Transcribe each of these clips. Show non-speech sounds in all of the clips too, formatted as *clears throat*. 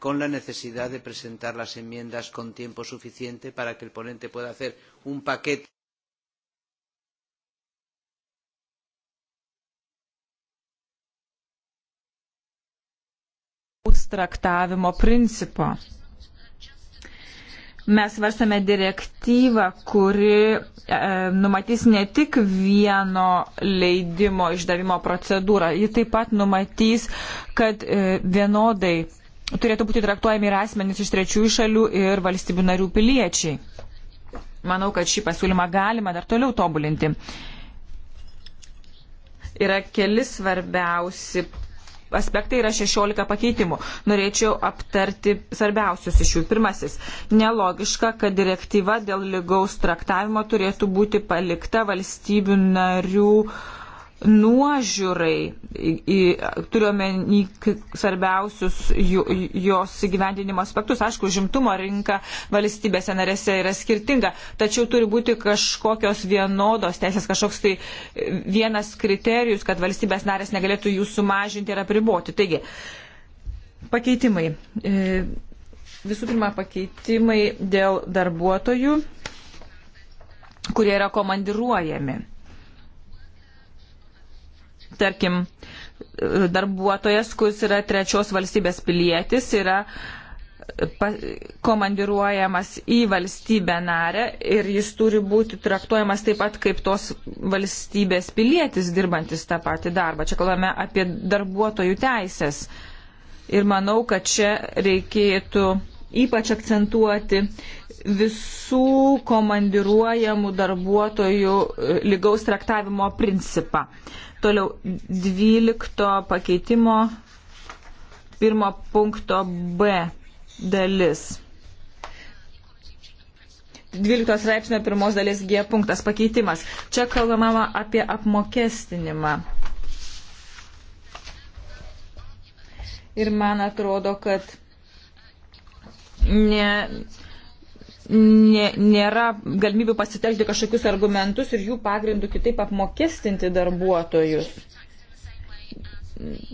con la necesidad de presentar las enmiendas con tiempo suficiente para que el ponente pueda hacer un paquete. traktavimo principo. Mes varstame direktyvą, kuri e, numatys ne tik vieno leidimo išdavimo procedūrą, ji taip pat numatys, kad e, vienodai turėtų būti traktuojami ir asmenys iš trečiųjų šalių ir valstybių narių piliečiai. Manau, kad šį pasiūlymą galima dar toliau tobulinti. Yra keli svarbiausi aspektai, yra 16 pakeitimų. Norėčiau aptarti svarbiausius iš jų. Pirmasis. Nelogiška, kad direktyva dėl lygaus traktavimo turėtų būti palikta valstybių narių uh, nuožiūrai, turiuomenį svarbiausius jos įgyvendinimo aspektus. Aišku, žimtumo rinka valstybėse narėse yra skirtinga, tačiau turi būti kažkokios vienodos teisės, kažkoks tai vienas kriterijus, kad valstybės narės negalėtų jų sumažinti ir apriboti. Taigi, pakeitimai. E, visų pirma, pakeitimai dėl darbuotojų, kurie yra komandiruojami Tarkim, darbuotojas, kuris yra trečios valstybės pilietis, yra e, komandiruojamas į valstybę narę ir jis turi būti traktuojamas taip pat kaip tos valstybės pilietis dirbantis tą patį darbą. Čia kalbame apie darbuotojų teisės. Ir manau, kad čia reikėtų ypač akcentuoti visų komandiruojamų darbuotojų e, lygaus traktavimo principą. Uh, Toliau 12 pakeitimo pirmo punkto B dalis. 12 straipsnio pirmos dalis G punktas pakeitimas. Čia kalbama apie apmokestinimą. Ir man atrodo, kad ne, nė, nėra galimybių pasitelkti kažkokius argumentus ir jų pagrindų kitaip apmokestinti darbuotojus.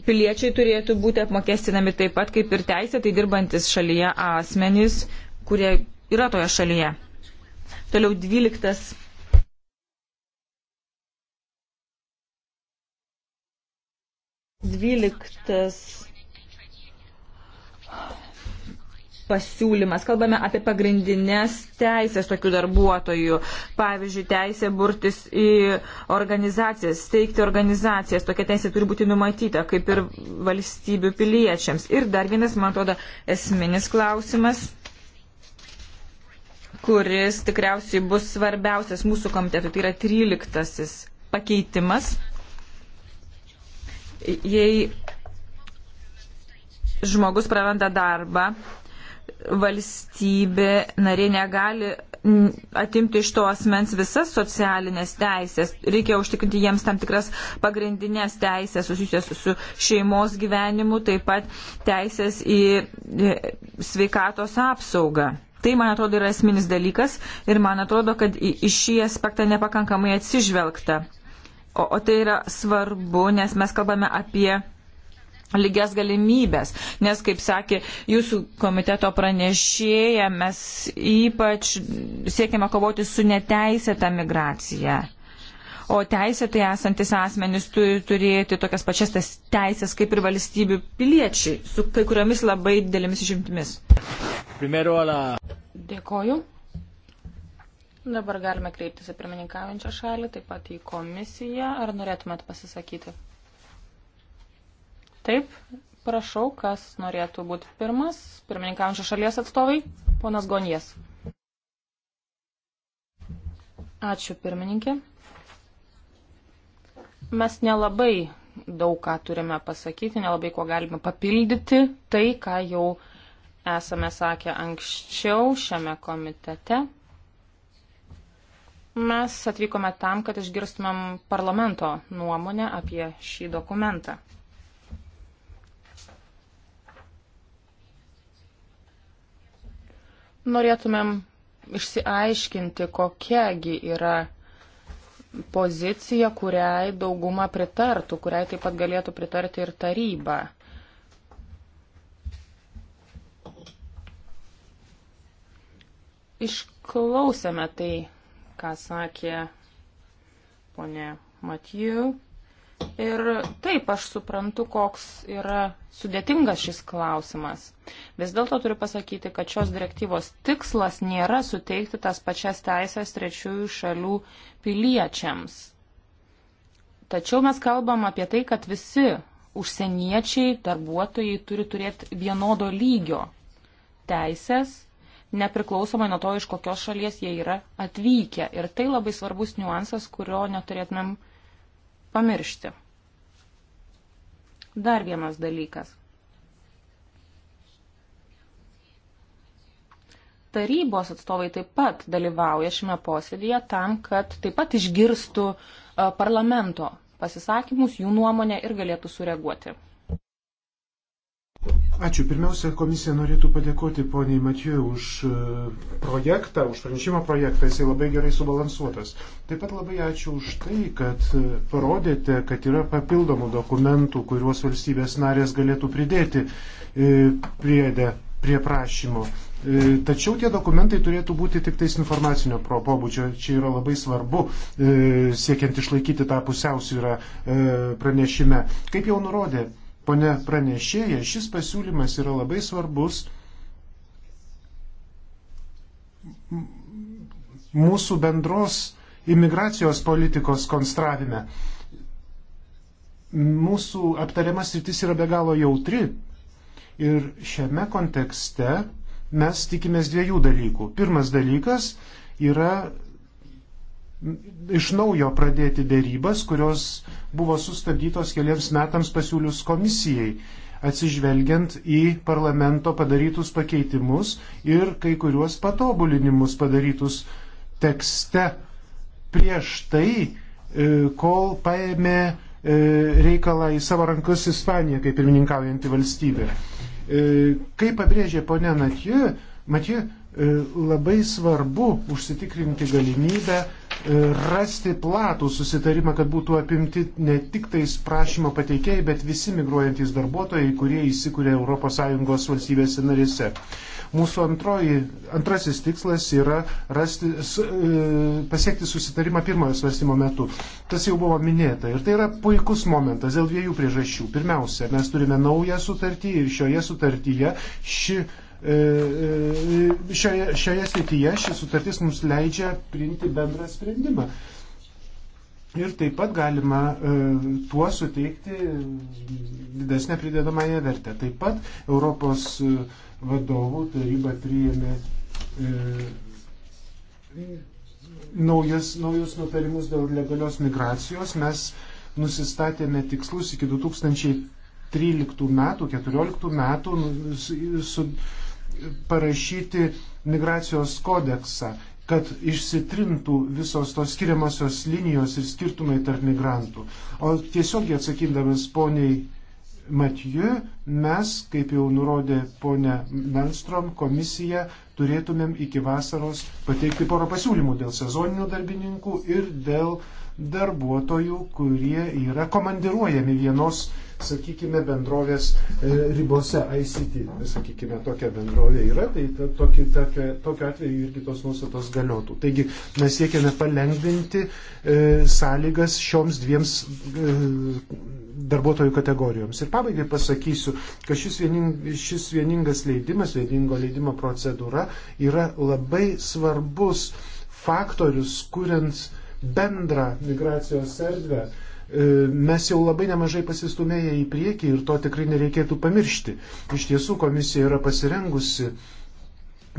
Piliečiai turėtų būti apmokestinami taip pat kaip ir teisė, tai dirbantis šalyje asmenys, kurie yra toje šalyje. Toliau 12 dvyliktas pasiūlymas. Kalbame apie pagrindinės teisės tokių darbuotojų. Pavyzdžiui, teisė burtis į organizacijas, steigti organizacijas. Tokia teisė turi būti numatyta, kaip ir valstybių piliečiams. Ir dar vienas, man atrodo, esminis klausimas kuris tikriausiai bus svarbiausias mūsų komitetui. Tai yra 13 pakeitimas. Jei žmogus praranda darbą, valstybė narė negali atimti iš to asmens visas socialinės teisės. Reikia užtikrinti jiems tam tikras pagrindinės teisės susijusias su šeimos gyvenimu, taip pat teisės į sveikatos apsaugą. Tai, man atrodo, yra esminis dalykas ir man atrodo, kad į šį aspektą nepakankamai atsižvelgta. O, o tai yra svarbu, nes mes kalbame apie lygias galimybės, nes, kaip sakė jūsų komiteto pranešėja, mes ypač siekiame kovoti su neteisėta migracija. O teisėtai esantis asmenys turi turėti tokias pačias tas teisės kaip ir valstybių piliečiai, su kai kuriomis labai didelėmis išimtimis. Dėkoju. Dabar galime kreiptis į pirmininkaujančią šalį, taip pat į komisiją. Ar norėtumėt pasisakyti? Taip, prašau, kas norėtų būti pirmas, pirmininkaujančio šalies atstovai, ponas Gonies. Ačiū, pirmininkė. Mes nelabai daug ką turime pasakyti, nelabai ko galime papildyti tai, ką jau esame sakę anksčiau šiame komitete. Mes atvykome tam, kad išgirstumėm parlamento nuomonę apie šį dokumentą. norėtumėm išsiaiškinti, kokiagi yra pozicija, kuriai dauguma pritartų, kuriai taip pat galėtų pritarti ir taryba. Išklausėme tai, ką sakė ponė Matijų. Ir taip aš suprantu, koks yra sudėtingas šis klausimas. Vis dėlto turiu pasakyti, kad šios direktyvos tikslas nėra suteikti tas pačias teisės trečiųjų šalių piliečiams. Tačiau mes kalbam apie tai, kad visi užsieniečiai, darbuotojai turi turėti vienodo lygio teisės nepriklausomai nuo to, iš kokios šalies jie yra atvykę. Ir tai labai svarbus niuansas, kurio neturėtumėm uh, pamiršti. Dar vienas dalykas. Tarybos atstovai taip pat dalyvauja šiame posėdėje tam, kad taip pat išgirstų e, parlamento pasisakymus, jų nuomonę ir galėtų sureaguoti. Ačiū. Pirmiausia, komisija norėtų padėkoti poniai Matijui už e, projektą, už pranešimo projektą. Jisai labai gerai subalansuotas. Taip pat labai ačiū už tai, kad e, parodėte, kad yra papildomų dokumentų, kuriuos valstybės narės galėtų pridėti e, priedę prie prašymo. Tačiau tie dokumentai turėtų būti tik tais informacinio pobūdžio. Čia yra labai svarbu, siekiant išlaikyti tą pusiausvyrą pranešime. Kaip jau nurodė Pone pranešėja, šis pasiūlymas yra labai svarbus mūsų bendros imigracijos politikos konstravime. Mūsų aptariamas rytis yra be galo jautri ir šiame kontekste mes tikimės dviejų dalykų. Pirmas dalykas yra iš naujo pradėti dėrybas, kurios buvo sustabdytos keliams metams pasiūlius komisijai, atsižvelgiant į parlamento padarytus pakeitimus ir kai kuriuos patobulinimus padarytus tekste prieš tai, e, kol paėmė e, reikalą į savo rankas Ispanija kaip pirmininkaujanti valstybė. E, kaip pabrėžė ponė Matijų, labai svarbu užsitikrinti galimybę rasti platų susitarimą, kad būtų apimti ne tik tais prašymo pateikėjai, bet visi migruojantys darbuotojai, kurie įsikūrė ES valstybėse narėse. Mūsų antroji, antrasis tikslas yra rasti, su, e, pasiekti susitarimą pirmojo svarstymo metu. Tas jau buvo minėta. Ir tai yra puikus momentas dėl dviejų priežasčių. Pirmiausia, mes turime naują sutartį ir šioje sutartyje ši E, e, šioje, šioje srityje ši sutartis mums leidžia priimti bendrą sprendimą. Ir taip pat galima e, tuo suteikti didesnę pridedamąją vertę. Taip pat Europos vadovų taryba priėmė naujus, naujus nutarimus dėl legalios migracijos. Mes nusistatėme tikslus iki 2013 metų, 2014 metų nu, su, su, parašyti migracijos kodeksą, kad išsitrintų visos tos skiriamosios linijos ir skirtumai tarp migrantų. O tiesiog atsakydamas poniai Matiju, mes, kaip jau nurodė ponė Melstrom, komisija turėtumėm iki vasaros pateikti porą pasiūlymų dėl sezoninių darbininkų ir dėl darbuotojų, kurie yra komandiruojami vienos sakykime, bendrovės e, ribose ICT, sakykime, tokia bendrovė yra, tai ta, tokiu atveju ir kitos nuostatos galiotų. Taigi mes siekiame palengvinti e, sąlygas šioms dviems e, darbuotojų kategorijoms. Ir pabaigai pasakysiu, kad šis, viening, šis vieningas leidimas, vieningo leidimo procedūra yra labai svarbus faktorius, kuriant bendrą migracijos erdvę E, mes jau labai nemažai pasistumėję į priekį ir to tikrai nereikėtų pamiršti. Iš tiesų komisija yra pasirengusi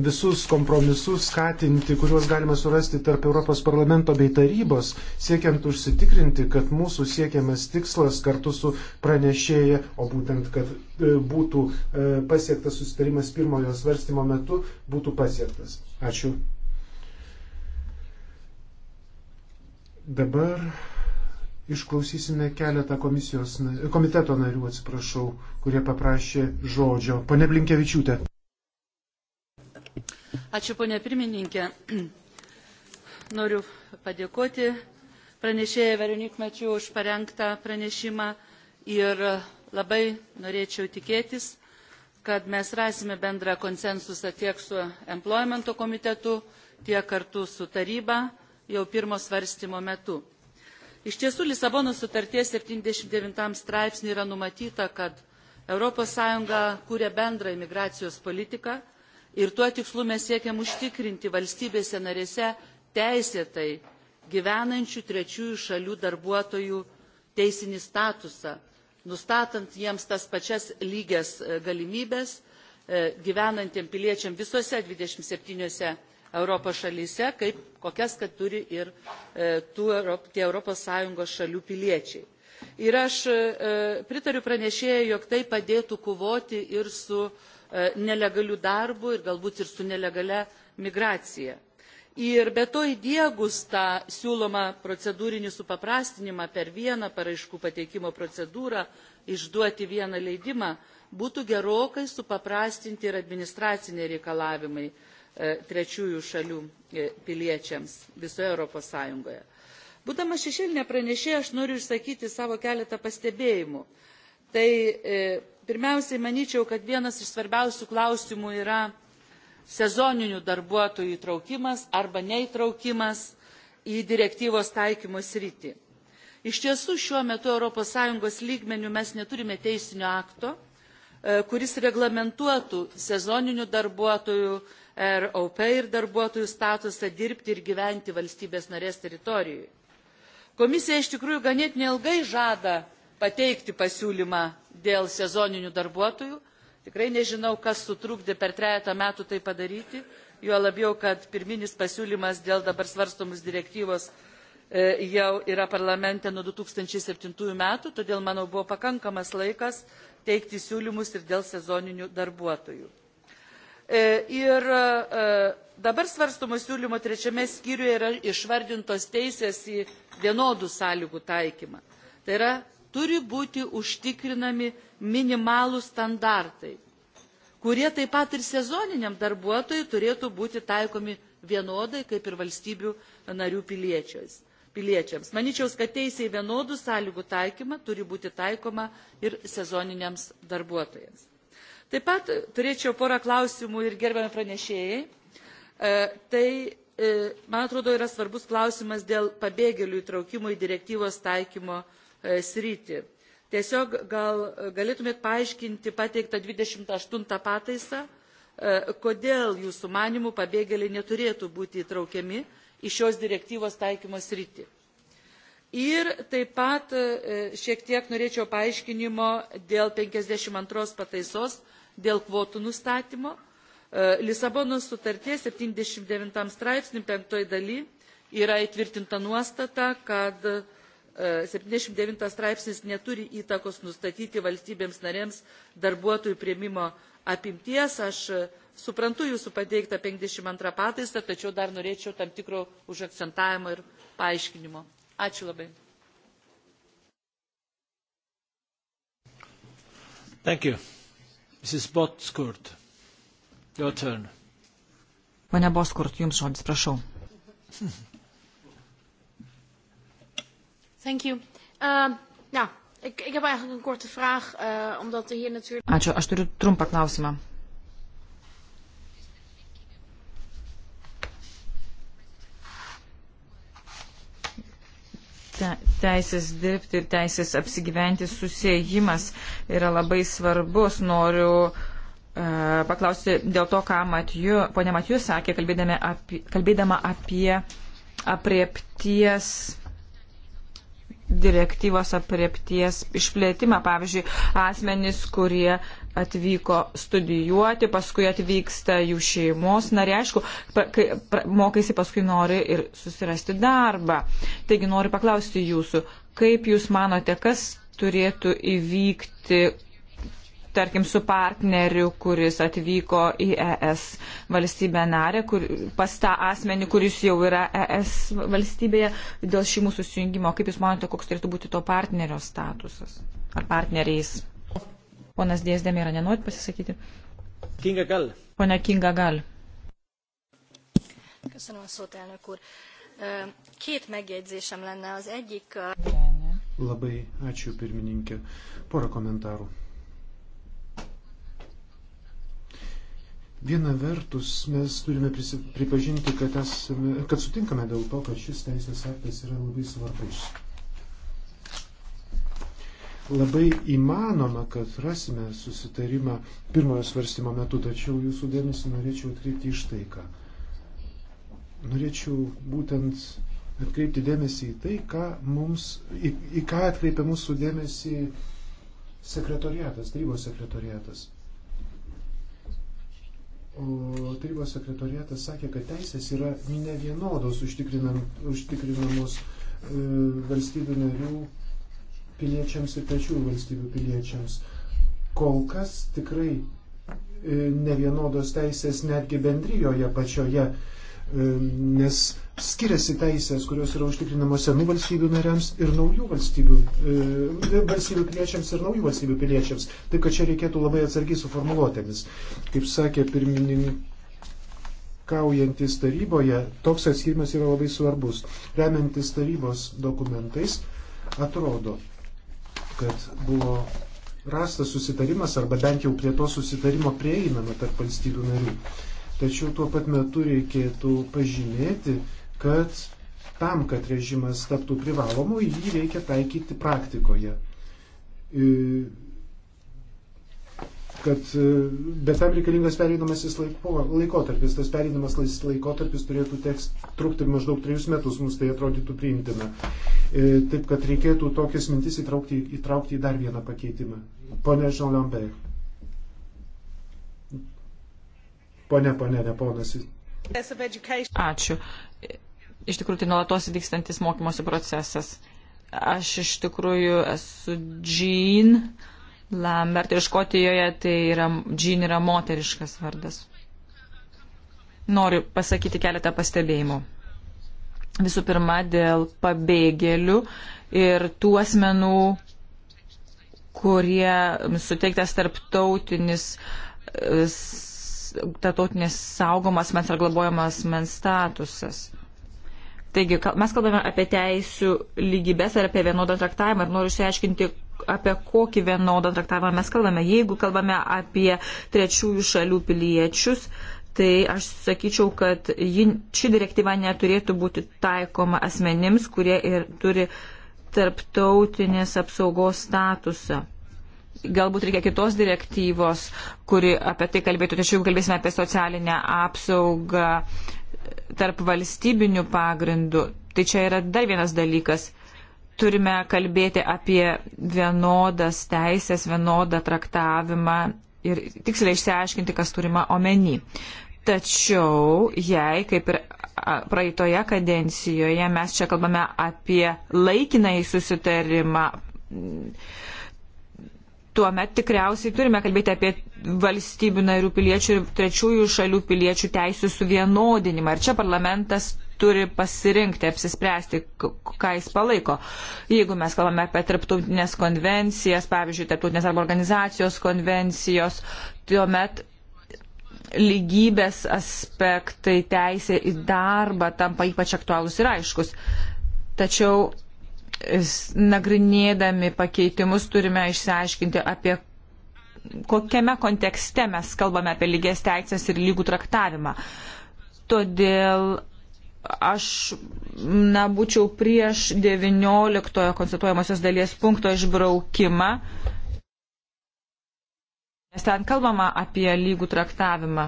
visus kompromisus skatinti, kuriuos galima surasti tarp Europos parlamento bei tarybos, siekiant užsitikrinti, kad mūsų siekiamas tikslas kartu su pranešėja, o būtent, kad e, būtų e, pasiektas susitarimas pirmojo svarstymo metu, būtų pasiektas. Ačiū. Dabar Išklausysime keletą komisijos, komiteto narių, atsiprašau, kurie paprašė žodžio. Pane Blinkevičiūtė. Ačiū, ponė pirmininkė. *clears throat* Noriu padėkoti pranešėjai Veronik Mačiu už parengtą pranešimą ir labai norėčiau tikėtis, kad mes rasime bendrą konsensusą tiek su employmento komitetu, tiek kartu su taryba jau pirmo svarstymo metu Iš tiesų, Lisabonos sutarties 79 straipsnį yra numatyta, kad ES kūrė bendrą imigracijos politiką ir tuo tikslu mes siekiam užtikrinti valstybėse narėse teisėtai gyvenančių trečiųjų šalių darbuotojų teisinį statusą, nustatant jiems tas pačias lygias e, galimybės e, gyvenantiem piliečiam visose 27 europos šalyse kaip, kokias kad turi ir e, tų, tie europos sąjungos šalių piliečiai. Ir aš e, e, pritariu pranešėjai, jog tai padėtų kovoti ir su nelegaliu darbu ir galbūt ir su nelegalia migracija. Ir be to įdėgus tą siūlomą procedūrinį supaprastinimą per vieną paraiškų pateikimo procedūrą, išduoti vieną leidimą, būtų gerokai supaprastinti ir administraciniai reikalavimai E, trečiųjų šalių e, piliečiams visoje Europos Sąjungoje. Būdama šešėlinė pranešėja, aš noriu išsakyti savo keletą pastebėjimų. Tai e, pirmiausiai manyčiau, kad vienas iš svarbiausių klausimų yra sezoninių darbuotojų įtraukimas arba neįtraukimas į direktyvos taikymo sritį. Iš tiesų šiuo metu ES lygmenių mes neturime teisinio akto, E, kuris reglamentuotų sezoninių darbuotojų ir er, aupai ir darbuotojų statusą dirbti ir gyventi valstybės narės teritorijoje. Komisija iš tikrųjų ganėtinai ilgai žada pateikti pasiūlymą dėl sezoninių darbuotojų. Tikrai nežinau, kas sutrukdė per trejata metų tai padaryti, juo labiau, kad pirminis pasiūlymas dėl dabar svarstomus direktyvos e, jau yra parlamente nuo 2007 metų, todėl, manau, buvo pakankamas laikas teikti siūlymus ir dėl sezoninių darbuotojų. E, ir e, dabar svarstomo siūlymo trečiame skyriuje yra išvardintos teisės į vienodų sąlygų taikymą. Tai yra, turi būti užtikrinami minimalų standartai, kurie taip pat ir sezoniniam darbuotojui turėtų būti taikomi vienodai kaip ir valstybių narių piliečiais piliečiams. Maničiau, kad teisė į vienodų sąlygų taikymą turi būti taikoma ir sezoniniams darbuotojams. Taip pat turėčiau porą klausimų ir gerbiamą pranešėjai. E, tai, e, man atrodo, yra svarbus klausimas dėl pabėgėlių įtraukimo į direktyvos taikymo e, sritį. Tiesiog gal galėtumėt paaiškinti pateiktą 28 pataisą, e, kodėl jūsų manimų pabėgėliai neturėtų būti įtraukiami į šios direktyvos taikymo sritį. Ir taip pat e, šiek tiek norėčiau paaiškinimo dėl 52 pataisos, dėl kvotų nustatymo. E, Lisabonos sutarties 79 straipsnių 5 daly yra įtvirtinta nuostata, kad 79 e, straipsnis neturi įtakos nustatyti valstybėms narėms darbuotojų prieimimo apimties aš e, suprantu jūsų pateiktą penkiasdešimt antrą pataisą tačiau dar norėčiau tam tikro užakcentavimo ir paaiškinimo. ačiū labai. Thank you. Mrs. Boskurt, your turn. Pone Boskurt, jums žodis, prašau. Thank you. Uh, now, Ik, ik heb eigenlijk een korte vraag, uh, omdat er hier natuurlijk... Ačiū, aš turiu trumpą klausimą. Te, teisės dirbti ir teisės apsigyventi susijimas yra labai svarbus. Noriu uh, paklausti dėl to, ką Matiju, ponė Matiju sakė, kalbėdama apie, kalbėdama apie apriepties direktyvos apriepties išplėtimą. Pavyzdžiui, asmenys, kurie atvyko studijuoti, paskui atvyksta jų šeimos nariai, aišku, pra, kai, pra, mokaisi paskui nori ir susirasti darbą. Taigi noriu paklausti jūsų, kaip jūs manote, kas turėtų įvykti, tarkim, su partneriu, kuris atvyko į ES valstybę narę, kur, pas tą asmenį, kuris jau yra ES valstybėje, dėl šį mūsų sujungimo. Kaip Jūs manote, koks turėtų būti to partnerio statusas ar partneriais? Ponas Dėsdėmė yra nenorit pasisakyti. Kinga Gal. Pone Kinga Gal. Köszönöm a szót, elnök úr. Két megjegyzésem lenne. Az egyik... Labai ačiū pirmininkė. Porą komentarų. Viena vertus mes turime pripažinti, kad, esame, kad sutinkame dėl to, kad šis teisės aktas yra labai svarbus. Labai įmanoma, kad rasime susitarimą pirmojo svarstymo metu, tačiau jūsų dėmesį norėčiau atkreipti iš tai, ką. Norėčiau būtent atkreipti dėmesį į tai, ką mums, į, į ką atkreipia mūsų dėmesį sekretoriatas, tarybos sekretoriatas. O tarybos sekretoriatas sakė, kad teisės yra ne vienodos užtikrinamos e, valstybių narių piliečiams ir trečiųjų valstybių piliečiams. Kol kas tikrai e, ne vienodos teisės netgi bendryjoje pačioje, e, nes skiriasi teisės, kurios yra užtikrinamos senų valstybių nariams ir naujų valstybių, e, valstybių piliečiams ir naujų valstybių piliečiams. Taip kad čia reikėtų labai atsargiai suformuluotėmis. Kaip sakė pirmininkaujantis taryboje, toks atskirimas yra labai svarbus. Remiantis tarybos dokumentais, atrodo, kad buvo rastas susitarimas arba bent jau prie to susitarimo prieinama tarp valstybių narių. Tačiau tuo pat metu reikėtų pažymėti, kad tam, kad režimas taptų privalomu, jį reikia taikyti praktikoje. E, kad, e, bet tam reikalingas pereinamasis laiko, laikotarpis. Tas pereinamas laikotarpis turėtų teks trukti maždaug trejus metus, mums tai atrodytų priimtina. E, taip, kad reikėtų tokias mintis įtraukti, įtraukti į dar vieną pakeitimą. Pone Jean Lambert. Pone, pone, ne ponas. Ačiū iš tikrųjų tai nuolatos vykstantis mokymosi procesas. Aš iš tikrųjų esu Jean Lambert ir Škotijoje tai yra, Jean yra moteriškas vardas. Noriu pasakyti keletą pastebėjimų. Visų pirma, dėl pabėgėlių ir tų asmenų, kurie suteiktas tarptautinis e, tarptautinės saugomas mens ar globojamas mens statusas. Taigi, mes kalbame apie teisų lygybės ar apie vienodą traktavimą ir noriu išsiaiškinti, apie kokį vienodą traktavimą mes kalbame. Jeigu kalbame apie trečiųjų šalių piliečius, tai aš sakyčiau, kad ji, ši direktyva neturėtų būti taikoma asmenims, kurie ir turi tarptautinės apsaugos statusą galbūt reikia kitos direktyvos, kuri apie tai kalbėtų, tačiau kalbėsime apie socialinę apsaugą, tarp valstybinių pagrindų. Tai čia yra dar vienas dalykas. Turime kalbėti apie vienodas teisės, vienodą traktavimą ir tiksliai išsiaiškinti, kas turima omeny. Tačiau, jei, kaip ir praeitoje kadencijoje, mes čia kalbame apie laikinai susitarimą tuomet tikriausiai turime kalbėti apie valstybių narių piliečių ir trečiųjų šalių piliečių teisų suvienodinimą. Ir čia parlamentas turi pasirinkti, apsispręsti, ką jis palaiko. Jeigu mes kalbame apie tarptautinės konvencijas, pavyzdžiui, tarptautinės arba organizacijos konvencijos, tuomet lygybės aspektai, teisė į darbą tampa ypač aktualūs ir aiškus. Tačiau nagrinėdami pakeitimus turime išsiaiškinti, apie kokiame kontekste mes kalbame apie lygės teisės ir lygų traktavimą. Todėl aš na, būčiau prieš 19 konstatuojamosios dalies punkto išbraukimą, nes ten kalbama apie lygų traktavimą.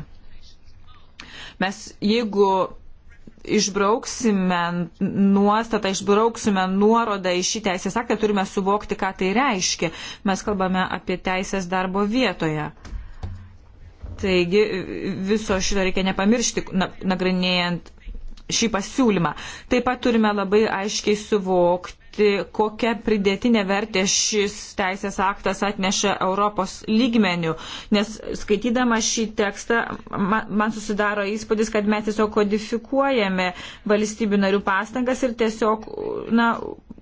Mes, jeigu išbrauksime nuostatą, išbrauksime nuorodą į šį teisės aktą, turime suvokti, ką tai reiškia. Mes kalbame apie teisės darbo vietoje. Taigi viso šito reikia nepamiršti, nagrinėjant šį pasiūlymą. Taip pat turime labai aiškiai suvokti, suprasti, kokią pridėtinę vertę šis teisės aktas atneša Europos lygmenių. Nes skaitydama šį tekstą, man susidaro įspūdis, kad mes tiesiog kodifikuojame valstybių narių pastangas ir tiesiog na,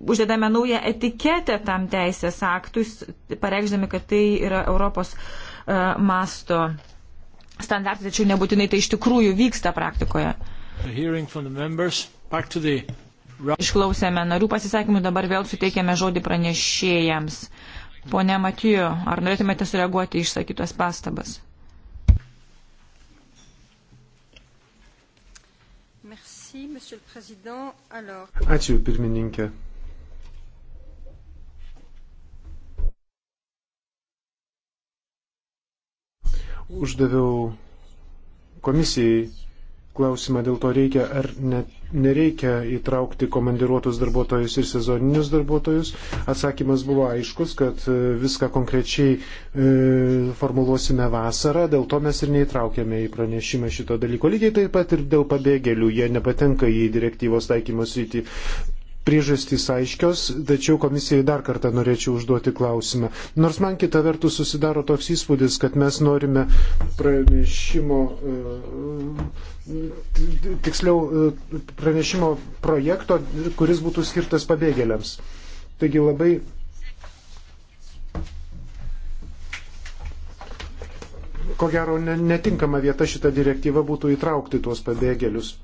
uždedame naują etiketę tam teisės aktui, pareikšdami, kad tai yra Europos uh, masto standartai, tačiau nebūtinai tai iš tikrųjų vyksta praktikoje. The hearing from the members. Back to the Išklausėme narių pasisakymų, dabar vėl suteikėme žodį pranešėjams. Pone Matijo, ar norėtumėte sureaguoti išsakytas pastabas? Ačiū, pirmininkė. Uždaviau komisijai klausimą dėl to reikia ar ne, nereikia įtraukti komandiruotus darbuotojus ir sezoninius darbuotojus. Atsakymas buvo aiškus, kad e, viską konkrečiai e, formuluosime vasarą, dėl to mes ir neįtraukėme į pranešimą šito dalyko. Lygiai taip pat ir dėl pabėgėlių, jie nepatenka į direktyvos taikymos rytį priežastys aiškios, tačiau komisijai dar kartą norėčiau užduoti klausimą. Nors man kita vertus susidaro toks įspūdis, kad mes norime pranešimo, e, tiksliau e, pranešimo projekto, kuris būtų skirtas pabėgėliams. Taigi labai ko gero netinkama vieta šitą direktyvą būtų įtraukti tuos pabėgėlius.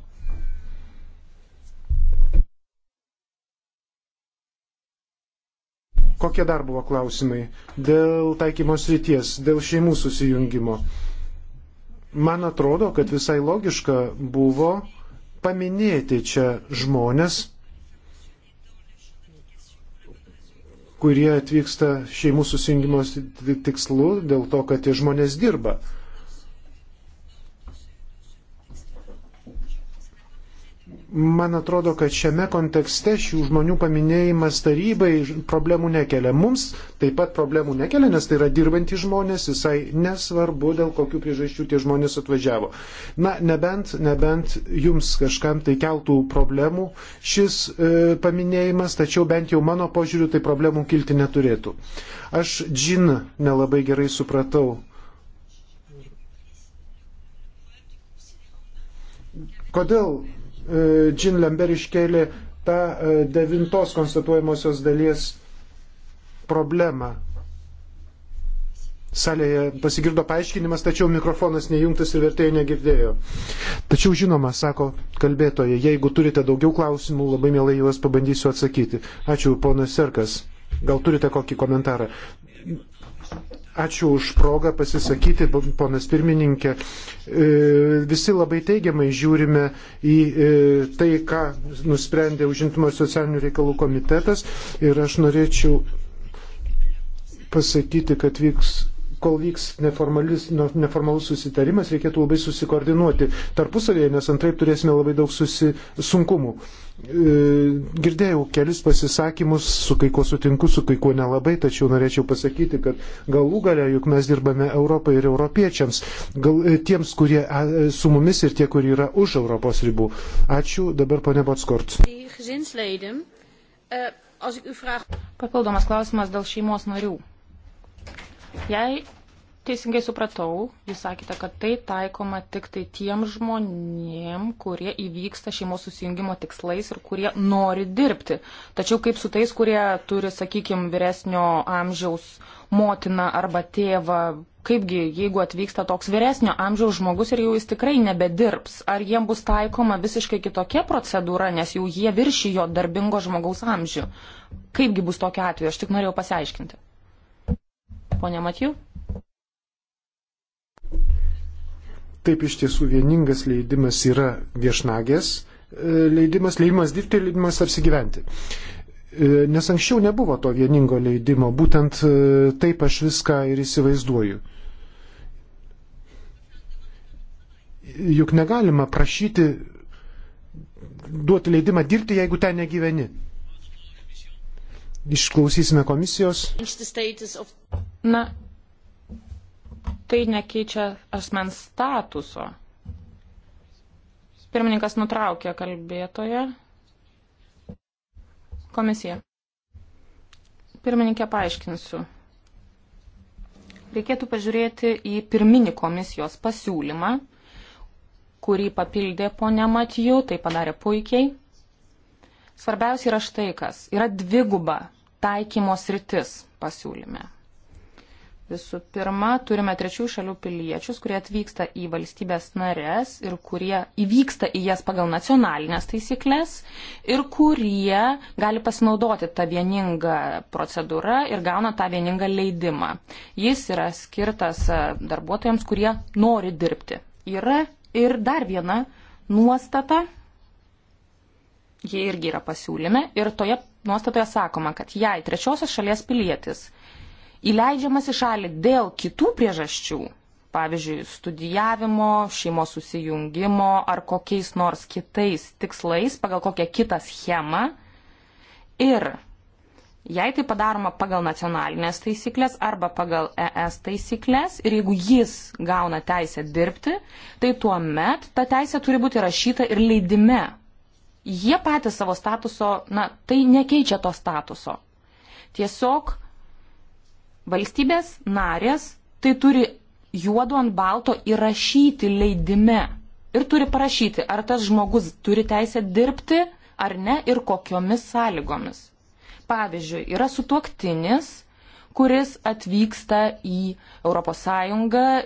Kokie dar buvo klausimai? Dėl taikymos ryties, dėl šeimų susijungimo. Man atrodo, kad visai logiška buvo paminėti čia žmonės, kurie atvyksta šeimų susijungimo tikslu dėl to, kad tie žmonės dirba. Man atrodo, kad šiame kontekste šių žmonių paminėjimas tarybai problemų nekelia. Mums taip pat problemų nekelia, nes tai yra dirbantys žmonės, visai nesvarbu, dėl kokių priežasčių tie žmonės atvažiavo. Na, nebent, nebent jums kažkam tai keltų problemų šis e, paminėjimas, tačiau bent jau mano požiūriu tai problemų kilti neturėtų. Aš džin nelabai gerai supratau. Kodėl Džin e, Lember iškėlė tą e, devintos konstatuojamosios dalies problemą. Salėje pasigirdo paaiškinimas, tačiau mikrofonas nejungtas ir vertėjai negirdėjo. Tačiau žinoma, sako kalbėtoja, jeigu turite daugiau klausimų, labai mielai juos pabandysiu atsakyti. Ačiū, ponas Serkas. Gal turite kokį komentarą? Ačiū už progą pasisakyti, ponas pirmininkė. E, visi labai teigiamai žiūrime į e, tai, ką nusprendė užimtumo ir socialinių reikalų komitetas. Ir aš norėčiau pasakyti, kad vyks kol vyks nu, neformalus susitarimas, reikėtų labai susikoordinuoti tarpusavėje, nes antraip turėsime labai daug susi, sunkumų. E, girdėjau kelis pasisakymus, su kai kuo sutinku, su kai kuo nelabai, tačiau norėčiau pasakyti, kad galų galia juk mes dirbame Europai ir europiečiams, gal, e, tiems, kurie e, su mumis ir tie, kurie yra už Europos ribų. Ačiū, dabar ponė Botskort. Papildomas klausimas dėl šeimos narių. Jei teisingai supratau, jūs sakėte, kad tai taikoma tik tai tiem žmonėm, kurie įvyksta šeimos susijungimo tikslais ir kurie nori dirbti. Tačiau kaip su tais, kurie turi, sakykime, vyresnio amžiaus motiną arba tėvą, kaipgi, jeigu atvyksta toks vyresnio amžiaus žmogus ir jau jis tikrai nebedirbs, ar jiem bus taikoma visiškai kitokia procedūra, nes jau jie viršijo darbingo žmogaus amžių. Kaipgi bus tokia atveju, aš tik norėjau pasiaiškinti ponia Matijų. Taip iš tiesų vieningas leidimas yra viešnagės e, leidimas, leidimas dirbti ir leidimas apsigyventi. E, nes anksčiau nebuvo to vieningo leidimo, būtent e, taip aš viską ir įsivaizduoju. Juk negalima prašyti duoti leidimą dirbti, jeigu ten negyveni. Išklausysime komisijos. Na, tai nekeičia asmens statuso. Pirmininkas nutraukė kalbėtoje. Komisija. Pirmininkė paaiškinsiu. Reikėtų pažiūrėti į pirminį komisijos pasiūlymą, kurį papildė ponia Matijų, tai padarė puikiai. Svarbiausia yra štai kas. Yra dviguba taikymo sritis pasiūlyme. Visų pirma, turime trečių šalių piliečius, kurie atvyksta į valstybės narės ir kurie įvyksta į jas pagal nacionalinės taisyklės ir kurie gali pasinaudoti tą vieningą procedūrą ir gauna tą vieningą leidimą. Jis yra skirtas e, darbuotojams, kurie nori dirbti. Yra ir dar viena nuostata jie irgi yra pasiūlyme ir toje nuostatoje sakoma, kad jei trečiosios šalies pilietis įleidžiamas į šalį dėl kitų priežasčių, pavyzdžiui, studijavimo, šeimos susijungimo ar kokiais nors kitais tikslais, pagal kokią kitą schemą. Ir jei tai padaroma pagal nacionalinės taisyklės arba pagal ES taisyklės ir jeigu jis gauna teisę dirbti, tai tuo met ta teisė turi būti rašyta ir leidime, jie patys savo statuso, na, tai nekeičia to statuso. Tiesiog valstybės narės tai turi juodu ant balto įrašyti leidime ir turi parašyti, ar tas žmogus turi teisę dirbti ar ne ir kokiomis sąlygomis. Pavyzdžiui, yra sutuoktinis, kuris atvyksta į ES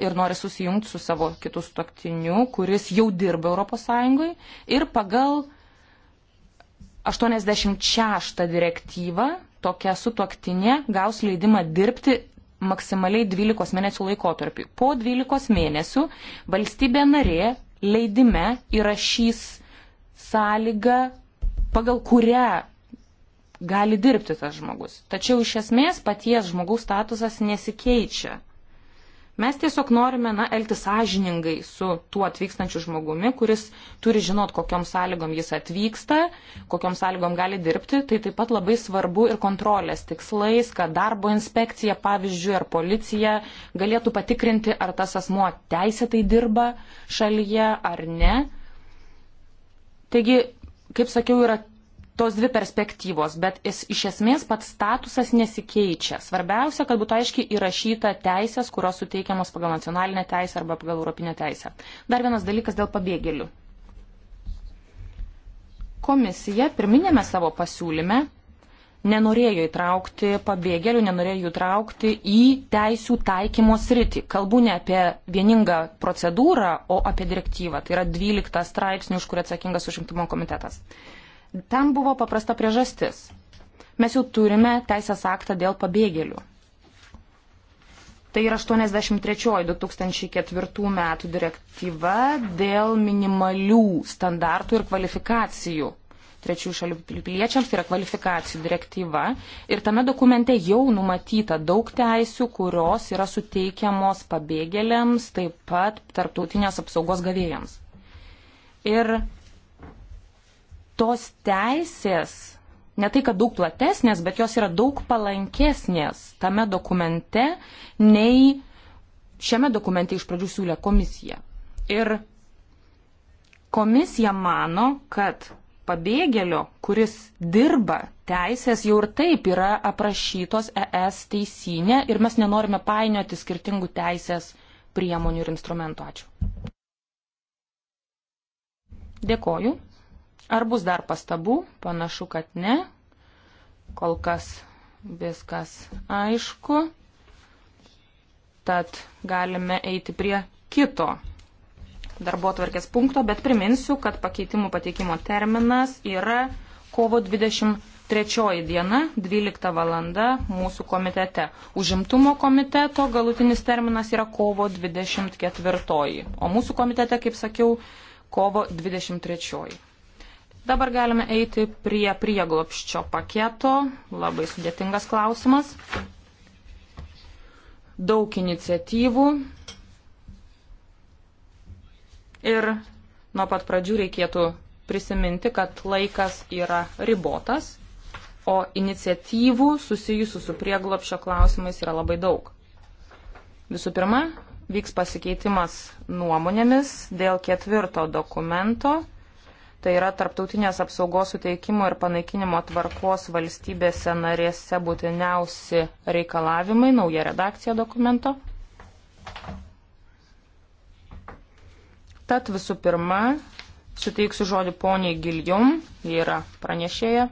ir nori susijungti su savo kitu sutuoktiniu, kuris jau dirba ES ir pagal 86 direktyva tokia sutuoktinė gaus leidimą dirbti maksimaliai 12 mėnesių laikotarpį. Po 12 mėnesių valstybė narė leidime įrašys sąlygą, pagal kurią gali dirbti tas žmogus. Tačiau iš esmės paties žmogaus statusas nesikeičia. Mes tiesiog norime, na, elgtis sąžiningai su tuo atvykstančiu žmogumi, kuris turi žinot, kokiom sąlygom jis atvyksta, kokiom sąlygom gali dirbti. Tai taip pat labai svarbu ir kontrolės tikslais, kad darbo inspekcija, pavyzdžiui, ar policija galėtų patikrinti, ar tas asmuo teisėtai dirba šalyje ar ne. Taigi, kaip sakiau, yra tos dvi perspektyvos, bet jis, iš esmės pats statusas nesikeičia. Svarbiausia, kad būtų aiškiai įrašyta teisės, kurios suteikiamos pagal nacionalinę teisę arba pagal europinę teisę. Dar vienas dalykas dėl pabėgėlių. Komisija pirminėme savo pasiūlyme nenorėjo įtraukti pabėgėlių, nenorėjo jų traukti į teisų taikymo sritį. Kalbu ne apie vieningą procedūrą, o apie direktyvą. Tai yra 12 straipsnių, už kurį atsakingas užimtumo komitetas. Uh, Tam buvo paprasta priežastis. Mes jau turime teisės aktą dėl pabėgėlių. Tai yra 83-2004 metų direktyva dėl minimalių standartų ir kvalifikacijų. Trečių šalių piliečiams tai yra kvalifikacijų direktyva. Ir tame dokumente jau numatyta daug teisių, kurios yra suteikiamos pabėgėliams, taip pat tarptautinės apsaugos gavėjams. Ir tos teisės, ne tai, kad daug platesnės, bet jos yra daug palankesnės tame dokumente, nei šiame dokumente iš pradžių siūlė komisija. Ir komisija mano, kad pabėgėlio, kuris dirba teisės, jau ir taip yra aprašytos ES teisinė ir mes nenorime painioti skirtingų teisės priemonių ir instrumentų. Ačiū. Dėkoju. Ar bus dar pastabų? Panašu, kad ne. Kol kas viskas aišku. Tad galime eiti prie kito darbo tvarkės punkto, bet priminsiu, kad pakeitimų pateikimo terminas yra kovo 23 diena, 12 valanda mūsų komitete. Užimtumo komiteto galutinis terminas yra kovo 24, o mūsų komitete, kaip sakiau, kovo 23. Dabar galime eiti prie prieglopščio paketo. Labai sudėtingas klausimas. Daug iniciatyvų. Ir nuo pat pradžių reikėtų prisiminti, kad laikas yra ribotas, o iniciatyvų susijusių su prieglopščio klausimais yra labai daug. Visų pirma, vyks pasikeitimas nuomonėmis dėl ketvirto dokumento tai yra tarptautinės apsaugos suteikimo ir panaikinimo tvarkos valstybėse narėse būtiniausi reikalavimai, nauja redakcija dokumento. Tad visų pirma, suteiksiu žodį poniai Giljum, ji yra pranešėja,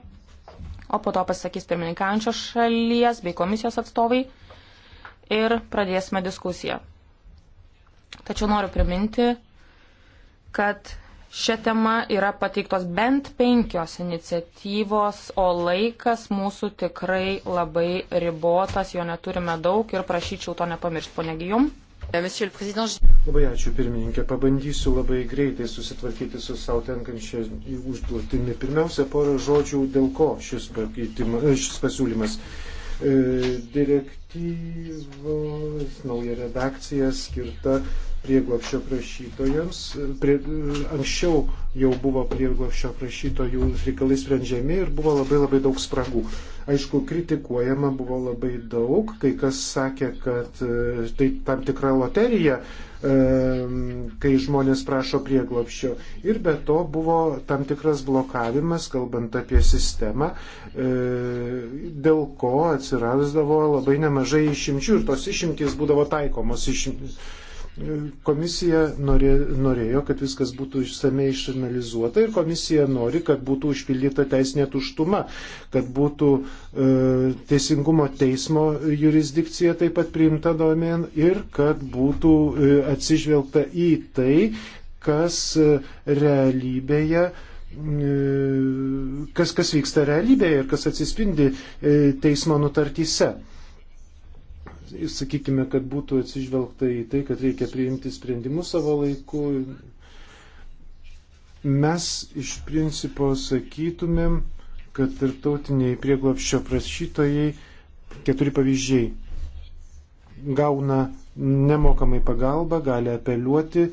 o po to pasakys pirmininkančios šalies bei komisijos atstovai ir pradėsime diskusiją. Tačiau noriu priminti, kad Šią temą yra pateiktos bent penkios iniciatyvos, o laikas mūsų tikrai labai ribotas, jo neturime daug ir prašyčiau to nepamiršti, ponė Gijom. Labai ačiū pirmininkė, pabandysiu labai greitai susitvarkyti su savo tenkančia užduotimi. Pirmiausia, porą žodžių, dėl ko šis, šis pasiūlymas. E, direktyvos nauja redakcija skirta prieglopščio prašytojams. Prie, anksčiau jau buvo prieglopščio prašytojų reikalai sprendžiami ir buvo labai labai daug spragų. Aišku, kritikuojama buvo labai daug, kai kas sakė, kad e, tai tam tikra loterija, e, kai žmonės prašo prieglopščio. Ir be to buvo tam tikras blokavimas, kalbant apie sistemą, e, dėl ko atsirasdavo labai nemažai išimčių ir tos išimtys būdavo taikomos išimtys Komisija norė, norėjo, kad viskas būtų išsamei išanalizuota ir komisija nori, kad būtų užpildyta teisinė tuštuma, kad būtų e, teisingumo teismo jurisdikcija taip pat priimta domen ir kad būtų e, atsižvelgta į tai, kas e, realybėje e, kas, kas vyksta realybėje ir kas atsispindi e, teismo nutartyse sakykime, kad būtų atsižvelgta į tai, kad reikia priimti sprendimus savo laiku. Mes iš principo sakytumėm, kad tarptautiniai prieglopščio prašytojai, keturi pavyzdžiai, gauna nemokamai pagalbą, gali apeliuoti,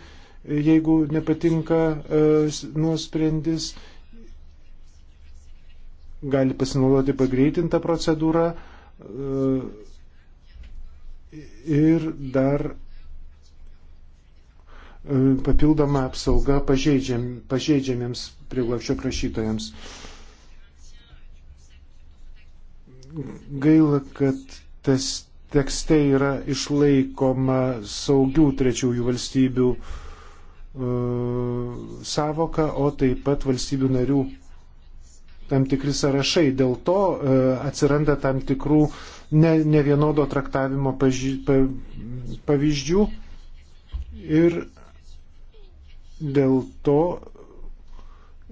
jeigu nepatinka e, nuosprendis, gali pasinaudoti pagreitintą procedūrą. E, ir dar e, papildoma apsauga pažeidžiam, pažeidžiamiems prieglapščio prašytojams. Gaila, kad tas tekste yra išlaikoma saugių trečiųjų valstybių e, savoka, o taip pat valstybių narių tam tikri sąrašai. Dėl to e, atsiranda tam tikrų ne, ne vienodo traktavimo paži, pa, pavyzdžių ir dėl to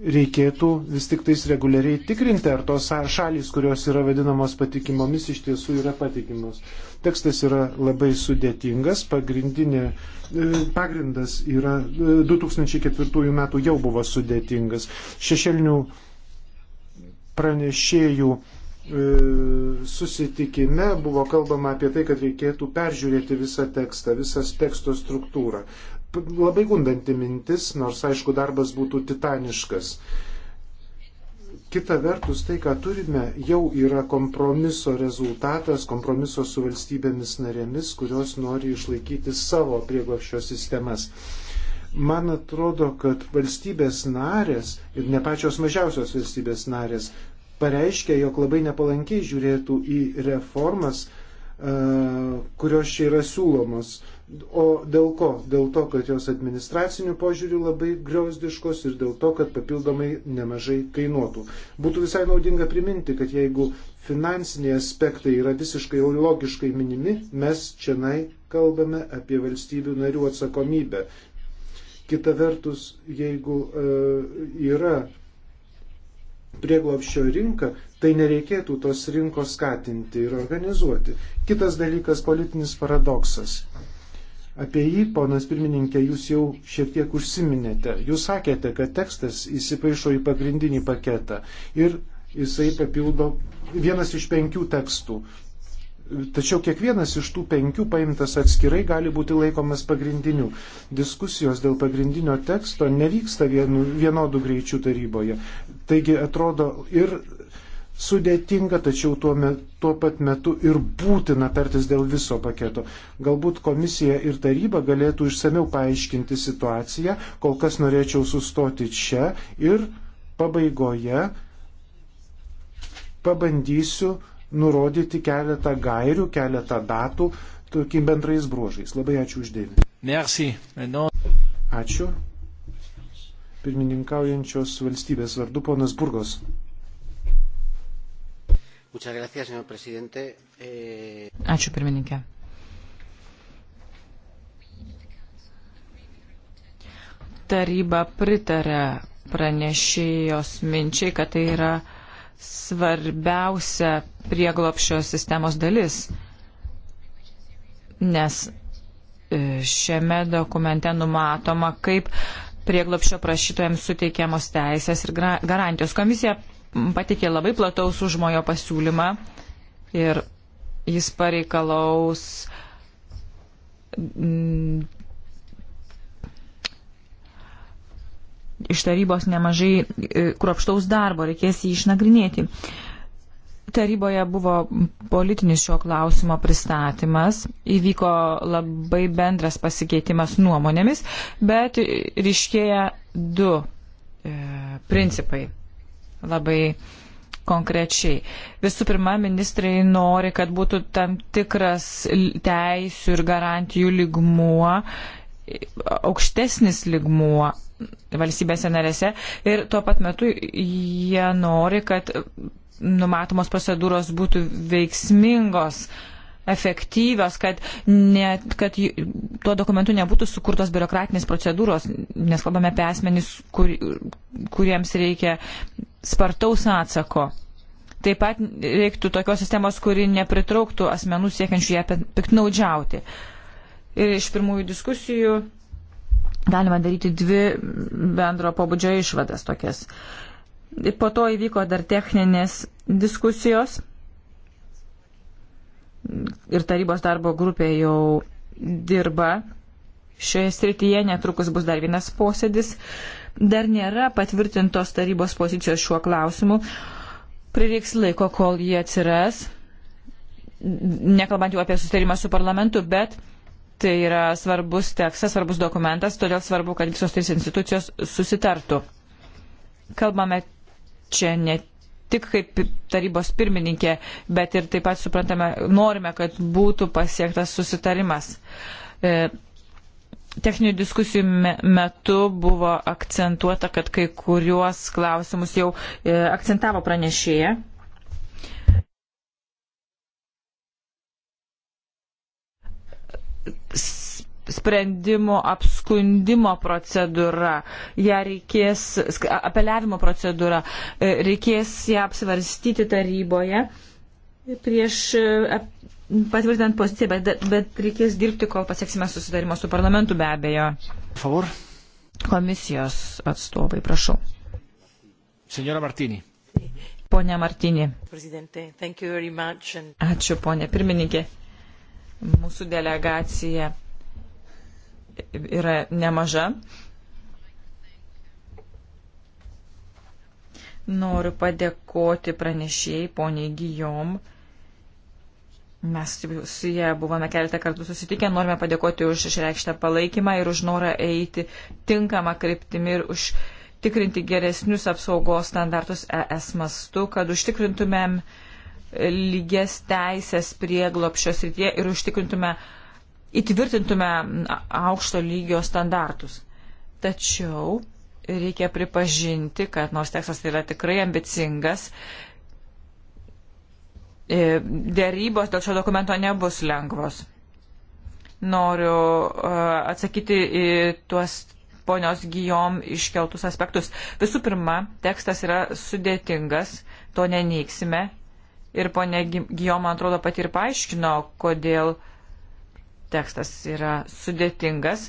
reikėtų vis tik tais reguliariai tikrinti, ar tos šalys, kurios yra vadinamos patikimomis, iš tiesų yra patikimos. Tekstas yra labai sudėtingas, pagrindinė, e, pagrindas yra 2004 e, metų jau buvo sudėtingas. Šešelnių pranešėjų e, susitikime buvo kalbama apie tai, kad reikėtų peržiūrėti visą tekstą, visas teksto struktūrą. Labai gundanti mintis, nors aišku darbas būtų titaniškas. Kita vertus, tai, ką turime, jau yra kompromiso rezultatas, kompromiso su valstybėmis narėmis, kurios nori išlaikyti savo prieglapščio sistemas. Man atrodo, kad valstybės narės ir ne pačios mažiausios valstybės narės pareiškia, jog labai nepalankiai žiūrėtų į reformas, e, kurios čia yra siūlomos. O dėl ko? Dėl to, kad jos administracinių požiūrių labai griausdiškos ir dėl to, kad papildomai nemažai kainuotų. Būtų visai naudinga priminti, kad jeigu finansiniai aspektai yra visiškai jau logiškai minimi, mes čia kalbame apie valstybių narių atsakomybę. Kita vertus, jeigu e, yra prieglopščio rinka, tai nereikėtų tos rinkos skatinti ir organizuoti. Kitas dalykas - politinis paradoksas. Apie jį, ponas pirmininkė, jūs jau šiek tiek užsiminėte. Jūs sakėte, kad tekstas įsipaišo į pagrindinį paketą ir jisai papildo vienas iš penkių tekstų. Tačiau kiekvienas iš tų penkių paimtas atskirai gali būti laikomas pagrindiniu. Diskusijos dėl pagrindinio teksto nevyksta vienu, vienodu greičiu taryboje. Taigi atrodo ir sudėtinga, tačiau tuo, met, tuo pat metu ir būtina tartis dėl viso paketo. Galbūt komisija ir taryba galėtų išsameu paaiškinti situaciją, kol kas norėčiau sustoti čia ir pabaigoje pabandysiu nurodyti keletą gairių, keletą datų, tokiai bendrais bruožais. Labai ačiū uždėmį. Merci. Ačiū. Pirmininkaujančios valstybės vardu ponas Burgos. Eh, ačiū pirmininkė. Taryba pritarė pranešėjos minčiai, kad tai yra uh, svarbiausia prieglopšio sistemos dalis, nes e, šiame dokumente numatoma, kaip prieglopšio prašytojams suteikiamos teisės ir garantijos. Komisija patikė labai plataus užmojo pasiūlymą ir jis pareikalaus iš tarybos nemažai e, kruopštaus darbo, reikės jį išnagrinėti. Taryboje buvo politinis šio klausimo pristatymas, įvyko labai bendras pasikeitimas nuomonėmis, bet ryškėja du e, principai labai konkrečiai. Visų pirma, ministrai nori, kad būtų tam tikras teisių ir garantijų ligmuo, aukštesnis ligmuo valstybėse narėse ir tuo pat metu jie nori, kad numatomos procedūros būtų veiksmingos, efektyvios, kad, ne, kad tuo dokumentu nebūtų sukurtos biurokratinės procedūros, nes kalbame apie asmenys, kur, kuriems reikia spartaus atsako. Taip pat reiktų tokios sistemos, kuri nepritrauktų asmenų siekiančių ją piktnaudžiauti. Ir iš pirmųjų diskusijų galima daryti dvi bendro pobūdžio išvadas tokias. Po to įvyko dar techninės diskusijos ir tarybos darbo grupė jau dirba šioje srityje, netrukus bus dar vienas posėdis. Dar nėra patvirtintos tarybos pozicijos šiuo klausimu. Prireiks laiko, kol jie atsiras, nekalbant jau apie sustarimą su parlamentu, bet Tai yra svarbus tekstas, svarbus dokumentas, todėl svarbu, kad visos trys institucijos susitartų. Kalbame čia ne tik kaip tarybos pirmininkė, bet ir taip pat suprantame, norime, kad būtų pasiektas susitarimas. E, techninių diskusijų metu buvo akcentuota, kad kai kuriuos klausimus jau e, akcentavo pranešėja. sprendimo apskundimo procedūra, ją reikės, apeliavimo procedūra, e, reikės ją apsvarstyti taryboje prieš e, patvirtinant poziciją, bet, bet reikės dirbti, kol pasieksime susidarimo su parlamentu be abejo. Favor. Komisijos atstovai, prašau. Senora Martini. Pone Martini. Ačiū, ponė pirmininkė. Mūsų delegacija yra nemaža. Noriu padėkoti pranešėjai poniai Gijom. Mes su jie buvome keletą kartų susitikę, norime padėkoti už išreikštą palaikymą ir už norą eiti tinkamą kryptimį ir už tikrinti geresnius apsaugos standartus ES mastu, kad užtikrintumėm uh, lygias teisės prieglopšio srityje ir užtikrintume, įtvirtintume aukšto lygio standartus. Tačiau reikia pripažinti, kad nors tekstas yra tikrai ambicingas, e, dėrybos dėl šio dokumento nebus lengvos. Noriu e, atsakyti į tuos ponios gyjom iškeltus aspektus. Visų pirma, tekstas yra sudėtingas, to neneiksime, Ir ponė Gijo, man atrodo, pat ir paaiškino, kodėl tekstas yra sudėtingas.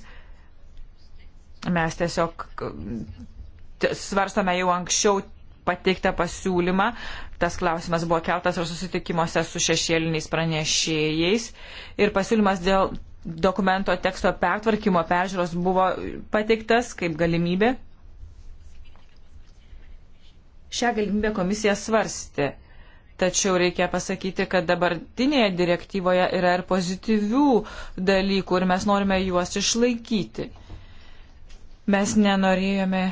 Mes tiesiog svarstome jau anksčiau pateiktą pasiūlymą. Tas klausimas buvo keltas ir susitikimuose su šešėliniais pranešėjais. Ir pasiūlymas dėl dokumento teksto pertvarkymo peržiūros buvo pateiktas kaip galimybė. Šią galimybę komisija svarstė. Tačiau reikia pasakyti, kad dabartinėje direktyvoje yra ir pozityvių dalykų ir mes norime juos išlaikyti. Mes nenorėjome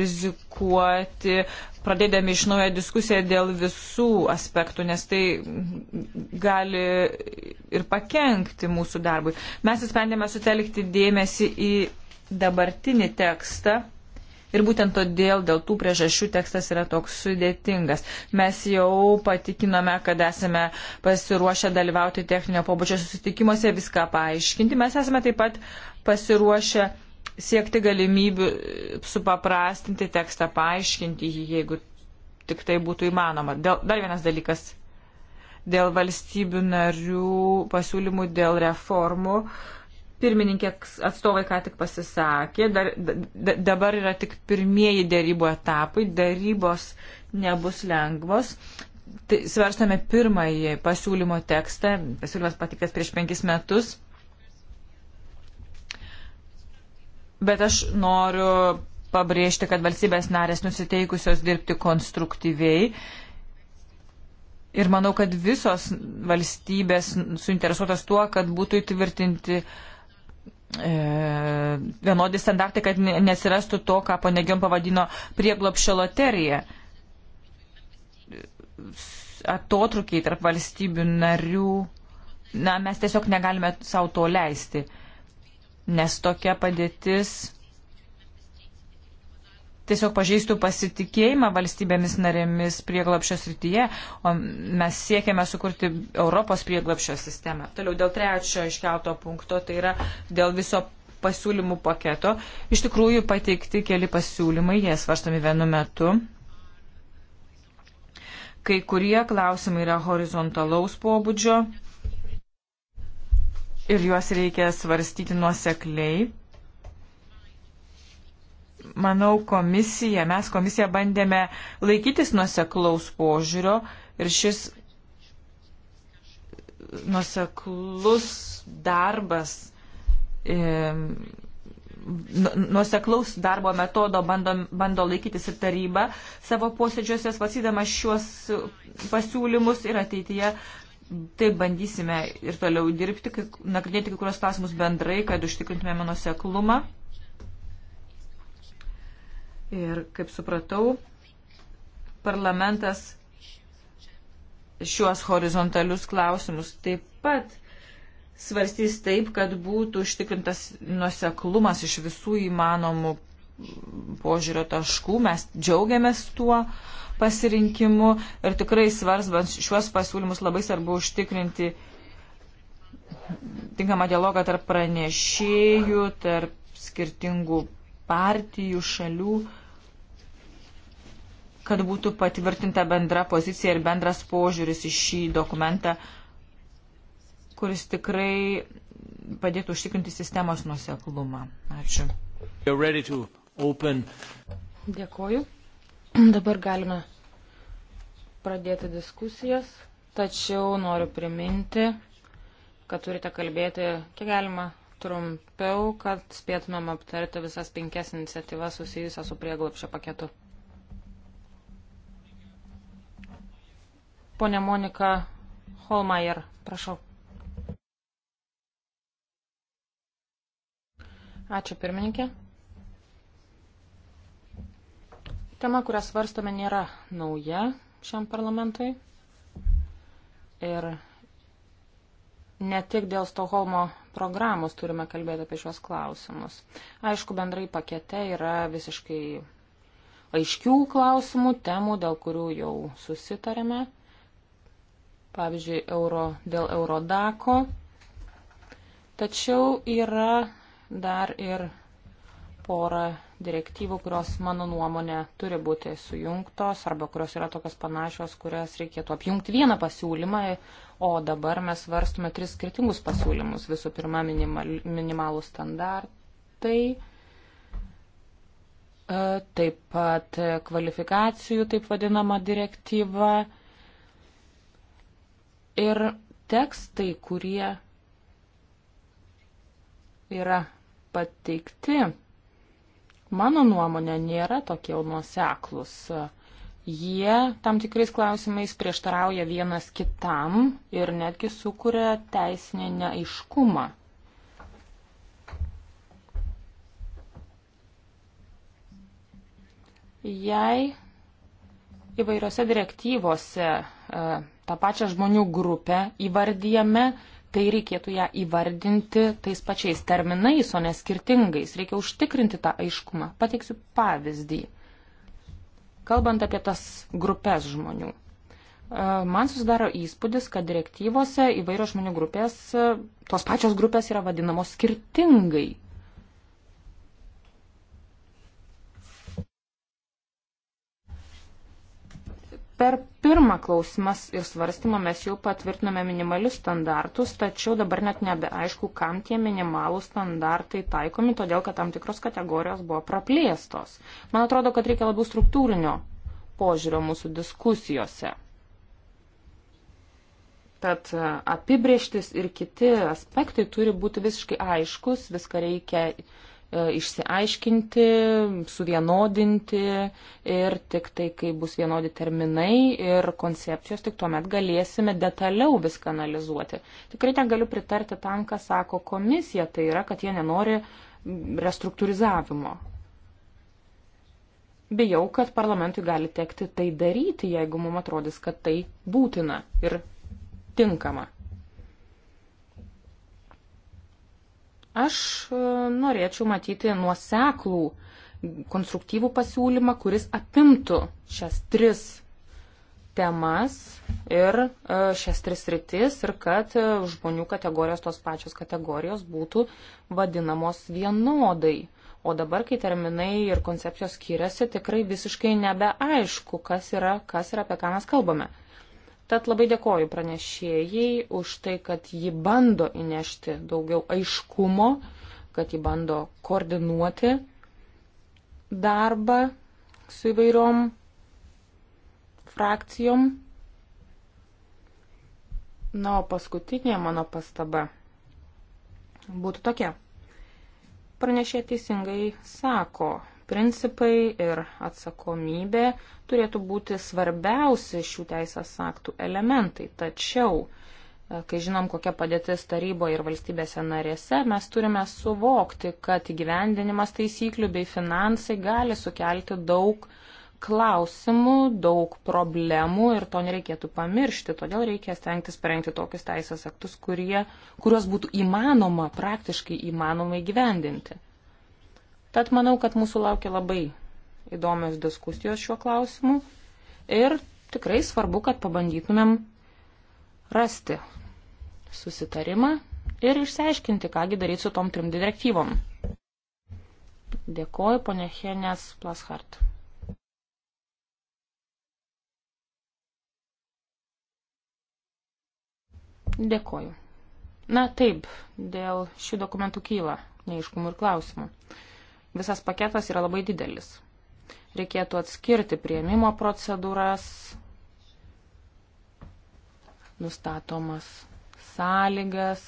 rizikuoti, pradėdami iš naujo diskusiją dėl visų aspektų, nes tai gali ir pakengti mūsų darbui. Mes įspendėme sutelkti dėmesį į dabartinį tekstą Ir būtent todėl dėl tų priežasčių tekstas yra toks sudėtingas. Mes jau patikinome, kad esame pasiruošę dalyvauti techninio pobūdžio susitikimuose, viską paaiškinti. Mes esame taip pat pasiruošę siekti galimybių supaprastinti tekstą, paaiškinti jį, jeigu tik tai būtų įmanoma. Dėl, dar vienas dalykas dėl valstybių narių pasiūlymų dėl reformų. Uh, pirmininkė atstovai ką tik pasisakė, dar, da, dabar yra tik pirmieji dėrybų etapai, dėrybos nebus lengvos. Tai svarstame pirmąjį pasiūlymo tekstą, pasiūlymas patiktas prieš penkis metus. Bet aš noriu pabrėžti, kad valstybės narės nusiteikusios dirbti konstruktyviai Ir manau, kad visos valstybės suinteresuotas tuo, kad būtų įtvirtinti uh, E, vienodi standartai, kad nesirastų to, ką panegiom pavadino prieglopšio loterija. Atotrukiai tarp valstybių narių. Na, mes tiesiog negalime savo to leisti, nes tokia padėtis tiesiog pažeistų pasitikėjimą valstybėmis narėmis prieglapšio srityje, o mes siekiame sukurti Europos prieglapšio sistemą. Toliau dėl trečio iškelto punkto, tai yra dėl viso pasiūlymų paketo. Iš tikrųjų pateikti keli pasiūlymai, jie svarstami vienu metu. Kai kurie klausimai yra horizontalaus pobūdžio ir juos reikia svarstyti nuosekliai manau, komisija, mes komisija bandėme laikytis nuoseklaus požiūrio ir šis nuoseklus darbas, nuoseklaus darbo metodo bando, bando laikytis ir taryba savo posėdžiuose svarsydama šiuos pasiūlymus ir ateityje taip bandysime ir toliau dirbti, nagrinėti kai kurios klausimus bendrai, kad užtikrintume nuoseklumą. Ir kaip supratau, parlamentas šiuos horizontalius klausimus taip pat svarstys taip, kad būtų užtikrintas nuseklumas iš visų įmanomų požiūrio taškų. Mes džiaugiamės tuo pasirinkimu ir tikrai svarstant šiuos pasiūlymus labai svarbu užtikrinti tinkamą dialogą tarp pranešėjų, tarp skirtingų partijų, šalių kad būtų patvirtinta bendra pozicija ir bendras požiūris į šį dokumentą, kuris tikrai padėtų užtikrinti sistemos nuseklumą. Ačiū. Dėkoju. Dabar galime pradėti diskusijas, tačiau noriu priminti, kad turite kalbėti kiek galima trumpiau, kad spėtumėm aptarti visas penkias iniciatyvas susijusias su prieglapšio paketu. Pone Monika Holmeier, prašau. Ačiū pirmininkė. Tema, kurią svarstome, nėra nauja šiam parlamentui. Ir ne tik dėl Stoholmo programos turime kalbėti apie šios klausimus. Aišku, bendrai pakete yra visiškai aiškių klausimų, temų, dėl kurių jau susitarėme pavyzdžiui, euro, dėl eurodako. Tačiau yra dar ir pora direktyvų, kurios mano nuomonė turi būti sujungtos arba kurios yra tokios panašios, kurias reikėtų apjungti vieną pasiūlymą, o dabar mes varstume tris skirtingus pasiūlymus. Visų pirma, minimal, minimalų standartai, e, taip pat kvalifikacijų taip vadinama direktyva ir tekstai, kurie yra pateikti, mano nuomonė, nėra tokie nuoseklus. Jie tam tikrais klausimais prieštarauja vienas kitam ir netgi sukuria teisinį neaiškumą. Jei įvairiose direktyvose e, tą pačią žmonių grupę įvardyjame, tai reikėtų ją įvardinti tais pačiais terminais, o ne skirtingais. Reikia užtikrinti tą aiškumą. Pateiksiu pavyzdį. Kalbant apie tas grupės žmonių. E, man susidaro įspūdis, kad direktyvose įvairios žmonių grupės, e, tos pačios grupės yra vadinamos skirtingai. Per pirmą klausimas ir svarstymą mes jau patvirtinome minimalius standartus, tačiau dabar net nebeaišku, kam tie minimalų standartai taikomi, todėl kad tam tikros kategorijos buvo praplėstos. Man atrodo, kad reikia labiau struktūrinio požiūrio mūsų diskusijose. Tad e, apibrieštis ir kiti aspektai turi būti visiškai aiškus, viską reikia E, išsiaiškinti, suvienodinti ir tik tai, kai bus vienodi terminai ir koncepcijos, tik tuomet galėsime detaliau viską analizuoti. Tikrai negaliu pritarti tam, ką sako komisija, tai yra, kad jie nenori restruktūrizavimo. Bijau, kad parlamentui gali tekti tai daryti, jeigu mums atrodys, kad tai būtina ir tinkama. Aš e, norėčiau matyti nuoseklų konstruktyvų pasiūlymą, kuris apimtų šias tris temas ir e, šias tris rytis ir kad e, žmonių kategorijos, tos pačios kategorijos būtų vadinamos vienodai. O dabar, kai terminai ir koncepcijos skiriasi, tikrai visiškai nebeaišku, kas yra, kas yra, apie ką mes kalbame. Tad labai dėkoju pranešėjai už tai, kad ji bando įnešti daugiau aiškumo, kad ji bando koordinuoti darbą su įvairiom frakcijom. Na, o paskutinė mano pastaba būtų tokia. Pranešė teisingai sako, principai ir atsakomybė turėtų būti svarbiausi šių teisės aktų elementai. Tačiau, e, kai žinom, kokia padėtis taryboje ir valstybėse narėse, mes turime suvokti, kad įgyvendinimas taisyklių bei finansai gali sukelti daug klausimų, daug problemų ir to nereikėtų pamiršti. Todėl reikia stengtis parengti tokius teisės aktus, kurie, kuriuos būtų įmanoma, praktiškai įmanoma įgyvendinti. Tad manau, kad mūsų laukia labai įdomios diskusijos šiuo klausimu ir tikrai svarbu, kad pabandytumėm rasti susitarimą ir išsiaiškinti, kągi daryti su tom trim direktyvom. Dėkoju, ponė Henės Plashart. Dėkoju. Na taip, dėl šių dokumentų kyla neiškumų ir klausimų visas paketas yra labai didelis. Reikėtų atskirti prieimimo procedūras, nustatomas sąlygas,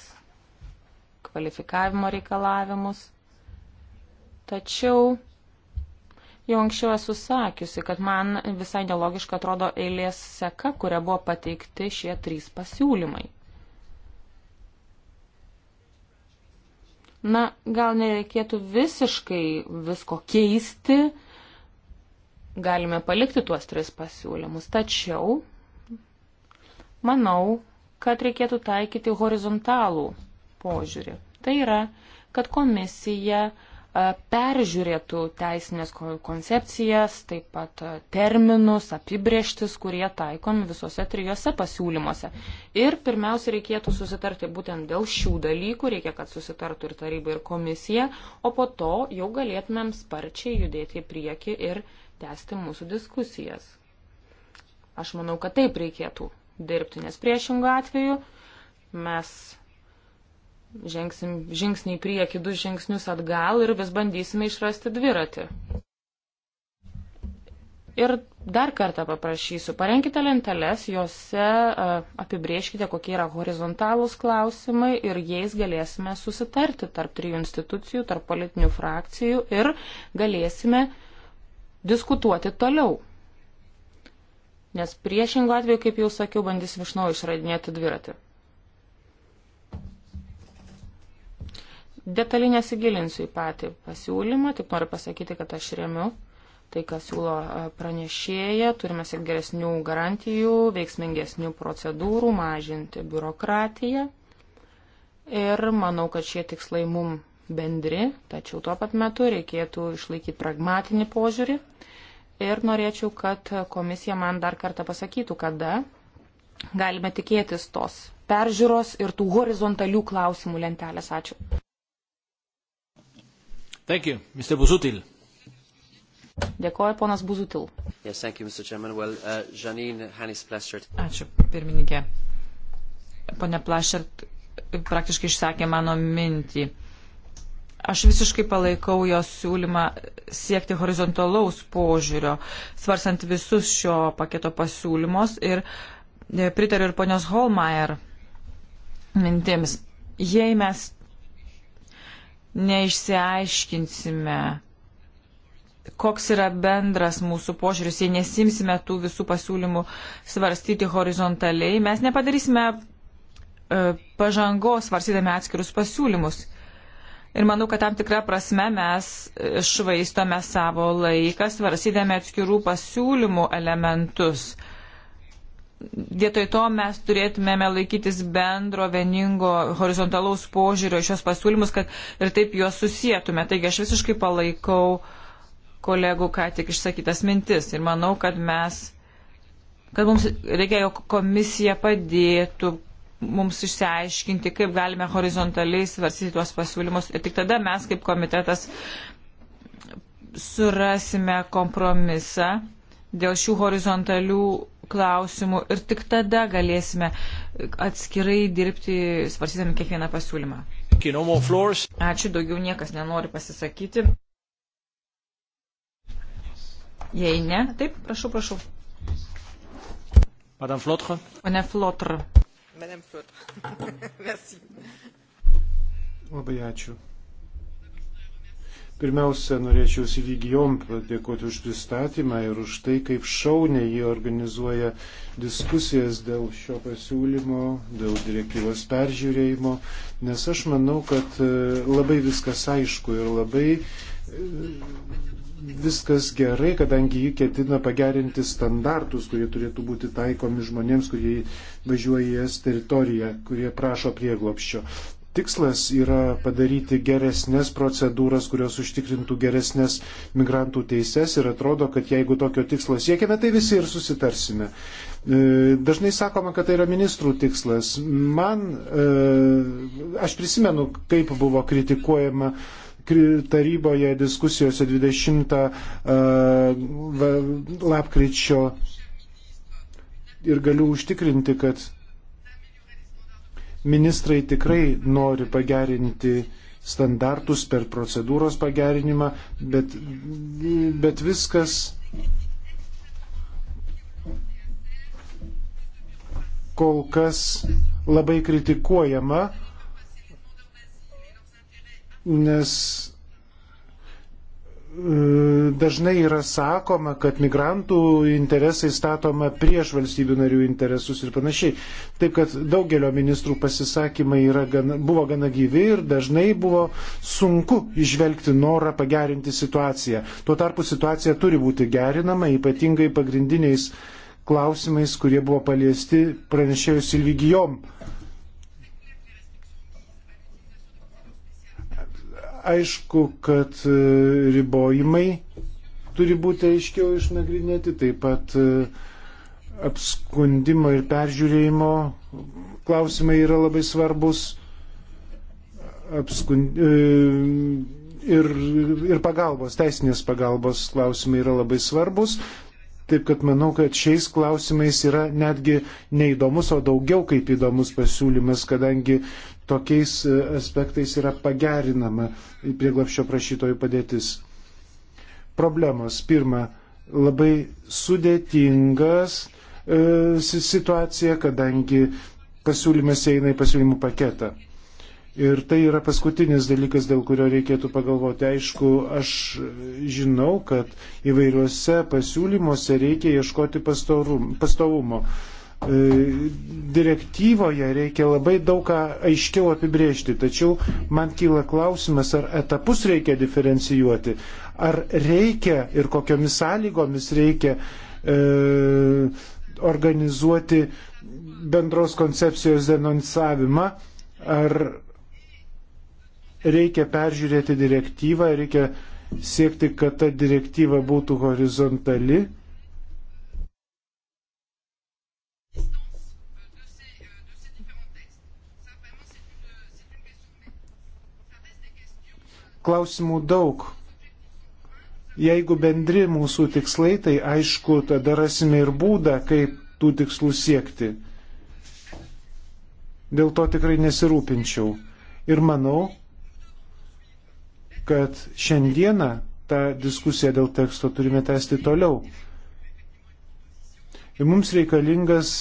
kvalifikavimo reikalavimus. Tačiau jau anksčiau esu sakiusi, kad man visai nelogiška atrodo eilės seka, kuria buvo pateikti šie trys pasiūlymai. Na, gal nereikėtų visiškai visko keisti, galime palikti tuos tris pasiūlymus, tačiau manau, kad reikėtų taikyti horizontalų požiūrį. Tai yra, kad komisija uh, E, peržiūrėtų teisinės koncepcijas, taip pat e, terminus, apibrieštis, kurie taikomi visose trijose pasiūlymuose. Ir pirmiausia, reikėtų susitarti būtent dėl šių dalykų, reikia, kad susitartų ir taryba, ir komisija, o po to jau galėtumėm sparčiai judėti į priekį ir tęsti mūsų diskusijas. Aš manau, kad taip reikėtų dirbti, nes priešingų atveju mes žengsim žingsnį į priekį, du žingsnius atgal ir vis bandysime išrasti dviratį. Ir dar kartą paprašysiu, parenkite lenteles, juose apibrieškite, kokie yra horizontalūs klausimai ir jais galėsime susitarti tarp trijų institucijų, tarp politinių frakcijų ir galėsime diskutuoti toliau. Nes priešingo atveju, kaip jau sakiau, bandysim iš naujo išradinėti dviratį. detaliai nesigilinsiu į patį pasiūlymą, tik noriu pasakyti, kad aš remiu tai, ką siūlo e, pranešėja, turime siekti geresnių garantijų, veiksmingesnių procedūrų, mažinti biurokratiją. Ir manau, kad šie tikslai mum bendri, tačiau tuo pat metu reikėtų išlaikyti pragmatinį požiūrį. Ir norėčiau, kad komisija man dar kartą pasakytų, kada galime tikėtis tos peržiūros ir tų horizontalių klausimų lentelės. Ačiū. Thank you. Mr. Buzutil. Dėkoju, ponas Buzutil. Yes, thank you, Mr. Chairman. Well, uh, Janine Hannis Plešert. Ačiū, pirmininkė. Pone Plešert praktiškai išsakė mano mintį. Aš visiškai palaikau jos siūlymą siekti horizontalaus požiūrio, svarsant visus šio paketo pasiūlymus ir e, pritariu ir ponios Holmeier mintims. Jei mes neišsiaiškinsime, koks yra bendras mūsų požiūris, jei nesimsime tų visų pasiūlymų svarstyti horizontaliai, mes nepadarysime e, pažangos svarstydami atskirus pasiūlymus. Ir manau, kad tam tikrą prasme mes švaistome savo laiką svarstydami atskirų pasiūlymų elementus. Uh, vietoj to mes turėtumėme laikytis bendro, vieningo, horizontalaus požiūrio šios pasiūlymus, kad ir taip juos susijėtume. Taigi aš visiškai palaikau kolegų ką tik išsakytas mintis ir manau, kad mes, kad mums reikia, jog komisija padėtų mums išsiaiškinti, kaip galime horizontaliai svarstyti tuos pasiūlymus ir tik tada mes kaip komitetas surasime kompromisą dėl šių horizontalių klausimų ir tik tada galėsime atskirai dirbti, svarsydami kiekvieną pasiūlymą. Ačiū, daugiau niekas nenori pasisakyti. Jei ne, taip, prašau, prašau. Madame Flotre. Pane Flotre. Madame Flotre. *laughs* Merci. Labai ačiū. Pirmiausia, norėčiau Silvigijom padėkoti už pristatymą ir už tai, kaip šauniai jie organizuoja diskusijas dėl šio pasiūlymo, dėl direktyvos peržiūrėjimo, nes aš manau, kad e, labai viskas aišku ir labai e, viskas gerai, kadangi jį ketina pagerinti standartus, kurie turėtų būti taikomi žmonėms, kurie važiuoja į es teritoriją, kurie prašo prieglopščio tikslas yra padaryti geresnės procedūras, kurios užtikrintų geresnės migrantų teises ir atrodo, kad jeigu tokio tikslo siekime, tai visi ir susitarsime. E, dažnai sakoma, kad tai yra ministrų tikslas. Man, e, aš prisimenu, kaip buvo kritikuojama taryboje diskusijose 20 e, lapkričio ir galiu užtikrinti, kad ministrai tikrai nori pagerinti standartus per procedūros pagerinimą, bet, bet viskas kol kas labai kritikuojama, nes dažnai yra sakoma, kad migrantų interesai statoma prieš valstybių narių interesus ir panašiai. Taip kad daugelio ministrų pasisakymai gana, buvo gana gyvi ir dažnai buvo sunku išvelgti norą pagerinti situaciją. Tuo tarpu situacija turi būti gerinama, ypatingai pagrindiniais klausimais, kurie buvo paliesti pranešėjus Silvigijom Aišku, kad e, ribojimai turi būti aiškiau išnagrinėti, taip pat e, apskundimo ir peržiūrėjimo klausimai yra labai svarbus. Apskund... E, ir, ir pagalbos, teisinės pagalbos klausimai yra labai svarbus. Taip kad manau, kad šiais klausimais yra netgi neįdomus, o daugiau kaip įdomus pasiūlymas, kadangi tokiais e, aspektais yra pagerinama prieglapščio prašytojų padėtis. Problemos. Pirma, labai sudėtingas e, situacija, kadangi pasiūlymas eina į pasiūlymų paketą. Ir tai yra paskutinis dalykas, dėl kurio reikėtų pagalvoti. Aišku, aš žinau, kad įvairiuose pasiūlymuose reikia ieškoti pastovumo. E, direktyvoje reikia labai daug ką aiškiau apibriežti, tačiau man kyla klausimas, ar etapus reikia diferencijuoti, ar reikia ir kokiomis sąlygomis reikia e, organizuoti bendros koncepcijos denonsavimą, ar reikia peržiūrėti direktyvą, reikia siekti, kad ta direktyva būtų horizontali. Klausimų daug. Jeigu bendri mūsų tikslai, tai aišku, tada rasime ir būdą, kaip tų tikslų siekti. Dėl to tikrai nesirūpinčiau. Ir manau, kad šiandieną tą diskusiją dėl teksto turime tęsti toliau. Ir mums reikalingas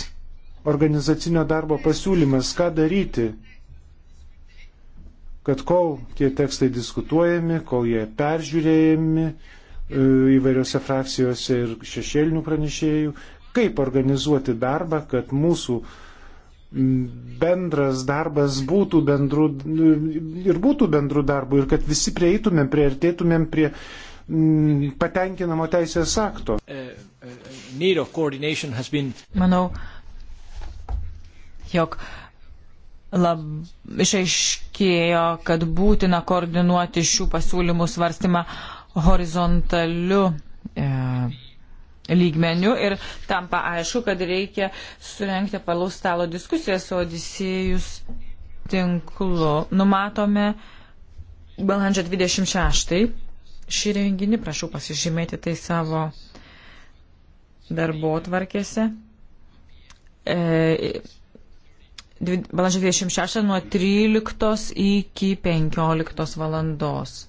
organizacinio darbo pasiūlymas, ką daryti, kad kol tie tekstai diskutuojami, kol jie peržiūrėjami e, įvairiose frakcijose ir šešėlinių pranešėjų, kaip organizuoti darbą, kad mūsų uh, bendras darbas būtų bendrų ir būtų bendrų darbų ir kad visi prieitumėm, prieartėtumėm prie m, mm, patenkinamo teisės akto. Uh, uh, uh, Manau, jog lab, išaiškėjo, kad būtina koordinuoti šių pasiūlymų svarstymą horizontaliu e, lygmenių ir tampa aišku, kad reikia surenkti palaus stalo diskusiją su Odisėjus tinklu. Numatome balandžio 26 šį renginį, prašau pasižymėti tai savo darbo tvarkėse. E, balandžio 26 nuo 13 iki 15 valandos.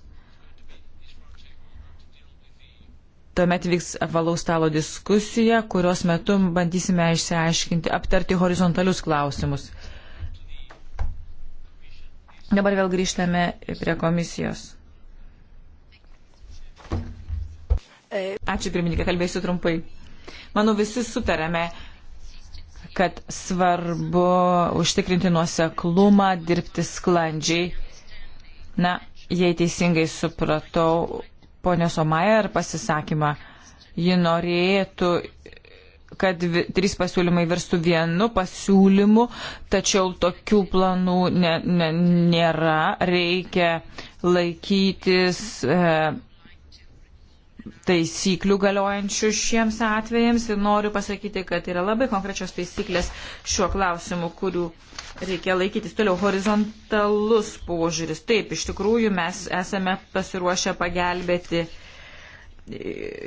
Tuomet vyks apvalaus stalo diskusija, kurios metu bandysime išsiaiškinti, aptarti horizontalius klausimus. Dabar vėl grįžtame prie komisijos. Ačiū pirmininkė, kalbėsiu trumpai. Manau, visi sutarėme, kad svarbu užtikrinti nuoseklumą, dirbti sklandžiai. Na, jei teisingai supratau, ponios Omajer pasisakymą. Ji norėtų, kad trys pasiūlymai virstų vienu pasiūlymu, tačiau tokių planų ne, ne, nėra. Reikia laikytis. E, taisyklių galiojančių šiems atvejams ir noriu pasakyti, kad yra labai konkrečios taisyklės šiuo klausimu, kurių reikia laikytis toliau horizontalus požiūris. Taip, iš tikrųjų mes esame pasiruošę pagelbėti,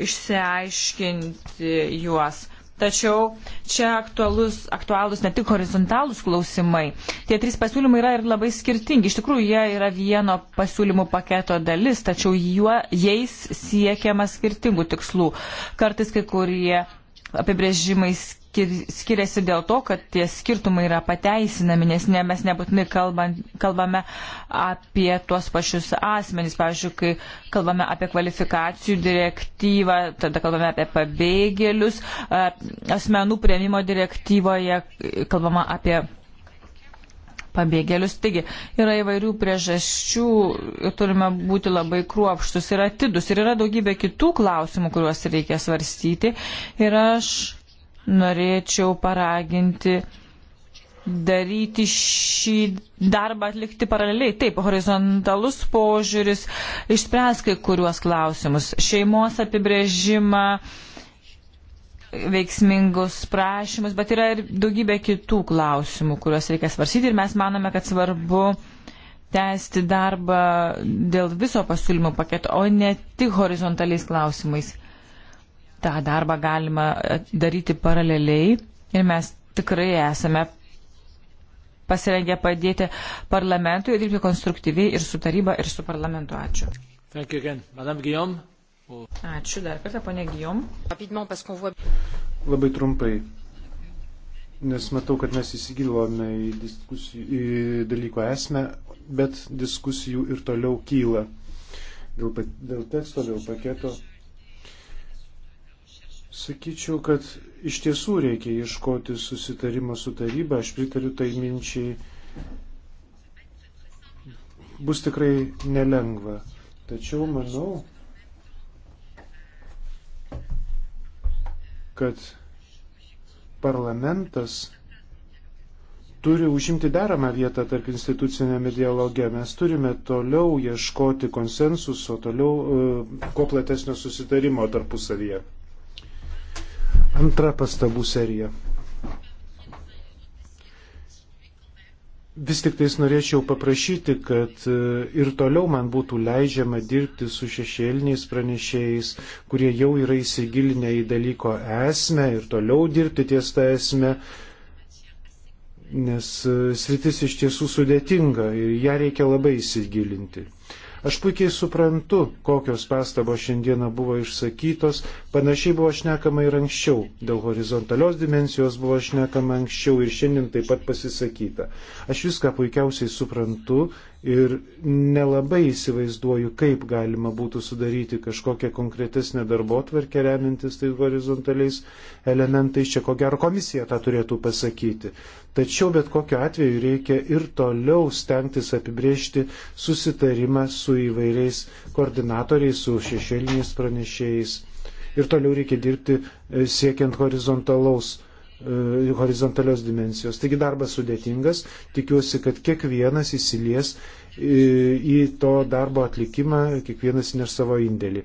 išsiaiškinti juos. Tačiau čia aktualus, aktualus ne tik horizontalūs klausimai. Tie trys pasiūlymai yra ir labai skirtingi. Iš tikrųjų, jie yra vieno pasiūlymų paketo dalis, tačiau juo, jais siekiama skirtingų tikslų. Kartais kai kurie apibrėžimai skirtingi skiriasi dėl to, kad tie skirtumai yra pateisinami, nes ne, mes nebūtinai kalbant, kalbame apie tuos pačius asmenys. Pavyzdžiui, kai kalbame apie kvalifikacijų direktyvą, tada kalbame apie pabėgėlius, e, asmenų prieimimo direktyvoje kalbama apie pabėgėlius. Taigi, yra įvairių priežasčių ir turime būti labai kruopštus ir atidus. Ir yra daugybė kitų klausimų, kuriuos reikia svarstyti. Ir aš norėčiau paraginti daryti šį darbą, atlikti paraleliai. Taip, horizontalus požiūris išspręs kai kuriuos klausimus. Šeimos apibrėžimą, veiksmingus prašymus, bet yra ir daugybė kitų klausimų, kuriuos reikia svarsyti ir mes manome, kad svarbu tęsti darbą dėl viso pasiūlymo paketo, o ne tik horizontaliais klausimais tą darbą galima daryti paraleliai ir mes tikrai esame pasirengę padėti parlamentui ir dirbti konstruktyviai ir su taryba, ir su parlamentu. Ačiū. Ačiū dar kartą, ponė Gijom. Labai trumpai, nes matau, kad mes įsigilome į, diskusijų, į dalyko esmę, bet diskusijų ir toliau kyla. Dėl, dėl teksto, dėl paketo. Sakyčiau, kad iš tiesų reikia ieškoti susitarimą su taryba, aš pritariu tai minčiai. Bus tikrai nelengva. Tačiau manau, kad parlamentas turi užimti deramą vietą tarp institucinėme dialoge. Mes turime toliau ieškoti konsensuso, toliau e, kuo platesnio susitarimo tarpusavyje. Antra pastabų serija. Vis tik tais norėčiau paprašyti, kad e, ir toliau man būtų leidžiama dirbti su šešėliniais pranešėjais, kurie jau yra įsigilinę į dalyko esmę ir toliau dirbti ties tą esmę, nes e, sritis iš tiesų sudėtinga ir ją reikia labai įsigilinti. Aš puikiai suprantu, kokios pastabos šiandieną buvo išsakytos, panašiai buvo šnekama ir anksčiau, dėl horizontalios dimensijos buvo šnekama anksčiau ir šiandien taip pat pasisakyta. Aš viską puikiausiai suprantu ir nelabai įsivaizduoju, kaip galima būtų sudaryti kažkokią konkretesnę darbo tvarkę remintis tais horizontaliais elementais. Čia ko gero komisija tą turėtų pasakyti. Tačiau bet kokiu atveju reikia ir toliau stengtis apibriežti susitarimą su įvairiais koordinatoriais, su šešėliniais pranešėjais. Ir toliau reikia dirbti e, siekiant horizontalaus E, horizontalios dimensijos. Taigi darbas sudėtingas, tikiuosi, kad kiekvienas įsilies į to darbo atlikimą, kiekvienas neš savo indėlį.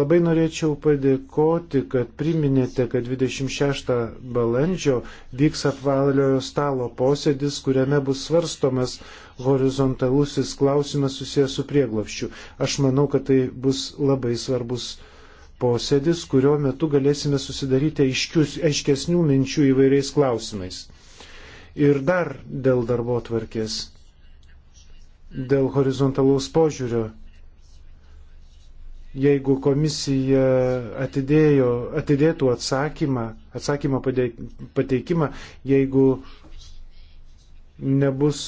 Labai norėčiau padėkoti, kad priminėte, kad 26 balandžio vyks apvaliojo stalo posėdis, kuriame bus svarstomas horizontalusis klausimas susijęs su prieglopščiu. Aš manau, kad tai bus labai svarbus klausimas posėdis, kurio metu galėsime susidaryti aiškius, aiškesnių minčių įvairiais klausimais. Ir dar dėl darbo tvarkės, dėl horizontalaus požiūrio. Jeigu komisija atidėjo, atidėtų atsakymą, atsakymą pateikimą, jeigu nebus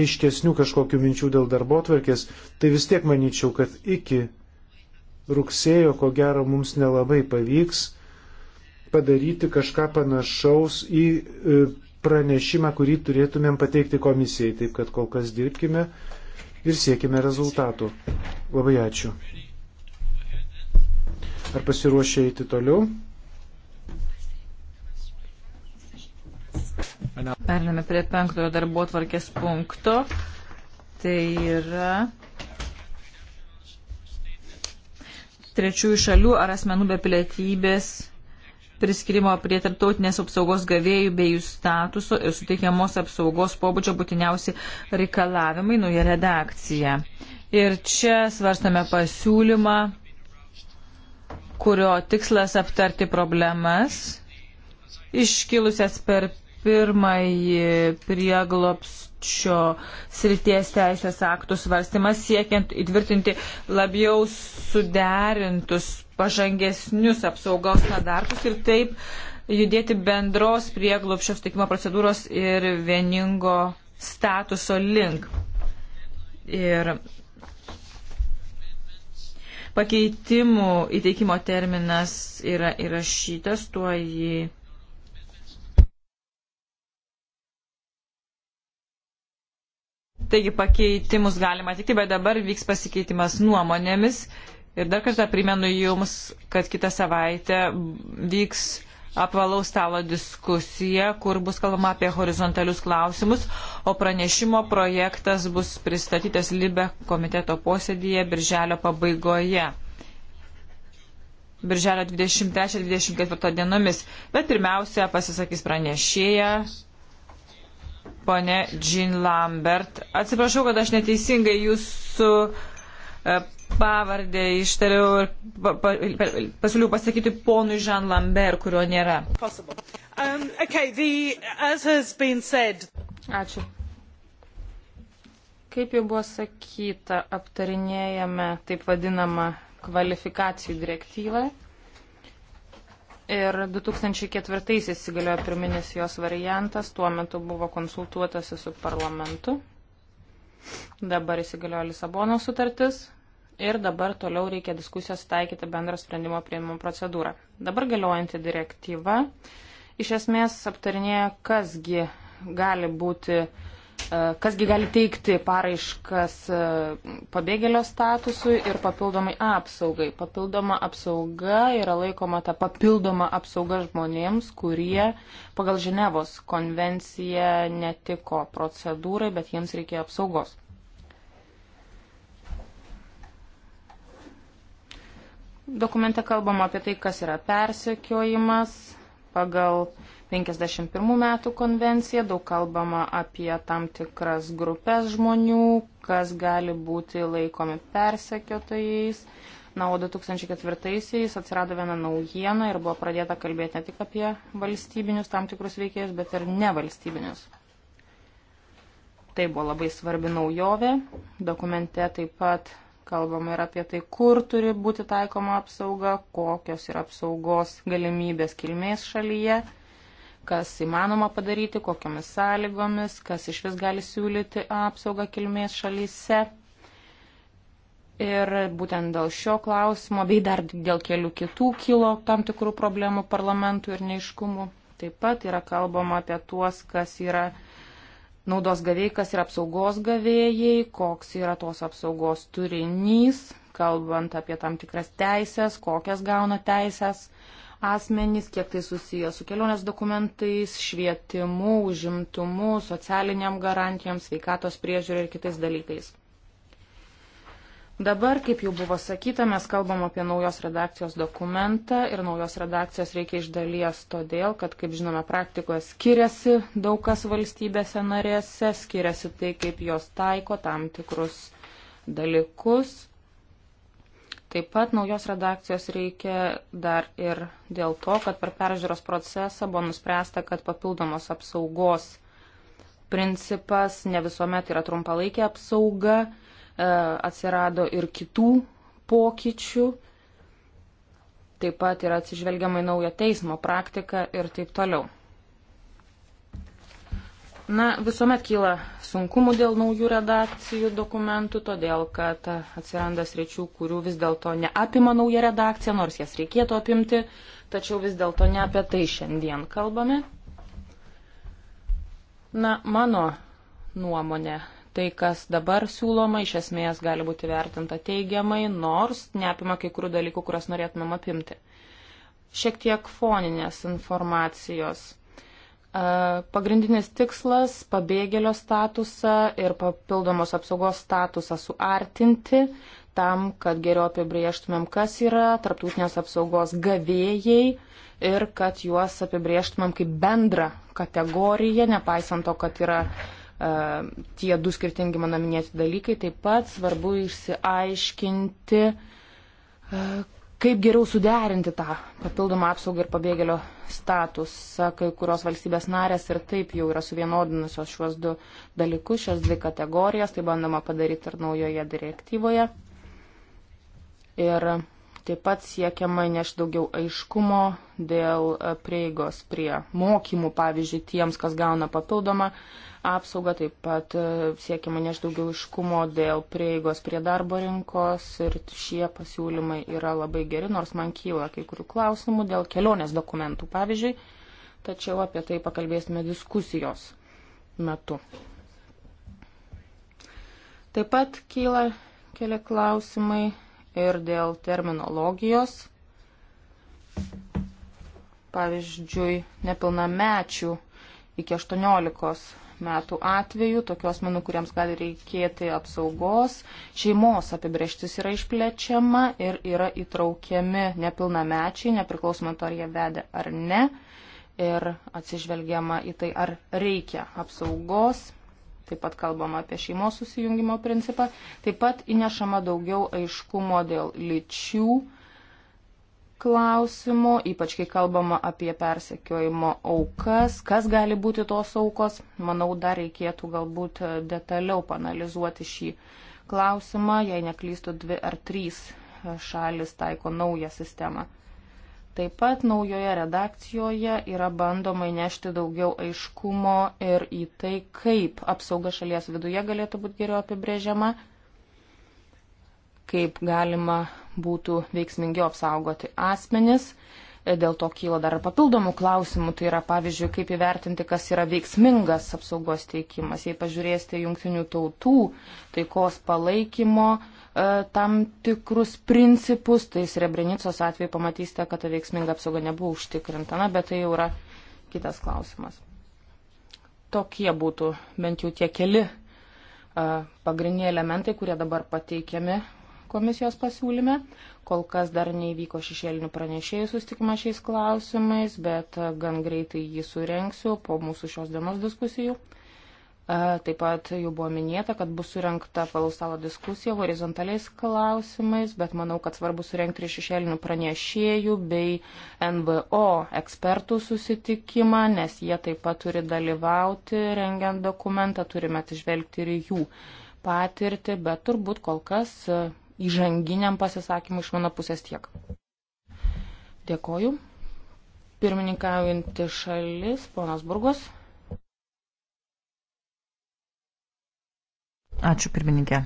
aiškesnių kažkokių minčių dėl darbo tvarkės, tai vis tiek manyčiau, kad iki rugsėjo, ko gero, mums nelabai pavyks padaryti kažką panašaus į e, pranešimą, kurį turėtumėm pateikti komisijai. Taip kad kol kas dirbkime ir siekime rezultatų. Labai ačiū. Ar pasiruošę eiti toliau? Pername prie penktojo darbo tvarkės punkto. Tai yra trečiųjų šalių ar asmenų be pilietybės priskirimo prie tarptautinės apsaugos gavėjų bei jų statuso ir suteikiamos apsaugos pobūdžio būtiniausi reikalavimai nauja redakcija. Ir čia svarstame pasiūlymą, kurio tikslas aptarti problemas iškilusias per pirmąjį prieglopstų mokesčio srities teisės aktų svarstymas siekiant įtvirtinti labiau suderintus, pažangesnius apsaugos standartus ir taip judėti bendros prieglopščio sutikimo procedūros ir vieningo statuso link. Ir pakeitimų įteikimo terminas yra įrašytas, tuo jį. Į Taigi pakeitimus galima tikti, bet dabar vyks pasikeitimas nuomonėmis. Ir dar kartą primenu Jums, kad kitą savaitę vyks apvalaus stalo diskusija, kur bus kalbama apie horizontalius klausimus, o pranešimo projektas bus pristatytas Libe komiteto posėdėje birželio pabaigoje. Birželio 23-24 dienomis, bet pirmiausia pasisakys pranešėja Pone Jean Lambert, atsiprašau, kad aš neteisingai jūsų e, pavardę ištariau ir pa, pa, pasiūliau pasakyti ponui Jean Lambert, kurio nėra. Um, okay, the, Ačiū. Kaip jau buvo sakyta, aptarinėjame taip vadinamą kvalifikacijų direktyvą ir 2004 įsigaliojo pirminis jos variantas, tuo metu buvo konsultuotasi su parlamentu, dabar įsigaliojo Lisabono sutartis ir dabar toliau reikia diskusijos taikyti bendrą sprendimo prieimimo procedūrą. Dabar galiojanti direktyva iš esmės aptarinėja, kasgi gali būti uh, E, kasgi gali teikti paraiškas e, pabėgėlio statusui ir papildomai apsaugai. Papildoma apsauga yra laikoma ta papildoma apsauga žmonėms, kurie pagal Ženevos konvenciją netiko procedūrai, bet jiems reikėjo apsaugos. Dokumente kalbama apie tai, kas yra persekiojimas pagal 51 metų konvencija, daug kalbama apie tam tikras grupės žmonių, kas gali būti laikomi persekiotojais. Na, o 2004-aisiais atsirado viena naujiena ir buvo pradėta kalbėti ne tik apie valstybinius tam tikrus veikėjus, bet ir nevalstybinius. Tai buvo labai svarbi naujovė. Dokumente taip pat kalbama ir apie tai, kur turi būti taikoma apsauga, kokios yra apsaugos galimybės kilmės šalyje kas įmanoma padaryti, kokiamis sąlygomis, kas iš vis gali siūlyti apsaugą kilmės šalyse. Ir būtent dėl šio klausimo, bei dar dėl kelių kitų kilo tam tikrų problemų parlamentų ir neiškumų. Taip pat yra kalbama apie tuos, kas yra naudos gavėjai, kas yra apsaugos gavėjai, koks yra tos apsaugos turinys, kalbant apie tam tikras teisės, kokias gauna teisės asmenys, kiek tai susiję su kelionės dokumentais, švietimu, užimtumu, socialiniam garantijom, sveikatos priežiūrė ir kitais dalykais. Dabar, kaip jau buvo sakyta, mes kalbam apie naujos redakcijos dokumentą ir naujos redakcijos reikia iš dalies todėl, kad, kaip žinome, praktikoje skiriasi daug kas valstybėse narėse, skiriasi tai, kaip jos taiko tam tikrus dalykus. Taip pat naujos redakcijos reikia dar ir dėl to, kad per peržiūros procesą buvo nuspręsta, kad papildomos apsaugos principas ne visuomet yra trumpalaikė apsauga, e, atsirado ir kitų pokyčių, taip pat yra atsižvelgiama į naują teismo praktiką ir taip toliau. Na, visuomet kyla sunkumų dėl naujų redakcijų dokumentų, todėl kad atsiranda sričių, kurių vis dėlto neapima nauja redakcija, nors jas reikėtų apimti, tačiau vis dėlto ne apie tai šiandien kalbame. Na, mano nuomonė, tai, kas dabar siūloma, iš esmės gali būti vertinta teigiamai, nors neapima kai kurių dalykų, kuriuos norėtumėm apimti. Šiek tiek foninės informacijos. Pagrindinis tikslas - pabėgėlio statusą ir papildomos apsaugos statusą suartinti tam, kad geriau apibrieštumėm, kas yra tarptautinės apsaugos gavėjai ir kad juos apibrieštumėm kaip bendrą kategoriją, nepaisant to, kad yra uh, tie du skirtingi mano minėti dalykai. Taip pat svarbu išsiaiškinti, uh, kaip geriau suderinti tą papildomą apsaugą ir pabėgėlio statusą, kai kurios valstybės narės ir taip jau yra suvienodinusios šiuos du dalykus, šias dvi kategorijas, tai bandoma padaryti ir naujoje direktyvoje. Ir taip pat siekiama nešti daugiau aiškumo dėl prieigos prie mokymų, pavyzdžiui, tiems, kas gauna papildomą apsaugą, taip pat e, siekiama neš daugiau iškumo dėl prieigos prie darbo rinkos ir šie pasiūlymai yra labai geri, nors man kyla kai kurių klausimų dėl kelionės dokumentų, pavyzdžiui, tačiau apie tai pakalbėsime diskusijos metu. Taip pat kyla keli klausimai ir dėl terminologijos. Pavyzdžiui, nepilnamečių iki 18 metų atveju, tokių asmenų, kuriems gali reikėti apsaugos, šeimos apibrieštis yra išplečiama ir yra įtraukiami nepilnamečiai, nepriklausomai to, ar jie vedė ar ne, ir atsižvelgiama į tai, ar reikia apsaugos. Taip pat kalbama apie šeimos susijungimo principą. Taip pat įnešama daugiau aiškumo dėl lyčių klausimų, ypač kai kalbama apie persekiojimo aukas, kas gali būti tos aukos. Manau, dar reikėtų galbūt detaliau panalizuoti šį klausimą, jei neklystų dvi ar trys šalis taiko naują sistemą. Taip pat naujoje redakcijoje yra bandoma įnešti daugiau aiškumo ir į tai, kaip apsauga šalies viduje galėtų būti geriau apibrėžiama kaip galima būtų veiksmingiau apsaugoti asmenis. Dėl to kyla dar papildomų klausimų, tai yra pavyzdžiui, kaip įvertinti, kas yra veiksmingas apsaugos teikimas. Jei pažiūrėsite jungtinių tautų taikos palaikymo e, tam tikrus principus, tai Srebrenicos atveju pamatysite, kad ta veiksminga apsauga nebuvo užtikrinta, na, bet tai jau yra kitas klausimas. Tokie būtų bent jau tie keli e, pagrindiniai elementai, kurie dabar pateikiami komisijos pasiūlyme. Kol kas dar neįvyko šešėlinių pranešėjų sustikimas šiais klausimais, bet e, gan greitai jį surenksiu po mūsų šios dienos diskusijų. E, taip pat jau buvo minėta, kad bus surinkta palausalo diskusija horizontaliais klausimais, bet manau, kad svarbu surinkti ir šešėlinių pranešėjų bei NVO ekspertų susitikimą, nes jie taip pat turi dalyvauti rengiant dokumentą, turime atsižvelgti ir jų patirtį, bet turbūt kol kas e, įžanginiam pasisakymui iš mano pusės tiek. Dėkoju. Pirmininkaujanti šalis, ponas Burgos. Ačiū pirmininkė.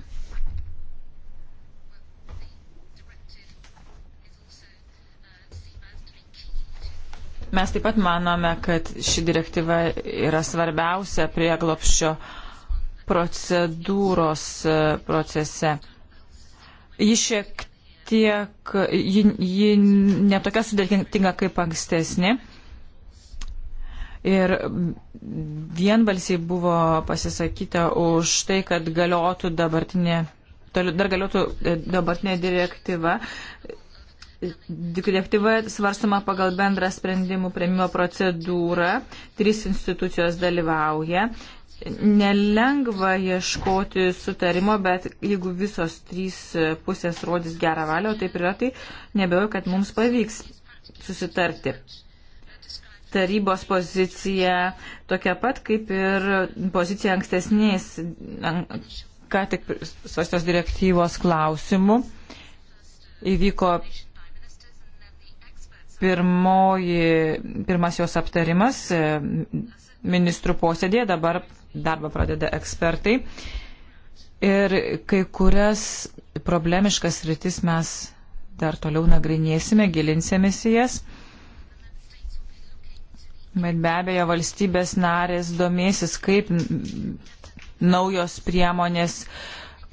Mes taip pat manome, kad ši direktyva yra svarbiausia prieglopščio procedūros e, procese. Ji šiek tiek, ji, ji netokia sudėtinga kaip ankstesnė. Ir vienbalsiai buvo pasisakyta už tai, kad galiotų dabartinė, dar galiotų e, dabartinė direktyva. Direktyva svarstama pagal bendrą sprendimų prieimimo procedūrą. Trys institucijos dalyvauja nelengva ieškoti sutarimo, bet jeigu visos trys pusės rodys gerą valią, o taip yra, tai nebejoju, kad mums pavyks susitarti. Tarybos pozicija tokia pat, kaip ir pozicija ankstesniais, ką tik svarstos direktyvos klausimų. Įvyko pirmoji, pirmas jos aptarimas ministrų posėdėje, dabar darbą pradeda ekspertai. Ir kai kurias problemiškas rytis mes dar toliau nagrinėsime, gilinsimės į jas. Bet be abejo, valstybės narės domėsis, kaip naujos priemonės,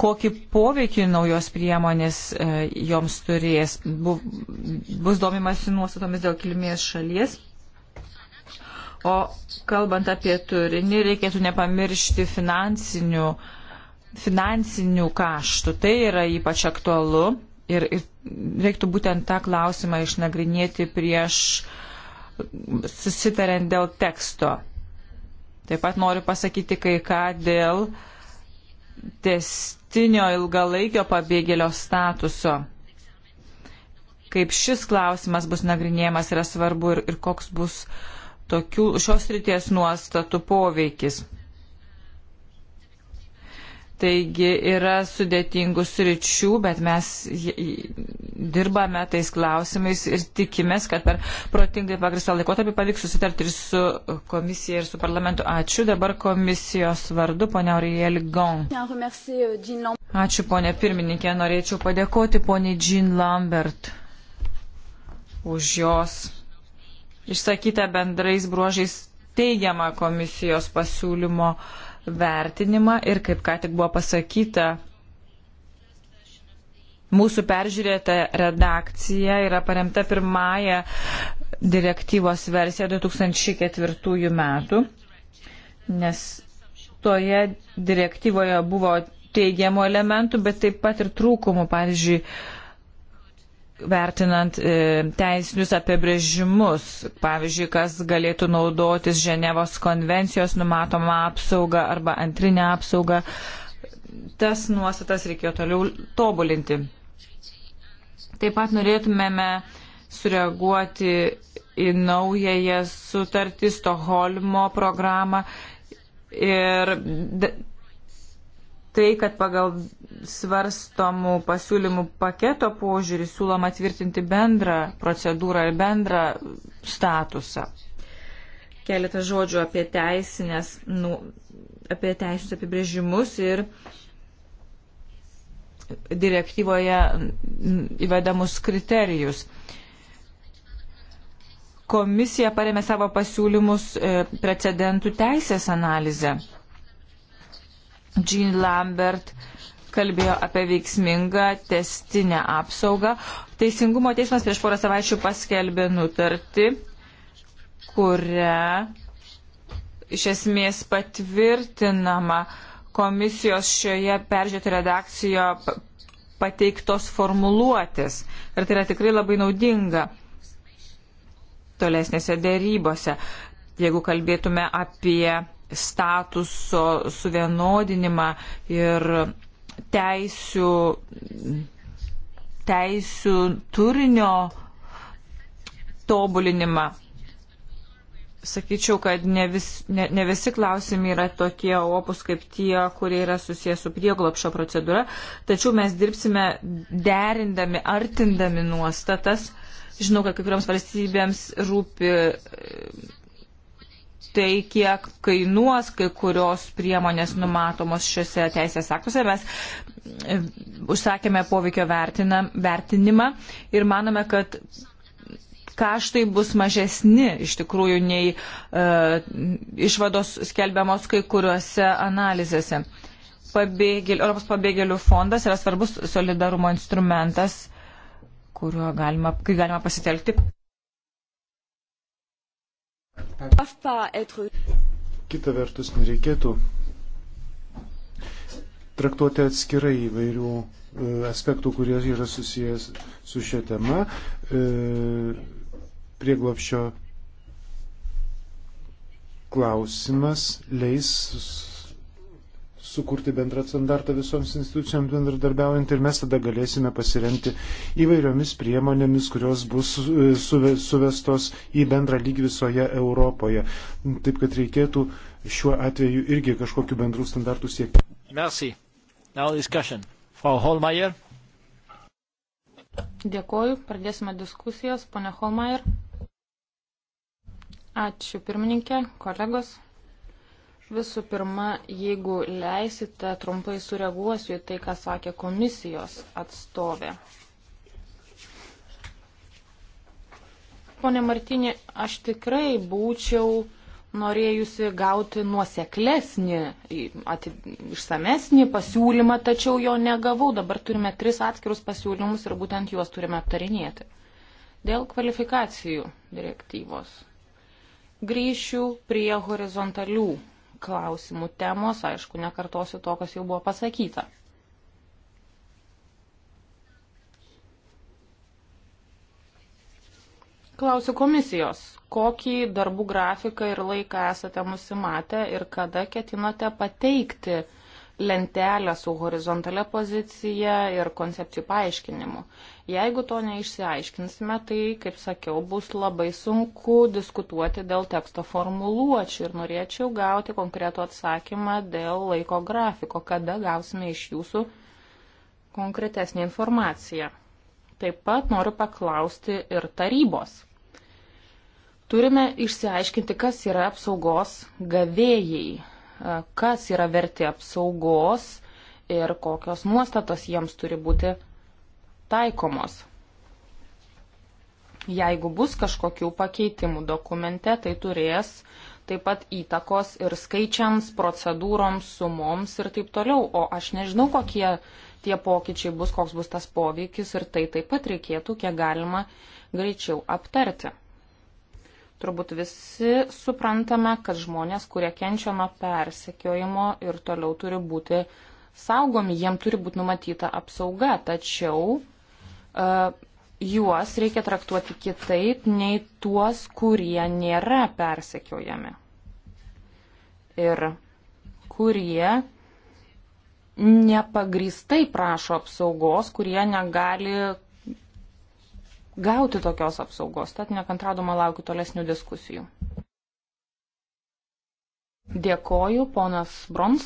kokį poveikį naujos priemonės e, joms turės. Bus domimasi nuostatomis dėl kilmės šalies O kalbant apie turinį, reikėtų nepamiršti finansinių, finansinių kaštų. Tai yra ypač aktualu ir, ir reiktų būtent tą klausimą išnagrinėti prieš susitariant dėl teksto. Taip pat noriu pasakyti kai ką dėl testinio ilgalaikio pabėgėlio statuso. Kaip šis klausimas bus nagrinėjamas yra svarbu ir, ir koks bus uh, tokių šios ryties nuostatų poveikis. Taigi yra sudėtingų sričių, bet mes dirbame tais klausimais ir tikimės, kad per protingai pagristą laikotarpį pavyks susitarti ir su komisija, ir su parlamentu. Ačiū dabar komisijos vardu, ponia Aurėlė Gon. Euh, Ačiū, ponia pirmininkė, norėčiau padėkoti poniai Jean Lambert už jos išsakytą bendrais bruožais teigiamą komisijos pasiūlymo vertinimą ir, kaip ką tik buvo pasakyta, mūsų peržiūrėta redakcija yra paremta pirmąją direktyvos versiją 2004 metų, nes toje direktyvoje buvo teigiamų elementų, bet taip pat ir trūkumų, pavyzdžiui, vertinant e, teisinius apibrėžimus, pavyzdžiui, kas galėtų naudotis Ženevos konvencijos numatoma apsauga arba antrinė apsauga, tas nuostatas reikėjo toliau tobulinti. Taip pat norėtumėme sureaguoti į naująją sutartį Stoholmo programą ir tai, kad pagal svarstomų pasiūlymų paketo požiūrį siūloma tvirtinti bendrą procedūrą ir bendrą statusą. Keletą žodžių apie teisinės, nu, apie teisinius apibrėžimus ir direktyvoje įvedamus kriterijus. Komisija paremė savo pasiūlymus e, precedentų teisės analizę Jean Lambert kalbėjo apie veiksmingą testinę apsaugą. Teisingumo teismas prieš porą savaičių paskelbė nutartį, kuria iš esmės patvirtinama komisijos šioje peržiūrėti redakcijoje pateiktos formuluotės. Ir tai yra tikrai labai naudinga tolesnėse dėrybose. Jeigu kalbėtume apie statuso suvienodinimą ir teisių, teisių turinio tobulinimą. Sakyčiau, kad ne, vis, ne, ne visi klausimai yra tokie opus kaip tie, kurie yra susijęs su prieglopšio procedūra, tačiau mes dirbsime derindami, artindami nuostatas. Žinau, kad kai kuriams valstybėms rūpi tai, kiek kainuos kai kurios priemonės numatomos šiuose teisės aktuose. Mes e, užsakėme poveikio vertina, vertinimą ir manome, kad kaštai bus mažesni iš tikrųjų nei e, išvados skelbiamos kai kuriuose analizėse. Pabėgėl, Europos pabėgėlių fondas yra svarbus solidarumo instrumentas, kuriuo galima, kai galima pasitelkti Kita vertus, nereikėtų traktuoti atskirai įvairių e, aspektų, kurie yra susijęs su šia tema. E, Prieglopščio klausimas leis sukurti bendrą standartą visoms institucijoms bendradarbiaujant ir mes tada galėsime pasiremti įvairiomis priemonėmis, kurios bus e, suvestos į bendrą lygį visoje Europoje. Taip kad reikėtų šiuo atveju irgi kažkokiu bendrų standartų siekti. Merci. Now discussion. Frau Holmeier. Dėkoju, pradėsime diskusijas. Pone Holmeier. Ačiū pirmininkė, kolegos. Visų pirma, jeigu leisite, trumpai sureaguosiu į tai, ką sakė komisijos atstovė. Pone Martinė, aš tikrai būčiau norėjusi gauti nuoseklesnį, išsamesnį pasiūlymą, tačiau jo negavau. Dabar turime tris atskirus pasiūlymus ir būtent juos turime aptarinėti. Dėl kvalifikacijų direktyvos. Grįšiu prie horizontalių klausimų temos, aišku, nekartosiu to, kas jau buvo pasakyta. Klausiu komisijos, kokį darbų grafiką ir laiką esate nusimatę ir kada ketinate pateikti uh, lentelę su horizontale pozicija ir koncepcijų paaiškinimu. Jeigu to neišsiaiškinsime, tai, kaip sakiau, bus labai sunku diskutuoti dėl teksto formuluočių ir norėčiau gauti konkretų atsakymą dėl laiko grafiko, kada gausime iš jūsų konkretesnį informaciją. Taip pat noriu paklausti ir tarybos turime išsiaiškinti, kas yra apsaugos gavėjai kas yra verti apsaugos ir kokios nuostatos jiems turi būti taikomos. Jeigu bus kažkokių pakeitimų dokumente, tai turės taip pat įtakos ir skaičiams, procedūroms, sumoms ir taip toliau. O aš nežinau, kokie tie pokyčiai bus, koks bus tas poveikis ir tai taip pat reikėtų kiek galima greičiau aptarti. Turbūt visi suprantame, kad žmonės, kurie kenčia nuo persekiojimo ir toliau turi būti saugomi, jiem turi būti numatyta apsauga, tačiau uh, juos reikia traktuoti kitaip nei tuos, kurie nėra persekiojami ir kurie nepagristai prašo apsaugos, kurie negali gauti tokios apsaugos, tad nekantraudama laukiu tolesnių diskusijų. Dėkoju, ponas Brons.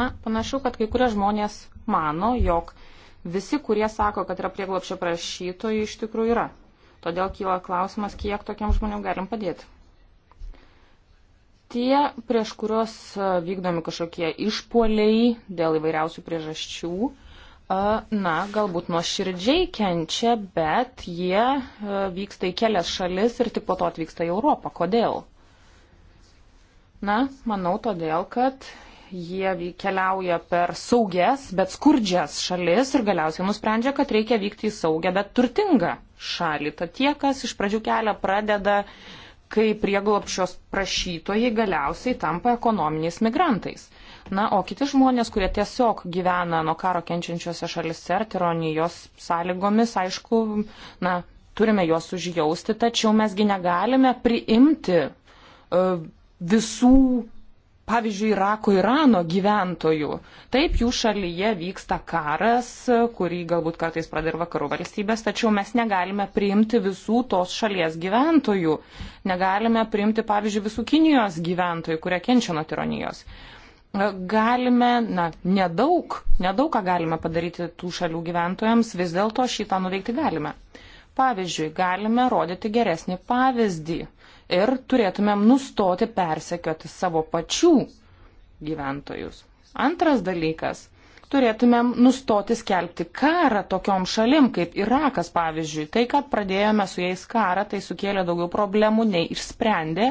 Na, panašu, kad kai kurie žmonės mano, jog visi, kurie sako, kad yra prieglopšio prašytojai, iš tikrųjų yra. Todėl kyla klausimas, kiek tokiam žmonėm galim padėti tie, prieš kuriuos e, vykdomi kažkokie išpoliai dėl įvairiausių priežasčių, e, na, galbūt nuoširdžiai kenčia, bet jie e, vyksta į kelias šalis ir tik po to atvyksta į Europą. Kodėl? Na, manau todėl, kad jie keliauja per saugias, bet skurdžias šalis ir galiausiai nusprendžia, kad reikia vykti į saugę, bet turtingą šalį. Tad tie, kas iš pradžių kelią pradeda kai prieglopšios prašytojai galiausiai tampa ekonominiais migrantais. Na, o kiti žmonės, kurie tiesiog gyvena nuo karo kenčiančiose šalise ar tironijos sąlygomis, aišku, na, turime juos užjausti, tačiau mesgi negalime priimti uh, visų pavyzdžiui, Irako, Irano gyventojų. Taip, jų šalyje vyksta karas, kurį galbūt kartais pradeda ir vakarų valstybės, tačiau mes negalime priimti visų tos šalies gyventojų. Negalime priimti, pavyzdžiui, visų Kinijos gyventojų, kurie kenčia nuo tironijos. Galime, na, nedaug, nedaug ką galime padaryti tų šalių gyventojams, vis dėlto šitą nuveikti galime. Pavyzdžiui, galime rodyti geresnį pavyzdį ir turėtumėm nustoti persekioti savo pačių gyventojus. Antras dalykas - turėtumėm nustoti skelbti karą tokiom šalim kaip Irakas, pavyzdžiui. Tai, kad pradėjome su jais karą, tai sukėlė daugiau problemų nei išsprendė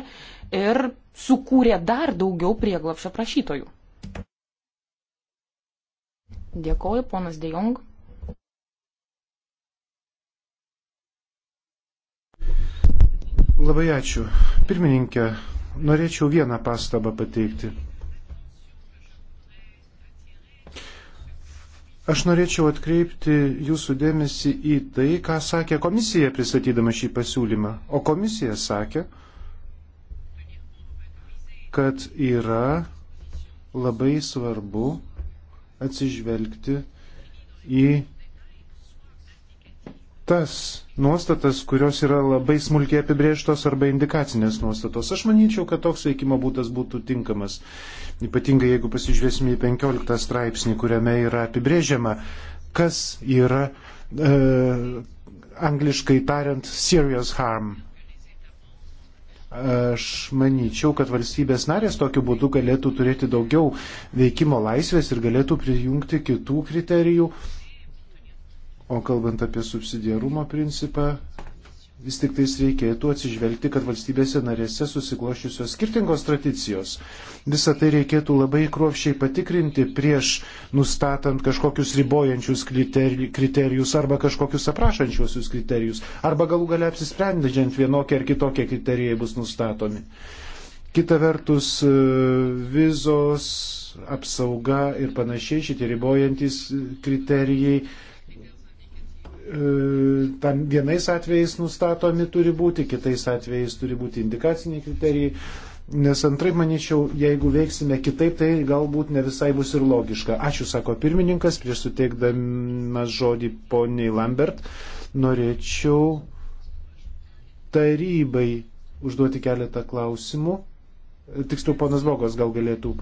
ir sukūrė dar daugiau prieglapšio prašytojų. Dėkoju, ponas Dejong. Labai ačiū. Pirmininkė, norėčiau vieną pastabą pateikti. Aš norėčiau atkreipti jūsų dėmesį į tai, ką sakė komisija pristatydama šį pasiūlymą. O komisija sakė, kad yra labai svarbu atsižvelgti į tas nuostatas, kurios yra labai smulkiai apibrėžtos arba indikacinės nuostatos. Aš manyčiau, kad toks veikimo būdas būtų tinkamas. Ypatingai jeigu pasižiūrėsime į 15 straipsnį, kuriame yra apibrėžiama, kas yra e, angliškai tariant serious harm. Aš manyčiau, kad valstybės narės tokiu būdu galėtų turėti daugiau veikimo laisvės ir galėtų prijungti kitų kriterijų O kalbant apie subsidiarumo principą, vis tik tais reikėtų atsižvelgti, kad valstybėse narėse susiklošiusios skirtingos tradicijos. Visą tai reikėtų labai kruopščiai patikrinti prieš nustatant kažkokius ribojančius kriterijus arba kažkokius aprašančiuosius kriterijus. Arba galų galia apsisprendžiant vienokie ar kitokie kriterijai bus nustatomi. Kita vertus, e, vizos, apsauga ir panašiai šitie ribojantis e, kriterijai E, tam vienais atvejais nustatomi turi būti, kitais atvejais turi būti indikaciniai kriterijai, nes antraip, manyčiau, jeigu veiksime kitaip, tai galbūt ne visai bus ir logiška. Ačiū, sako pirmininkas, prieš suteikdamas žodį poniai Lambert, norėčiau tarybai užduoti keletą klausimų. Tiksliau, ponas Bogos gal galėtų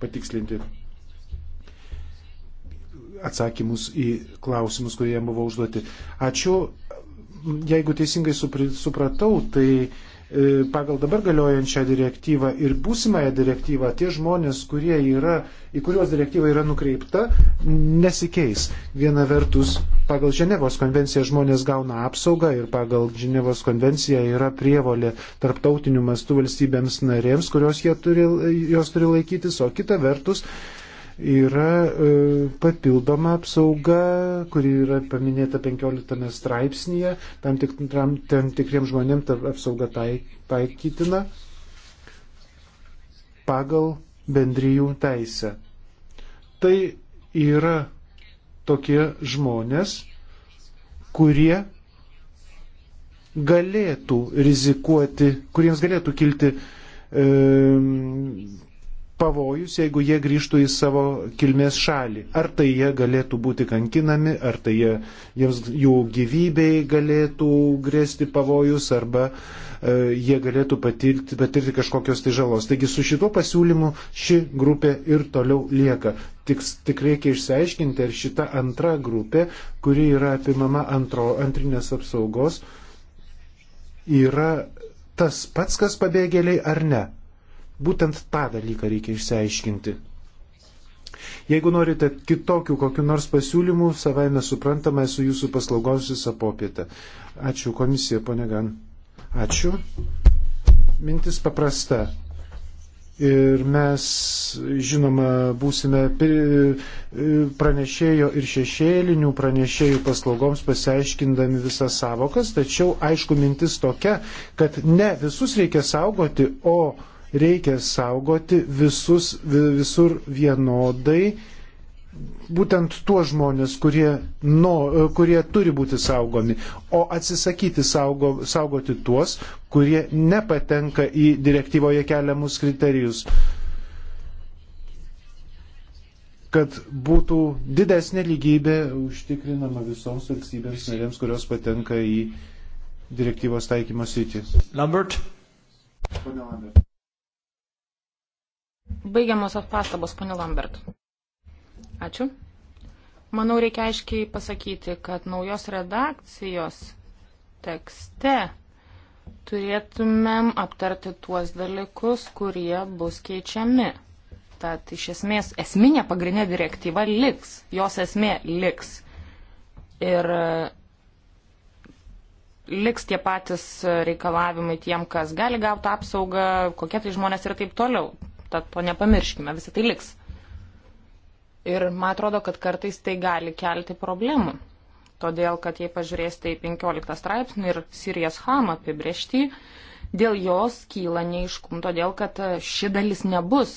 patikslinti atsakymus į klausimus, kurie jam buvo užduoti. Ačiū. Jeigu teisingai supratau, tai e, pagal dabar galiojančią direktyvą ir būsimąją direktyvą tie žmonės, yra, į kuriuos direktyva yra nukreipta, nesikeis. Viena vertus, pagal Ženevos konvenciją žmonės gauna apsaugą ir pagal Ženevos konvenciją yra prievolė tarptautinių mastų valstybėms narėms, kurios turi, jos turi laikytis, o kita vertus, yra e, papildoma apsauga, kuri yra paminėta 15 straipsnėje, tam, tik, tam, tam tikriem žmonėm ta apsauga tai, taikytina pagal bendryjų teisę. Tai yra tokie žmonės, kurie galėtų rizikuoti, kuriems galėtų kilti e, pavojus, jeigu jie grįžtų į savo kilmės šalį. Ar tai jie galėtų būti kankinami, ar tai jie, jiems, jų gyvybei galėtų grėsti pavojus, arba e, jie galėtų patirti, patirti kažkokios tai žalos. Taigi su šituo pasiūlymu ši grupė ir toliau lieka. Tik, tik reikia išsiaiškinti, ar šita antra grupė, kuri yra apimama antro, antrinės apsaugos, yra tas pats, kas pabėgėliai ar ne. Būtent tą dalyką reikia išsiaiškinti. Jeigu norite kitokių kokių nors pasiūlymų, savai mes suprantame, esu jūsų paslaugos visą popietę. Ačiū komisija, ponė Gan. Ačiū. Mintis paprasta. Ir mes, žinoma, būsime pranešėjo ir šešėlinių pranešėjų paslaugoms pasiaiškindami visas savokas, tačiau aišku mintis tokia, kad ne visus reikia saugoti, o reikia saugoti visus, visur vienodai, būtent tuos žmonės, kurie, no, kurie turi būti saugomi, o atsisakyti saugo, saugoti tuos, kurie nepatenka į direktyvoje keliamus kriterijus kad būtų didesnė lygybė užtikrinama visoms valstybėms narėms, kurios patenka į direktyvos taikymo sritį. Lambert. Pone Lambert. Baigiamosios pastabos, ponė Lambert. Ačiū. Manau, reikia aiškiai pasakyti, kad naujos redakcijos tekste turėtumėm aptarti tuos dalykus, kurie bus keičiami. Tad iš esmės esminė pagrindinė direktyva liks, jos esmė liks. Ir e, liks tie patys reikalavimai tiem, kas gali gauti apsaugą, kokie tai žmonės ir taip toliau. Tad to nepamirškime, visą tai liks. Ir man atrodo, kad kartais tai gali kelti problemų. Todėl, kad jei pažiūrėsite į 15 straipsnį ir Sirijas Ham apibriešti, dėl jos kyla neiškum, todėl, kad ši dalis nebus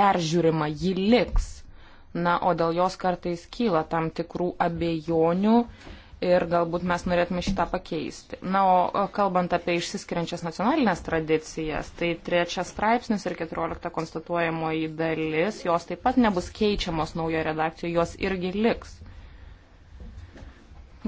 peržiūrima, ji liks. Na, o dėl jos kartais kyla tam tikrų abejonių ir galbūt mes norėtume šitą pakeisti. Na, o kalbant apie išsiskiriančias nacionalinės tradicijas, tai trečias straipsnis ir keturiolikta konstatuojamoji dalis, jos taip pat nebus keičiamos naujo redakcijoje, jos irgi liks.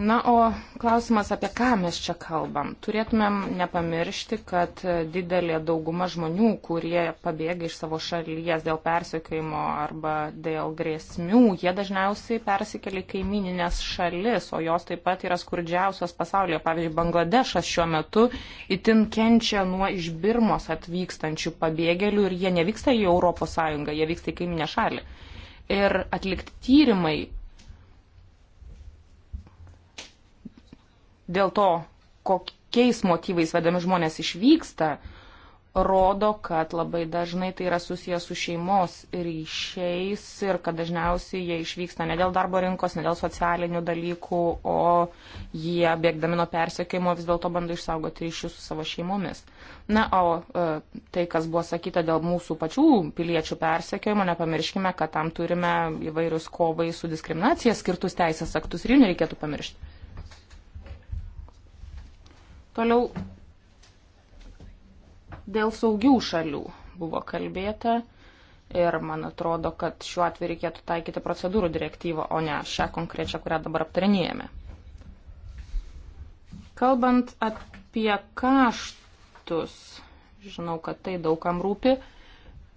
Na, o klausimas, apie ką mes čia kalbam? Turėtumėm nepamiršti, kad didelė dauguma žmonių, kurie pabėga iš savo šalies dėl persikėjimo arba dėl grėsmių, jie dažniausiai persikelia į kaimininės šalis, o jos taip pat yra skurdžiausios pasaulyje. Pavyzdžiui, Bangladešas šiuo metu itin kenčia nuo iš Birmos atvykstančių pabėgėlių ir jie nevyksta į ES, jie vyksta į kaiminę šalį. Ir atlikti tyrimai dėl to, kokiais motyvais vedami žmonės išvyksta, rodo, kad labai dažnai tai yra susijęs su šeimos ryšiais ir kad dažniausiai jie išvyksta ne dėl darbo rinkos, ne dėl socialinių dalykų, o jie bėgdami nuo persiekimo vis dėlto bando išsaugoti ryšius su savo šeimomis. Na, o e, tai, kas buvo sakyta dėl mūsų pačių piliečių persiekimo, nepamirškime, kad tam turime įvairius kovai su diskriminacija skirtus teisės aktus ir jų nereikėtų pamiršti. Toliau dėl saugių šalių buvo kalbėta ir man atrodo, kad šiuo atveju reikėtų taikyti procedūrų direktyvą, o ne šią konkrečią, kurią dabar aptarinėjame. Kalbant apie kaštus, žinau, kad tai daugam rūpi.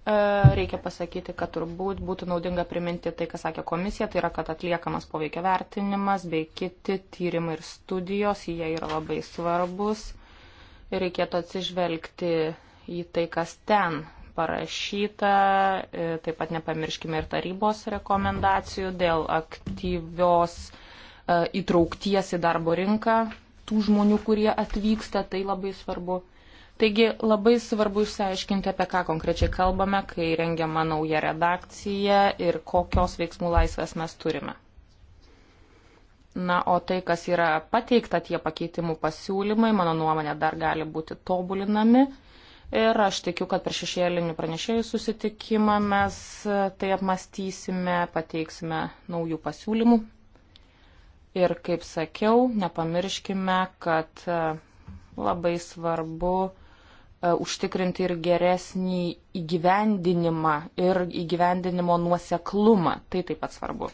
E, reikia pasakyti, kad turbūt būtų naudinga priminti tai, ką sakė komisija, tai yra, kad atliekamas poveikio vertinimas bei kiti tyrimai ir studijos, jie yra labai svarbus. Reikėtų atsižvelgti į tai, kas ten parašyta. E, taip pat nepamirškime ir tarybos rekomendacijų dėl aktyvios e, įtraukties į darbo rinką tų žmonių, kurie atvyksta, tai labai svarbu. Taigi labai svarbu išsiaiškinti, apie ką konkrečiai kalbame, kai rengiama nauja redakcija ir kokios veiksmų laisvės mes turime. Na, o tai, kas yra pateikta tie pakeitimų pasiūlymai, mano nuomonė, dar gali būti tobulinami. Ir aš tikiu, kad per šešėlinių pranešėjų susitikimą mes tai apmastysime, pateiksime naujų pasiūlymų. Ir kaip sakiau, nepamirškime, kad labai svarbu E, užtikrinti ir geresnį įgyvendinimą ir įgyvendinimo nuoseklumą. Tai taip pat svarbu.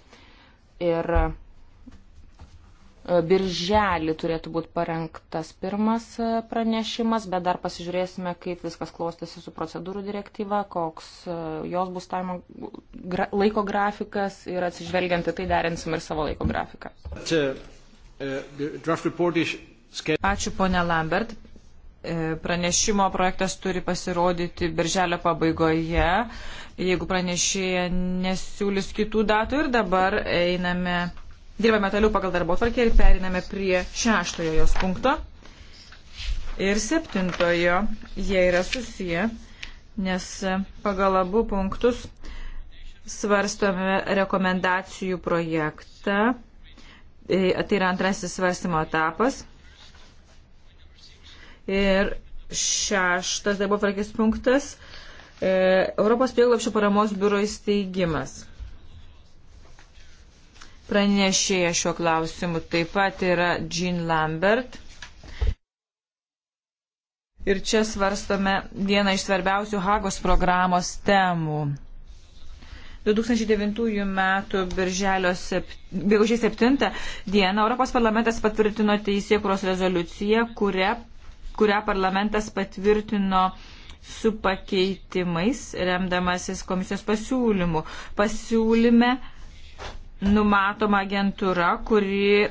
Ir e, birželį turėtų būti parengtas pirmas e, pranešimas, bet dar pasižiūrėsime, kaip viskas klostėsi su procedūrų direktyva, koks jos bus taimo gra, laiko grafikas ir atsižvelgiant į tai derinsim ir savo laiko grafiką. Ačiū, ponia Lambert. E, pranešimo projektas turi pasirodyti birželio pabaigoje, jeigu pranešėja nesiūlis kitų datų ir dabar einame, dirbame toliau pagal darbo tvarkę ir periname prie šeštojo jos punkto ir septintojo. Jie yra susiję, nes pagal abu punktus svarstome rekomendacijų projektą. E, tai yra antrasis svarstymo etapas. Ir šeštas darbo tvarkės punktas e, - Europos prieglapšio paramos biuro įsteigimas. Pranešėja šiuo klausimu taip pat yra Jean Lambert. Ir čia svarstome vieną iš svarbiausių Hagos programos temų. 2009 m. birželio 7 d. Europos parlamentas patvirtino teisėkuros rezoliuciją, kuria kurią parlamentas patvirtino su pakeitimais, remdamasis komisijos pasiūlymu. Pasiūlyme numatoma agentūra, kuri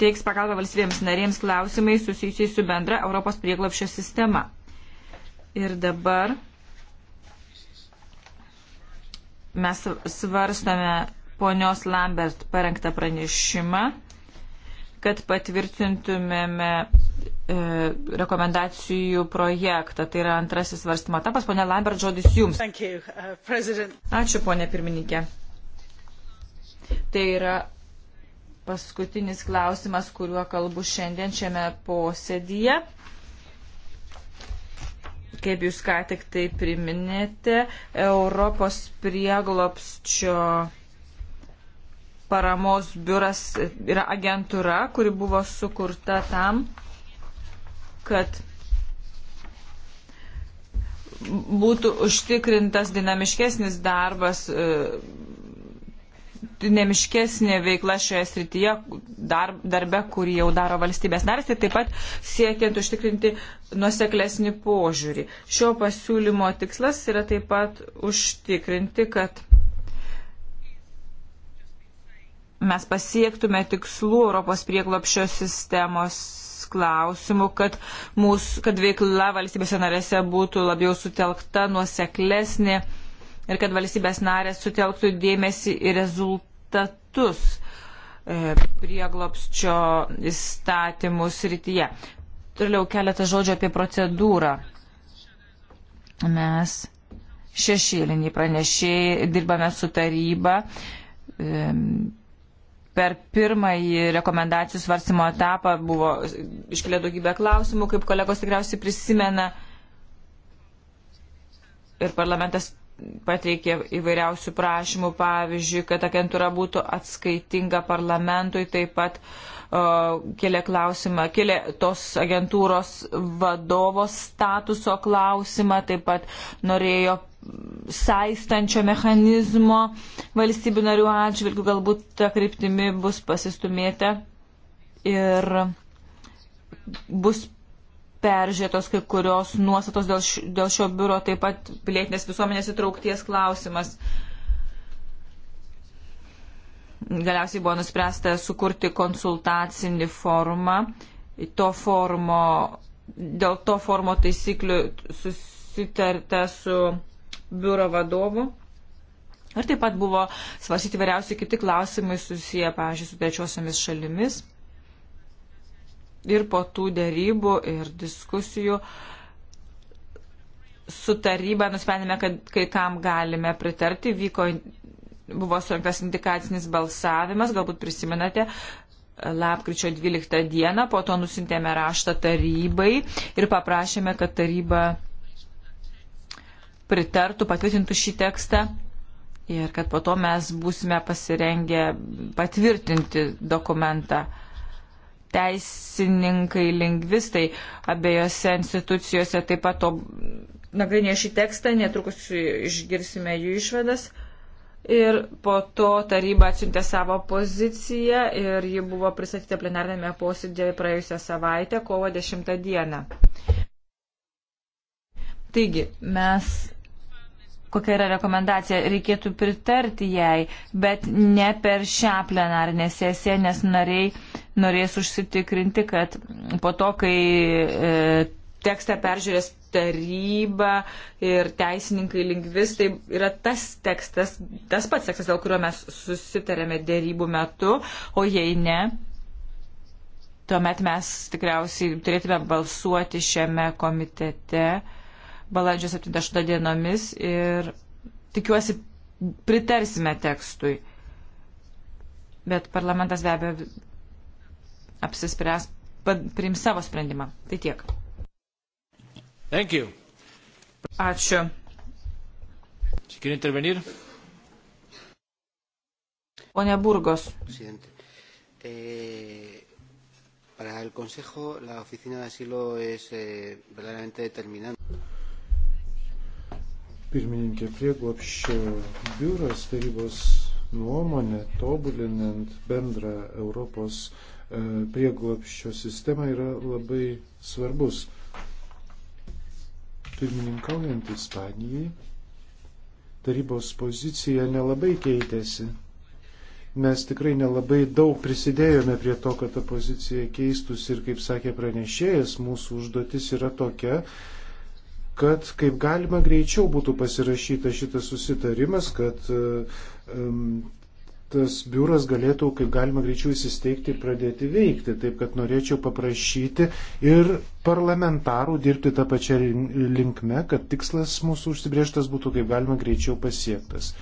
teiks pagalbą valstybėms narėms klausimais susijusiais su bendra Europos prieglapščio sistema. Ir dabar mes svarstame ponios Lambert parengtą pranešimą, kad patvirtintumėme E, rekomendacijų projektą. Tai yra antrasis svarstymo etapas. Pone Lambert, žodis jums. Uh, Ačiū, ponė pirmininkė. Tai yra paskutinis klausimas, kuriuo kalbu šiandien šiame posėdyje. Kaip jūs ką tik tai priminėte, Europos prieglopščio paramos biuras yra agentūra, kuri buvo sukurta tam, kad būtų užtikrintas dinamiškesnis darbas, e, dinamiškesnė veikla šioje srityje, dar, darbe, kurį jau daro valstybės narės, tai taip pat siekiant užtikrinti nuseklesnį požiūrį. Šio pasiūlymo tikslas yra taip pat užtikrinti, kad mes pasiektume tikslų Europos prieglopšio sistemos klausimų, kad, mūsų, kad veikla valstybėse narėse būtų labiau sutelkta, nuoseklesnė ir kad valstybės narės sutelktų dėmesį į rezultatus e, prieglopščio įstatymų srityje. Toliau keletą žodžių apie procedūrą. Mes šešėlinį pranešėjai dirbame su taryba. E, per pirmąjį rekomendacijų svarstymo etapą buvo iškilę daugybę klausimų, kaip kolegos tikriausiai prisimena. Ir parlamentas pateikė įvairiausių prašymų, pavyzdžiui, kad agentūra būtų atskaitinga parlamentui, taip pat uh, kėlė klausimą, kėlė tos agentūros vadovo statuso klausimą, taip pat norėjo saistančio mechanizmo valstybių narių atžvilgių, galbūt ta kryptimi bus pasistumėta ir bus peržiūrėtos kai kurios nuostatos dėl, š, dėl šio biuro, taip pat pilietinės visuomenės įtraukties klausimas. Galiausiai buvo nuspręsta sukurti konsultacinį forumą. To forumo, dėl to forumo taisyklių susitarta su biuro vadovu. Ir taip pat buvo svarsyti variausiai kiti klausimai susiję, pavyzdžiui, su trečiosiomis šalimis. Ir po tų dėrybų ir diskusijų su taryba nusprendėme, kad kai kam galime pritarti. Vyko, buvo surinktas indikacinis balsavimas, galbūt prisimenate, lapkričio 12 dieną, po to nusintėme raštą tarybai ir paprašėme, kad taryba pritartų, patvirtintų šį tekstą ir kad po to mes būsime pasirengę patvirtinti dokumentą. Teisininkai, lingvistai abiejose institucijose taip pat to nagrinėjo šį tekstą, netrukus išgirsime jų išvadas. Ir po to taryba atsiuntė savo poziciją ir ji buvo pristatyta plenarnėme posėdėje praėjusią savaitę, kovo 10 dieną. Taigi, mes kokia yra rekomendacija, reikėtų pritarti jai, bet ne per šią plenarinę sesiją, nes nariai norės užsitikrinti, kad po to, kai e, tekstą peržiūrės taryba ir teisininkai, lingvistai, yra tas tekstas, tas pats tekstas, dėl kurio mes susitarėme dėrybų metu, o jei ne, tuomet mes tikriausiai turėtume balsuoti šiame komitete balandžio 7-8 dienomis ir tikiuosi pritarsime tekstui. Bet parlamentas be abejo apsispręs, priims savo sprendimą. Tai tiek. Ačiū. Si quiere intervenir. Pone Burgos. Presidente. Eh, para el Consejo, la Oficina de Asilo es eh, verdaderamente determinante pirmininkė prieglopščio biuras tarybos nuomonė, tobulinant bendrą Europos e, prieglopščio sistemą yra labai svarbus. Pirmininkaujant Ispanijai, tarybos pozicija nelabai keitėsi. Mes tikrai nelabai daug prisidėjome prie to, kad ta pozicija keistųsi ir, kaip sakė pranešėjas, mūsų užduotis yra tokia, kad kaip galima greičiau būtų pasirašyta šitas susitarimas, kad um, tas biuras galėtų kaip galima greičiau įsisteigti ir pradėti veikti. Taip kad norėčiau paprašyti ir parlamentarų dirbti tą pačią linkme, kad tikslas mūsų užsibrieštas būtų kaip galima greičiau pasiektas.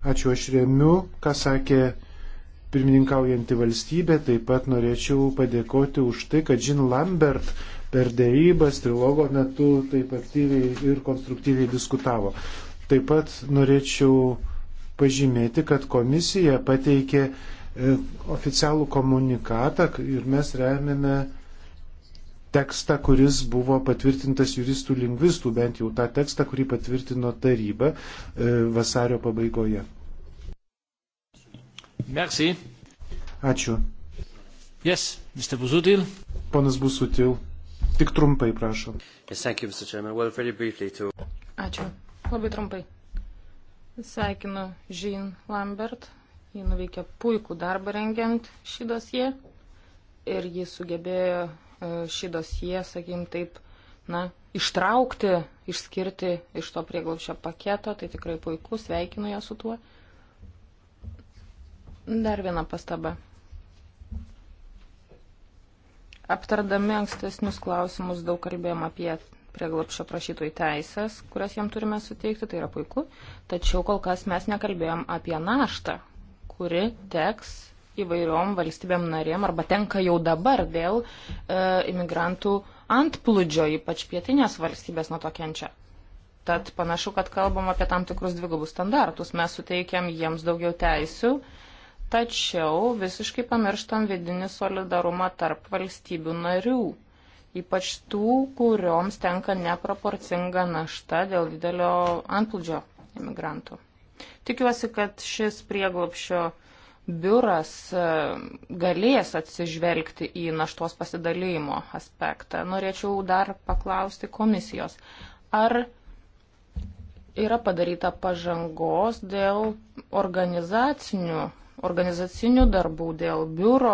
Ačiū, aš remiu, ką sakė pirmininkaujantį valstybę, taip pat norėčiau padėkoti už tai, kad Jean Lambert per dėrybas, trilogo metu taip aktyviai ir konstruktyviai diskutavo. Taip pat norėčiau pažymėti, kad komisija pateikė e, oficialų komunikatą ir mes remiame tekstą, kuris buvo patvirtintas juristų lingvistų, bent jau tą tekstą, kurį patvirtino taryba e, vasario pabaigoje. Merci. Ačiū. Yes, Mr. Buzutil. Ponas Busutil. Tik trumpai, prašom. Yes, thank you, Mr. Chairman. Well, very briefly to... Ačiū. Labai trumpai. Sveikinu Žin Lambert. Ji nuveikė puikų darbą rengiant šį dosiją ir ji sugebėjo e, šį dosiją, sakykim, taip, na, ištraukti, išskirti iš to prieglaušio paketo. Tai tikrai puiku, sveikinu ją su tuo. Dar viena pastaba. Aptardami ankstesnius klausimus daug kalbėjom apie prieglapšio prašytojų teisės, kurias jam turime suteikti, tai yra puiku, tačiau kol kas mes nekalbėjom apie naštą, kuri teks įvairiom valstybėm narėm arba tenka jau dabar dėl e, imigrantų antplūdžio, ypač pietinės valstybės nuo to kenčia. Tad panašu, kad kalbam apie tam tikrus dvigubus standartus. Mes suteikiam jiems daugiau teisių, Tačiau visiškai pamirštam vidinį solidarumą tarp valstybių narių, ypač tų, kurioms tenka neproporcinga našta dėl didelio antplūdžio imigrantų. Tikiuosi, kad šis prieglopšio biuras e, galės atsižvelgti į naštos pasidalymo aspektą. Norėčiau dar paklausti komisijos, ar yra padaryta pažangos dėl organizacinių organizacinių darbų, dėl biuro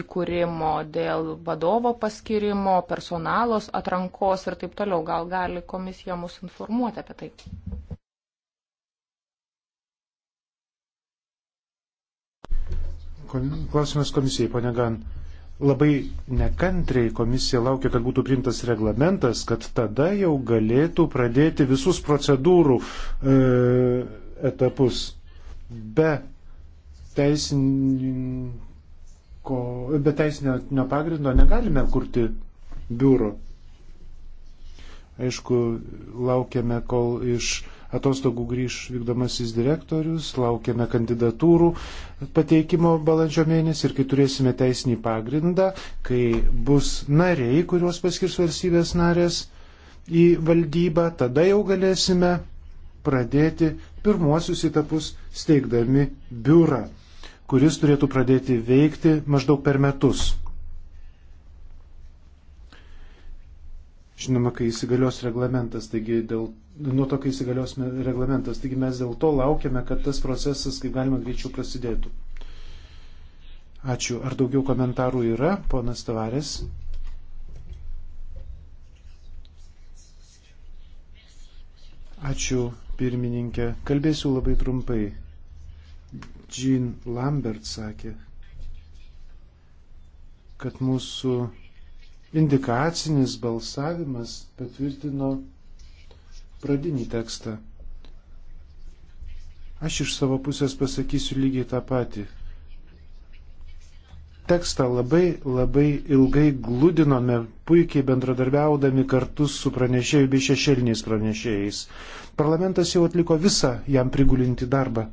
įkūrimo, dėl vadovo paskirimo, personalos atrankos ir taip toliau. Gal gali komisija mus informuoti apie tai? Klausimas komisijai, ponia Gan. Labai nekantriai komisija laukia, kad būtų priimtas reglamentas, kad tada jau galėtų pradėti visus procedūrų e, etapus be teisinko, be teisinio pagrindo negalime kurti biuro. Aišku, laukiame, kol iš atostogų grįž vykdomasis direktorius, laukiame kandidatūrų pateikimo balandžio mėnesį ir kai turėsime teisinį pagrindą, kai bus nariai, kuriuos paskirs valstybės narės į valdybą, tada jau galėsime pradėti pirmuosius etapus steigdami biurą kuris turėtų pradėti veikti maždaug per metus. Žinoma, kai įsigalios reglamentas, taigi dėl, nuo to, kai įsigalios reglamentas, taigi mes dėl to laukiame, kad tas procesas kaip galima greičiau prasidėtų. Ačiū. Ar daugiau komentarų yra, ponas Tavarės? Ačiū, pirmininkė. Kalbėsiu labai trumpai. Jean Lambert sakė, kad mūsų indikacinis balsavimas patvirtino pradinį tekstą. Aš iš savo pusės pasakysiu lygiai tą patį. Tekstą labai labai ilgai gludinome, puikiai bendradarbiaudami kartu su pranešėjų bei šešėliniais pranešėjais. Parlamentas jau atliko visą jam prigulinti darbą.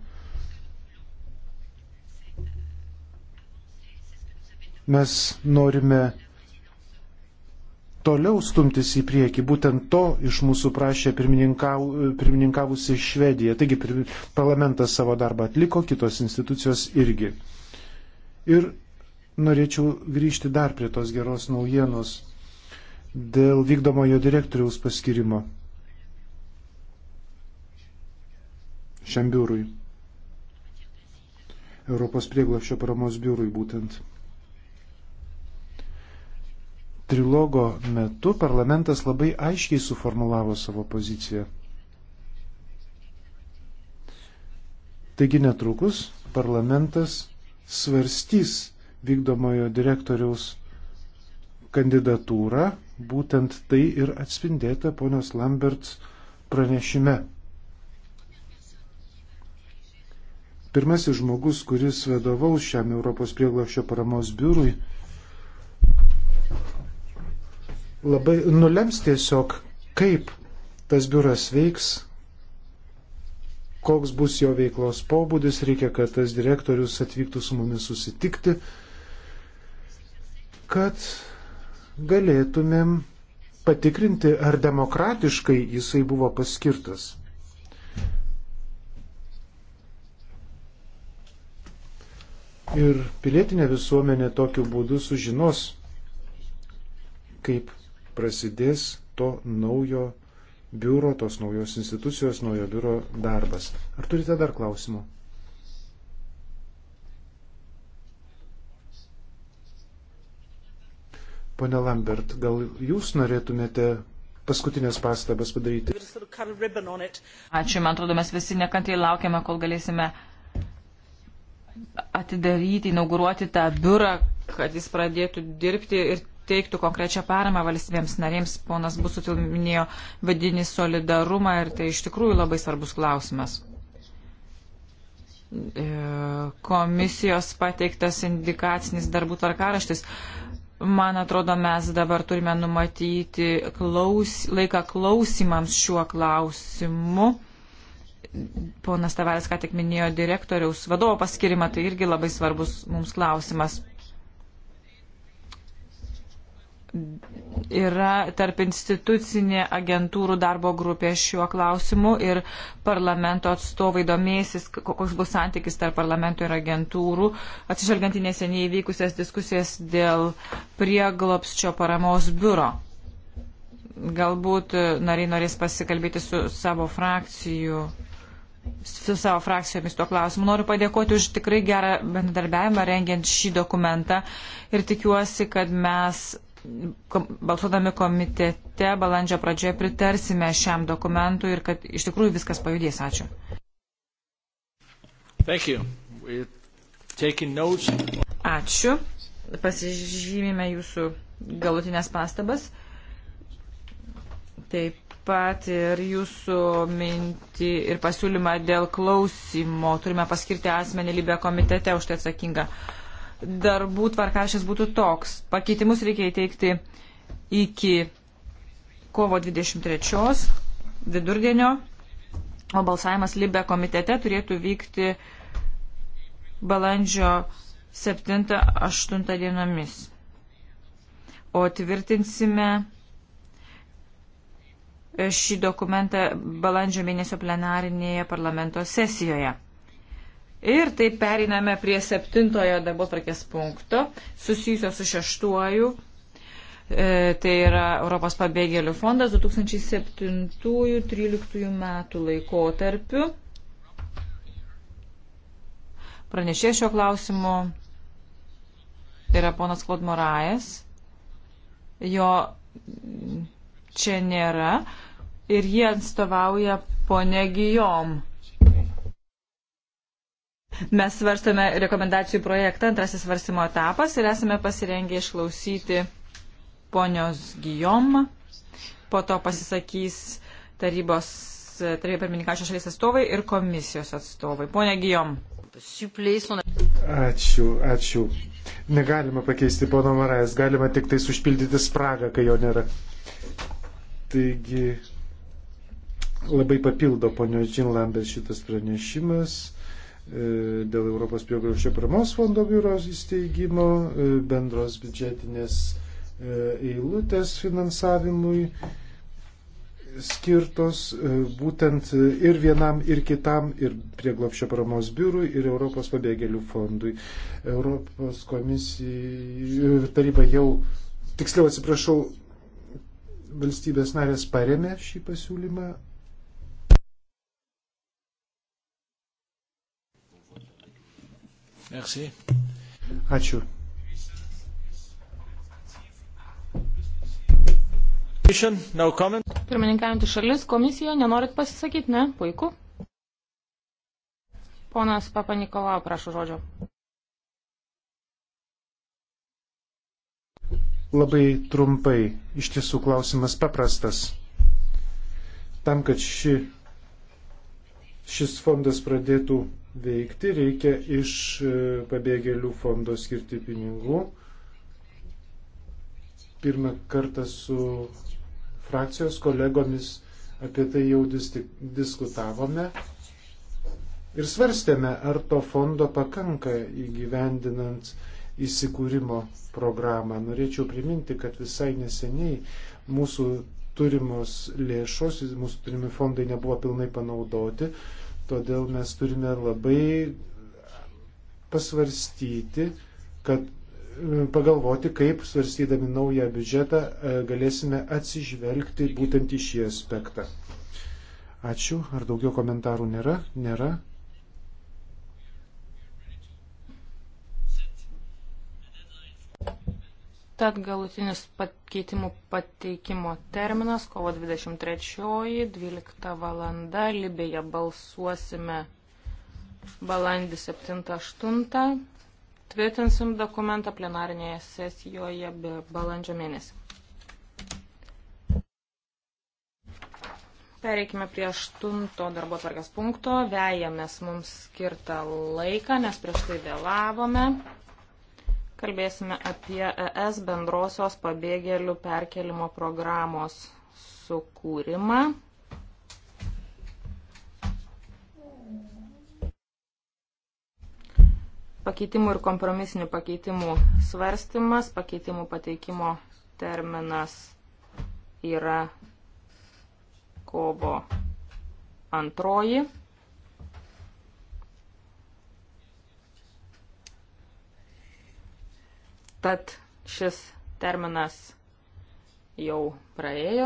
mes norime toliau stumtis į priekį. Būtent to iš mūsų prašė pirmininkavusi Švedija. Taigi parlamentas savo darbą atliko, kitos institucijos irgi. Ir norėčiau grįžti dar prie tos geros naujienos dėl vykdomojo direktoriaus paskirimo šiam biurui. Europos prieglapšio paramos biurui būtent trilogo metu parlamentas labai aiškiai suformulavo savo poziciją. Taigi netrukus parlamentas svarstys vykdomojo direktoriaus kandidatūrą, būtent tai ir atspindėta ponios Lamberts pranešime. Pirmasis žmogus, kuris vadovaus šiam Europos prieglapščio paramos biurui, labai nulems tiesiog, kaip tas biuras veiks, koks bus jo veiklos pobūdis, reikia, kad tas direktorius atvyktų su mumis susitikti, kad galėtumėm patikrinti, ar demokratiškai jisai buvo paskirtas. Ir pilietinė visuomenė tokiu būdu sužinos, kaip prasidės to naujo biuro, tos naujos institucijos, naujo biuro darbas. Ar turite dar klausimų? Pone Lambert, gal jūs norėtumėte paskutinės pastabas padaryti? Ačiū, man atrodo, mes visi nekantriai laukiame, kol galėsime atidaryti, inauguruoti tą biurą, kad jis pradėtų dirbti ir teiktų konkrečią paramą valstybėms narėms. Ponas Busutil minėjo vadinį solidarumą ir tai iš tikrųjų labai svarbus klausimas. E, komisijos pateiktas indikacinis darbų tvarkaraštis. Man atrodo, mes dabar turime numatyti klaus, laiką klausimams šiuo klausimu. Ponas Tavarės ką tik minėjo direktoriaus vadovo paskirimą, tai irgi labai svarbus mums klausimas yra tarp institucinė agentūrų darbo grupė šiuo klausimu ir parlamento atstovai domėsis, koks bus santykis tarp parlamento ir agentūrų, atsižvelgiant į neseniai įvykusias diskusijas dėl prieglopsčio paramos biuro. Galbūt e, nariai norės pasikalbėti su savo frakcijų su savo frakcijomis tuo klausimu. Noriu padėkoti už tikrai gerą bendradarbiavimą rengiant šį dokumentą ir tikiuosi, kad mes balsuodami komitete balandžio pradžioje pritarsime šiam dokumentui ir kad iš tikrųjų viskas pajudės. Ačiū. Ačiū. Pasižymime jūsų galutinės pastabas. Taip pat ir jūsų mintį ir pasiūlymą dėl klausimo. Turime paskirti asmenį Libė komitete už tai atsakingą darbų tvarkaršys būtų toks. Pakeitimus reikia įteikti iki kovo 23 vidurdienio, o balsavimas Libe komitete turėtų vykti balandžio 7-8 dienomis. O tvirtinsime šį dokumentą balandžio mėnesio plenarinėje parlamento sesijoje. Ir taip periname prie septintojo darbo trakės punkto, susijusio su šeštuoju. E, tai yra Europos pabėgėlių fondas 2007-2013 metų laikotarpiu. Pranešė šio klausimu yra ponas Klod Morajas. Jo čia nėra. Ir jie atstovauja ponė Gijom. Mes svarstame rekomendacijų projektą, antrasis svarstymo etapas ir esame pasirengę išklausyti ponios Gijom. Po to pasisakys tarybos, taryba pirmininkačio šalies atstovai ir komisijos atstovai. Pone Gijom. Ačiū, ačiū. Negalima pakeisti pono Marais, galima tik tais užpildyti spragą, kai jo nėra. Taigi labai papildo ponios Džinlambės šitas pranešimas E, dėl Europos prieglobščio paramos fondo biuros įsteigimo, e, bendros biudžetinės e, eilutės finansavimui skirtos būtent ir vienam, ir kitam, ir prieglopščio paramos biurui, ir Europos pabėgėlių fondui. Europos komisija, taryba jau, tiksliau atsiprašau, valstybės narės paremė šį pasiūlymą, Merci. Ačiū. Pirmininkaujantys šalis, komisija, nenorit pasisakyti, ne? Puiku. Ponas Papa Nikolau, prašau žodžio. Labai trumpai, iš tiesų klausimas paprastas. Tam, kad ši, šis fondas pradėtų veikti, reikia iš e, pabėgėlių fondo skirti pinigų. Pirmą kartą su frakcijos kolegomis apie tai jau diskutavome ir svarstėme, ar to fondo pakanka įgyvendinant įsikūrimo programą. Norėčiau priminti, kad visai neseniai mūsų turimos lėšos, mūsų turimi fondai nebuvo pilnai panaudoti Todėl mes turime labai pasvarstyti, kad e, pagalvoti, kaip svarstydami naują biudžetą e, galėsime atsižvelgti būtent į šį aspektą. Ačiū. Ar daugiau komentarų nėra? Nėra. Tad galutinis pakeitimų pateikimo terminas kovo 23.12 valanda. Libėje balsuosime balandį 7.8. Tvirtinsim dokumentą plenarinėje sesijoje balandžio mėnesį. Pereikime prie aštunto darbo tvarkės punkto. Vejamės mums skirtą laiką, nes prieš tai vėlavome. Kalbėsime apie ES bendrosios pabėgėlių perkelimo programos sukūrimą. Pakeitimų ir kompromisinių pakeitimų svarstymas, pakeitimų pateikimo terminas yra kovo antroji. Tad šis terminas jau praėjo.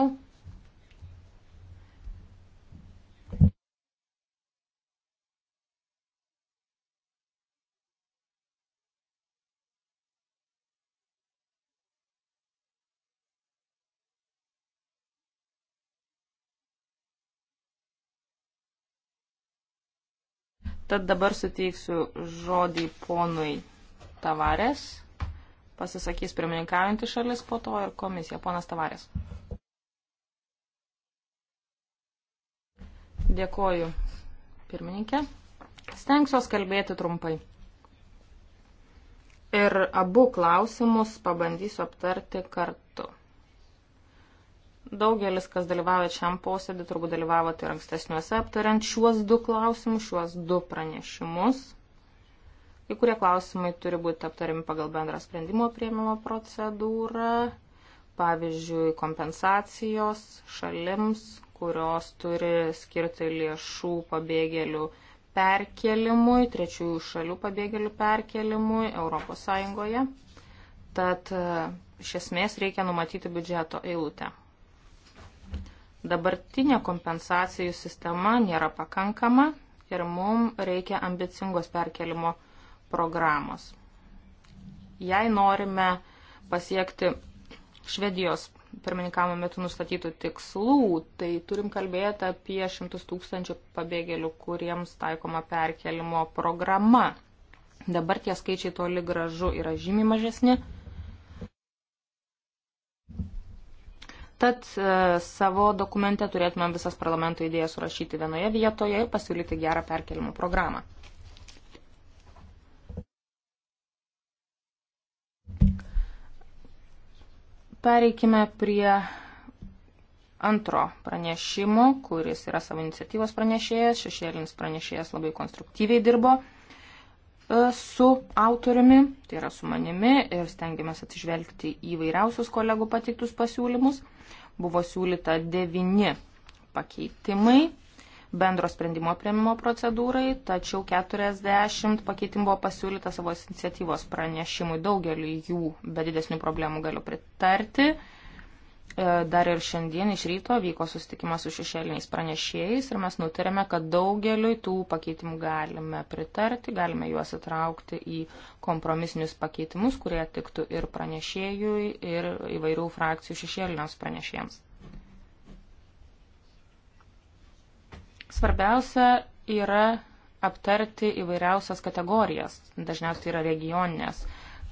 Tad dabar suteiksiu žodį ponui Tavarės pasisakys pirmininkaujantį šalis, po to ir komisija. Ponas Tavarės. Dėkoju, pirmininkė. Stengsiuos kalbėti trumpai. Ir abu klausimus pabandysiu aptarti kartu. Daugelis, kas dalyvavo šiam posėdį, turbūt dalyvavo ir tai ankstesniuose aptariant šiuos du klausimus, šiuos du pranešimus. Kai kurie klausimai turi būti aptariami pagal bendrą sprendimo prieimimo procedūrą, pavyzdžiui, kompensacijos šalims, kurios turi skirti lėšų pabėgėlių perkelimui, trečiųjų šalių pabėgėlių perkelimui ES. Tad e, iš esmės reikia numatyti biudžeto eilutę. Dabartinė kompensacijų sistema nėra pakankama ir mums reikia ambicingos perkelimo programos. Jei norime pasiekti Švedijos pirmininkavimo metu nustatytų tikslų, tai turim kalbėti apie šimtus tūkstančių pabėgėlių, kuriems taikoma perkelimo programa. Dabar tie skaičiai toli gražu yra žymiai mažesni. Tad e, savo dokumente turėtume visas parlamento idėjas surašyti vienoje vietoje ir pasiūlyti gerą perkelimo programą. pereikime prie antro pranešimo, kuris yra savo iniciatyvos pranešėjas, šešėlinis pranešėjas labai konstruktyviai dirbo e, su autoriumi, tai yra su manimi ir stengiamės atsižvelgti į vairiausius kolegų pateiktus pasiūlymus. Buvo siūlyta devini pakeitimai bendro sprendimo prieimimo procedūrai, tačiau 40 pakeitimų buvo pasiūlyta savo iniciatyvos pranešimui. Daugeliu jų be didesnių problemų galiu pritarti. E, dar ir šiandien iš ryto vyko susitikimas su šešėliniais pranešėjais ir mes nutarėme, kad daugeliu tų pakeitimų galime pritarti, galime juos įtraukti į kompromisinius pakeitimus, kurie tiktų ir pranešėjui, ir įvairių frakcijų šešėliniams pranešėjams. Svarbiausia yra aptarti įvairiausias kategorijas, dažniausiai yra regioninės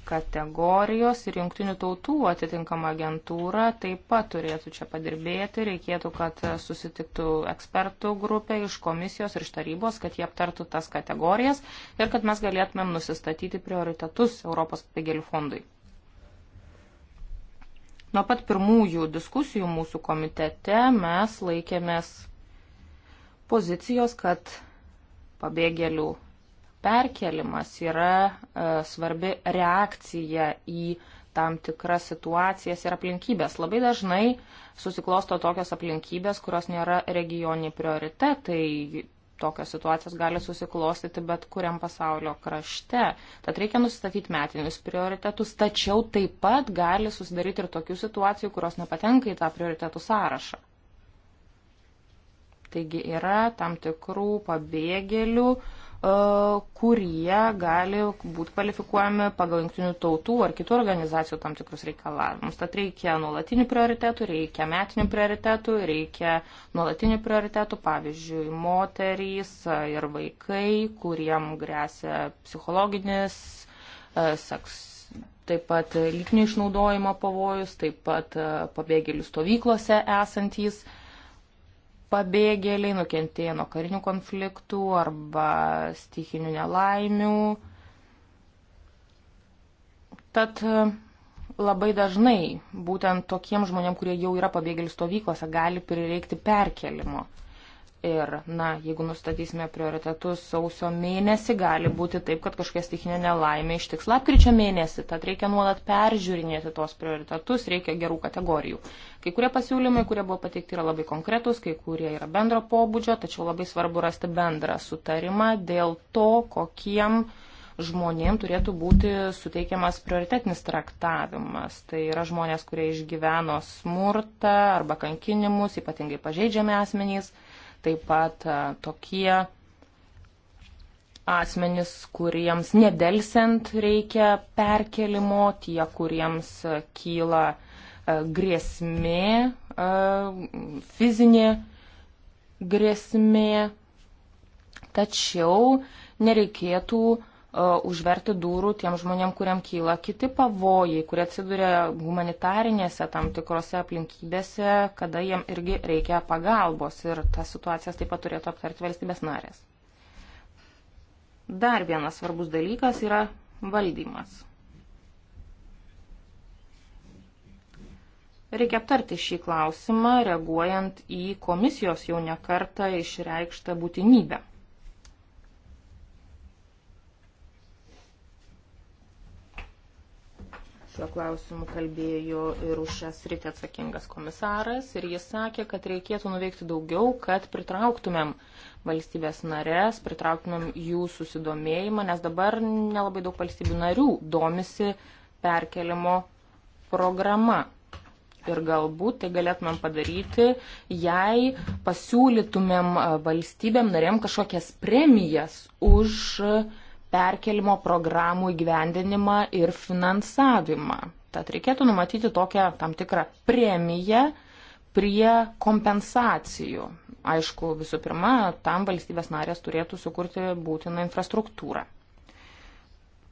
kategorijos ir jungtinių tautų atitinkama agentūra taip pat turėtų čia padirbėti, reikėtų, kad susitiktų ekspertų grupė iš komisijos ir iš tarybos, kad jie aptartų tas kategorijas ir kad mes galėtumėm nusistatyti prioritetus Europos pagėlių fondui. Nuo pat pirmųjų diskusijų mūsų komitete mes laikėmės pozicijos, kad pabėgėlių perkelimas yra e, svarbi reakcija į tam tikras situacijas ir aplinkybės. Labai dažnai susiklosto tokios aplinkybės, kurios nėra regioniai prioritetai. Tokios situacijos gali susiklostyti bet kuriam pasaulio krašte. Tad reikia nustatyti metinius prioritetus, tačiau taip pat gali susidaryti ir tokių situacijų, kurios nepatenka į tą prioritetų sąrašą. Taigi yra tam tikrų pabėgėlių, e, kurie gali būti kvalifikuojami pagal jungtinių tautų ar kitų organizacijų tam tikrus reikalavimus. Tad reikia nuolatinių prioritetų, reikia metinių prioritetų, reikia nuolatinių prioritetų, pavyzdžiui, moterys ir vaikai, kuriem grėsia psichologinis, e, seks, taip pat lytinio išnaudojimo pavojus, taip pat e, pabėgėlių stovyklose esantys pabėgėliai nukentėjo nuo karinių konfliktų arba stichinių nelaimių. Tad e, labai dažnai būtent tokiem žmonėm, kurie jau yra pabėgėlių stovyklose, gali prireikti perkelimo. Ir, na, jeigu nustatysime prioritetus sausio mėnesį, gali būti taip, kad kažkokia stichinė nelaimė ištiks lapkričio mėnesį. Tad reikia nuolat peržiūrinėti tos prioritetus, reikia gerų kategorijų. Kai kurie pasiūlymai, kurie buvo pateikti, yra labai konkretūs, kai kurie yra bendro pobūdžio, tačiau labai svarbu rasti bendrą sutarimą dėl to, kokiem žmonėm turėtų būti suteikiamas prioritetinis traktavimas. Tai yra žmonės, kurie išgyveno smurtą arba kankinimus, ypatingai pažeidžiami asmenys taip pat e, tokie asmenys, kuriems nedelsiant reikia perkelimo, tie, kuriems e, kyla e, grėsmė, fizinė grėsmė. Tačiau nereikėtų uh, E, užverti durų tiem žmonėm, kuriam kyla kiti pavojai, kurie atsiduria humanitarinėse tam tikrose aplinkybėse, kada jiem irgi reikia pagalbos ir tas situacijas taip pat turėtų aptarti valstybės narės. Dar vienas svarbus dalykas yra valdymas. Reikia aptarti šį klausimą, reaguojant į komisijos jau nekartą išreikštą būtinybę Šiuo klausimu kalbėjo ir už šią sritį atsakingas komisaras ir jis sakė, kad reikėtų nuveikti daugiau, kad pritrauktumėm valstybės narės, pritrauktumėm jų susidomėjimą, nes dabar nelabai daug valstybių narių domisi perkelimo programa. Ir galbūt tai galėtumėm padaryti, jei pasiūlytumėm valstybėm narėm kažkokias premijas už uh, perkelimo programų įgyvendinimą ir finansavimą. Tad reikėtų numatyti tokią tam tikrą premiją prie kompensacijų. Aišku, visų pirma, tam valstybės narės turėtų sukurti būtiną infrastruktūrą.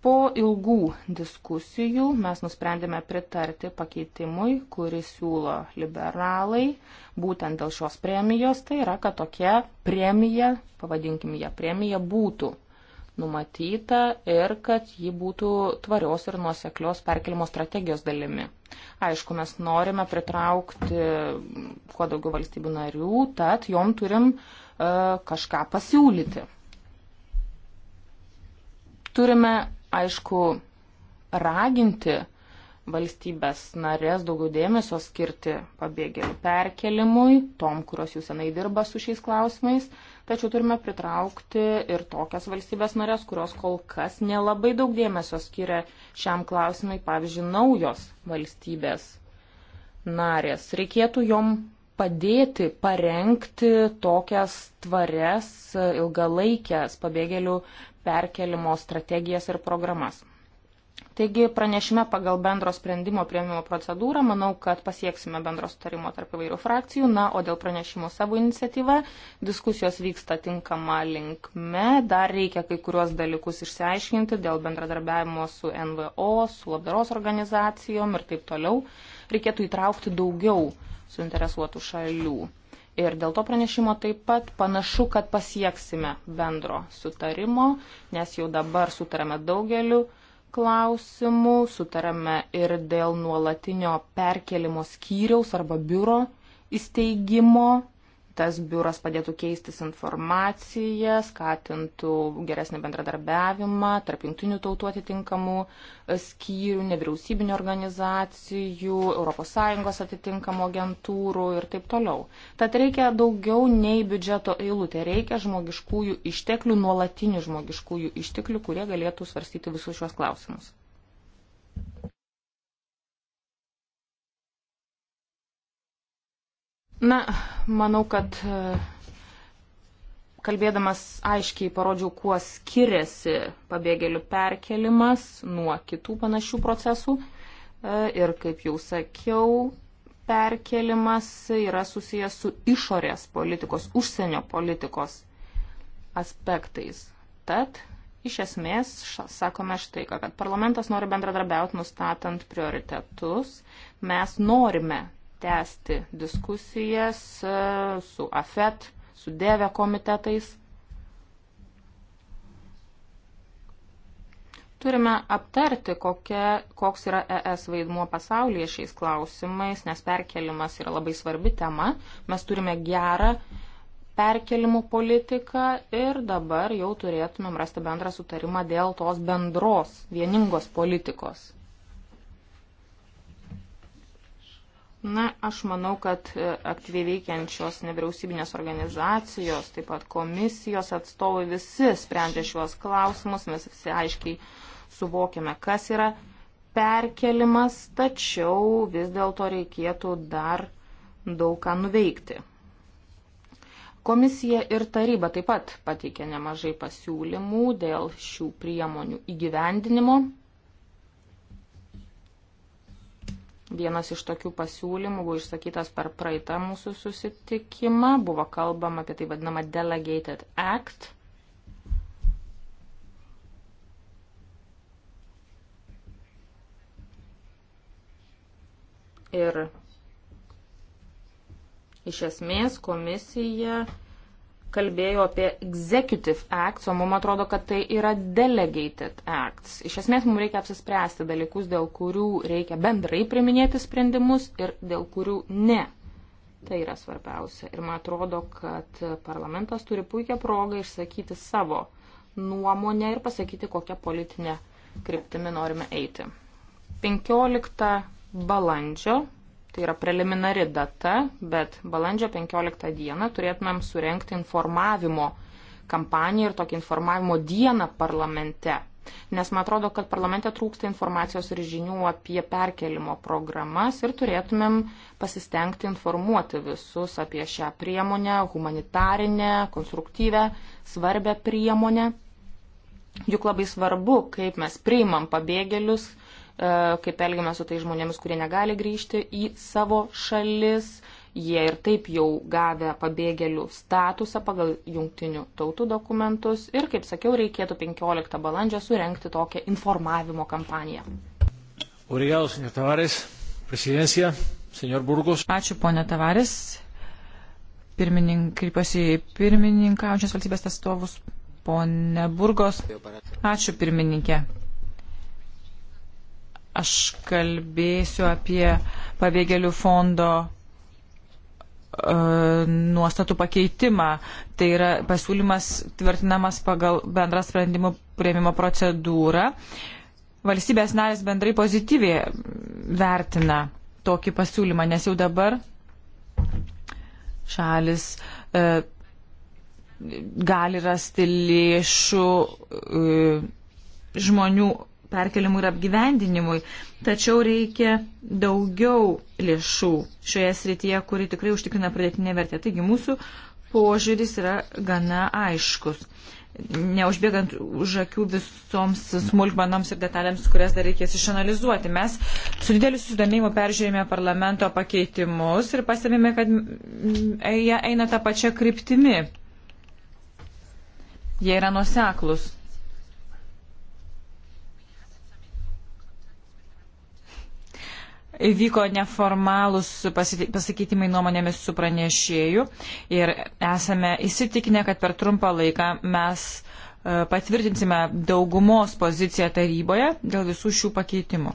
Po ilgų diskusijų mes nusprendėme pritarti pakeitimui, kurį siūlo liberalai, būtent dėl šios premijos, tai yra, kad tokia premija, pavadinkim ją premija, būtų numatyta ir kad ji būtų tvarios ir nuoseklios perkelimo strategijos dalimi. Aišku, mes norime pritraukti kuo daugiau valstybių narių, tad jom turim e, kažką pasiūlyti. Turime, aišku, raginti valstybės narės daugiau dėmesio skirti pabėgėlių perkelimui, tom, kurios jau senai dirba su šiais klausimais. E, tačiau turime pritraukti ir tokias valstybės narės, kurios kol kas nelabai daug dėmesio skiria šiam klausimai, pavyzdžiui, naujos valstybės narės. Reikėtų jom padėti parengti tokias tvarias ilgalaikės pabėgėlių perkelimo strategijas ir programas. Taigi pranešime pagal bendro sprendimo prieimimo procedūrą manau, kad pasieksime bendro sutarimo tarp įvairių frakcijų. Na, o dėl pranešimo savo iniciatyva diskusijos vyksta tinkama linkme. Dar reikia kai kuriuos dalykus išsiaiškinti dėl bendradarbiavimo su NVO, su labdaros organizacijom ir taip toliau. Reikėtų įtraukti daugiau suinteresuotų šalių. Ir dėl to pranešimo taip pat panašu, kad pasieksime bendro sutarimo, nes jau dabar sutarėme daugeliu klausimų, sutarėme ir dėl nuolatinio perkelimo skyriaus arba biuro įsteigimo tas biuras padėtų keistis informaciją, skatintų geresnį bendradarbiavimą tarp jungtinių tautų atitinkamų e, skyrių, nevyriausybinio organizacijų, ES atitinkamų agentūrų ir taip toliau. Tad reikia daugiau nei biudžeto eilutė, reikia žmogiškųjų išteklių, nuolatinių žmogiškųjų išteklių, kurie galėtų svarstyti visus šios klausimus. Na, manau, kad e, kalbėdamas aiškiai parodžiau, kuo skiriasi pabėgėlių perkelimas nuo kitų panašių procesų. E, ir kaip jau sakiau, perkelimas yra susijęs su išorės politikos, užsienio politikos aspektais. Tad iš esmės ša, sakome štai, kad parlamentas nori bendradarbiauti nustatant prioritetus. Mes norime tęsti diskusijas e, su AFET, su DEVE komitetais. Turime aptarti, kokia, koks yra ES vaidmuo pasaulyje šiais klausimais, nes perkelimas yra labai svarbi tema. Mes turime gerą perkelimų politiką ir dabar jau turėtumėm rasti bendrą sutarimą dėl tos bendros, vieningos politikos. Na, aš manau, kad e, aktyviai veikiančios nevyriausybinės organizacijos, taip pat komisijos atstovai visi sprendžia šiuos klausimus, mes visi aiškiai suvokiame, kas yra perkelimas, tačiau vis dėlto reikėtų dar daug ką nuveikti. Komisija ir taryba taip pat pateikė nemažai pasiūlymų dėl šių priemonių įgyvendinimo. Vienas iš tokių pasiūlymų buvo išsakytas per praeitą mūsų susitikimą, buvo kalbama apie tai vadinamą Delegated Act. Ir iš esmės komisija kalbėjo apie Executive Acts, o mums atrodo, kad tai yra Delegated Acts. Iš esmės mums reikia apsispręsti dalykus, dėl kurių reikia bendrai priminėti sprendimus ir dėl kurių ne. Tai yra svarbiausia. Ir man atrodo, kad parlamentas turi puikią progą išsakyti savo nuomonę ir pasakyti, kokią politinę kryptimį norime eiti. 15 balandžio tai yra preliminari data, bet balandžio 15 dieną turėtumėm surenkti informavimo kampaniją ir tokį informavimo dieną parlamente. Nes man atrodo, kad parlamente trūksta informacijos ir žinių apie perkelimo programas ir turėtumėm pasistengti informuoti visus apie šią priemonę, humanitarinę, konstruktyvę, svarbę priemonę. Juk labai svarbu, kaip mes priimam pabėgėlius, E, kaip elgiame su tai žmonėmis, kurie negali grįžti į savo šalis. Jie ir taip jau gavę pabėgėlių statusą pagal jungtinių tautų dokumentus ir, kaip sakiau, reikėtų 15 balandžio surenkti tokią informavimo kampaniją. Obrigado, senor Tavares. Presidencia, senor Burgos. Ačiū, ponė Tavares. Pirmininkai, kreipiuosi į pirmininkaujančios valstybės atstovus, ponė Burgos. Ačiū, pirmininkė. Aš kalbėsiu apie pabėgėlių fondo uh, nuostatų pakeitimą. Tai yra pasiūlymas tvirtinamas pagal bendrą sprendimų prieimimo procedūrą. Valstybės narės bendrai pozityviai vertina tokį pasiūlymą, nes jau dabar šalis uh, gali rasti lėšų uh, žmonių perkelimui ir apgyvendinimui. Tačiau reikia daugiau lėšų šioje srityje, kuri tikrai užtikrina pridėtinę vertę. Taigi mūsų požiūris yra gana aiškus. Neužbėgant už akių visoms smulkmenoms ir detalėms, kurias dar reikės išanalizuoti. Mes su dideliu susidomėjimu peržiūrėjome parlamento pakeitimus ir pastebėjome, kad jie eina tą pačią kryptimį. Jie yra nuseklus. Vyko neformalūs pasikeitimai nuomonėmis su pranešėju ir esame įsitikinę, kad per trumpą laiką mes e, patvirtinsime daugumos poziciją taryboje dėl visų šių pakeitimų.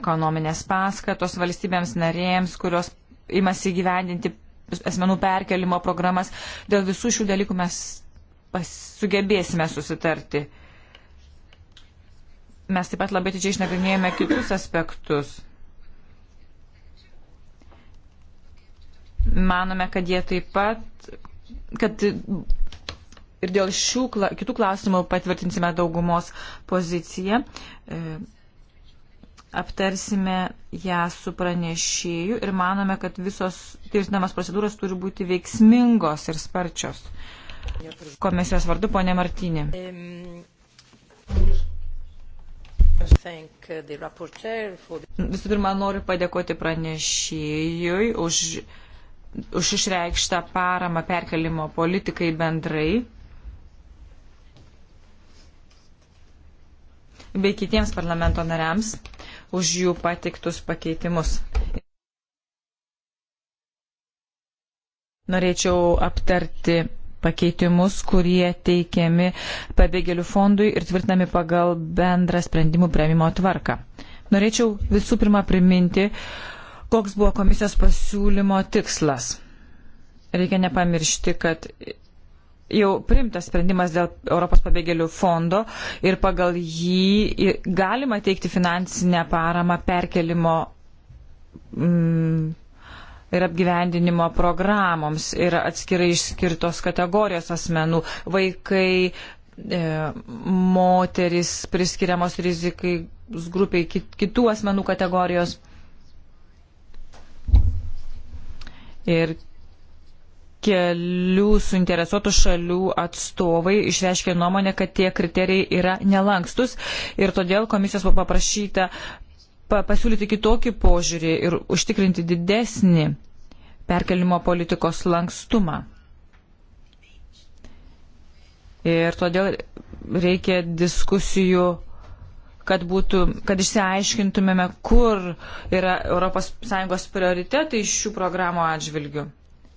Ekonominės paskatos valstybėms narėjams, kurios imasi gyvendinti asmenų perkelimo programas, dėl visų šių dalykų mes sugebėsime susitarti mes taip pat labai didžiai išnagrinėjame kitus aspektus. Manome, kad jie taip pat, kad ir dėl šių kitų klausimų patvirtinsime daugumos poziciją. E, aptarsime ją su pranešėju ir manome, kad visos tirtinamas procedūros turi būti veiksmingos ir sparčios. Komisijos vardu, ponė Martinė. Uh, Visų pirma, noriu padėkoti pranešėjui už, už išreikštą paramą perkelimo politikai bendrai. bei kitiems parlamento nariams už jų patiktus pakeitimus. Norėčiau aptarti pakeitimus, kurie teikiami pabėgėlių fondui ir tvirtinami pagal bendrą sprendimų prieimimo tvarką. Norėčiau visų pirma priminti, koks buvo komisijos pasiūlymo tikslas. Reikia nepamiršti, kad jau primtas sprendimas dėl Europos pabėgėlių fondo ir pagal jį galima teikti finansinę paramą perkelimo mm, ir apgyvendinimo programoms yra atskirai išskirtos kategorijos asmenų - vaikai, e, moteris priskiriamos rizikai grupiai kit, kitų asmenų kategorijos. Ir kelių suinteresuotų šalių atstovai išreiškė nuomonę, kad tie kriterijai yra nelankstus ir todėl komisijos paprašyta pasiūlyti kitokį požiūrį ir užtikrinti didesnį perkelimo politikos lankstumą. Ir todėl reikia diskusijų, kad, būtų, kad išsiaiškintumėme, kur yra ES prioritetai šių programų atžvilgių.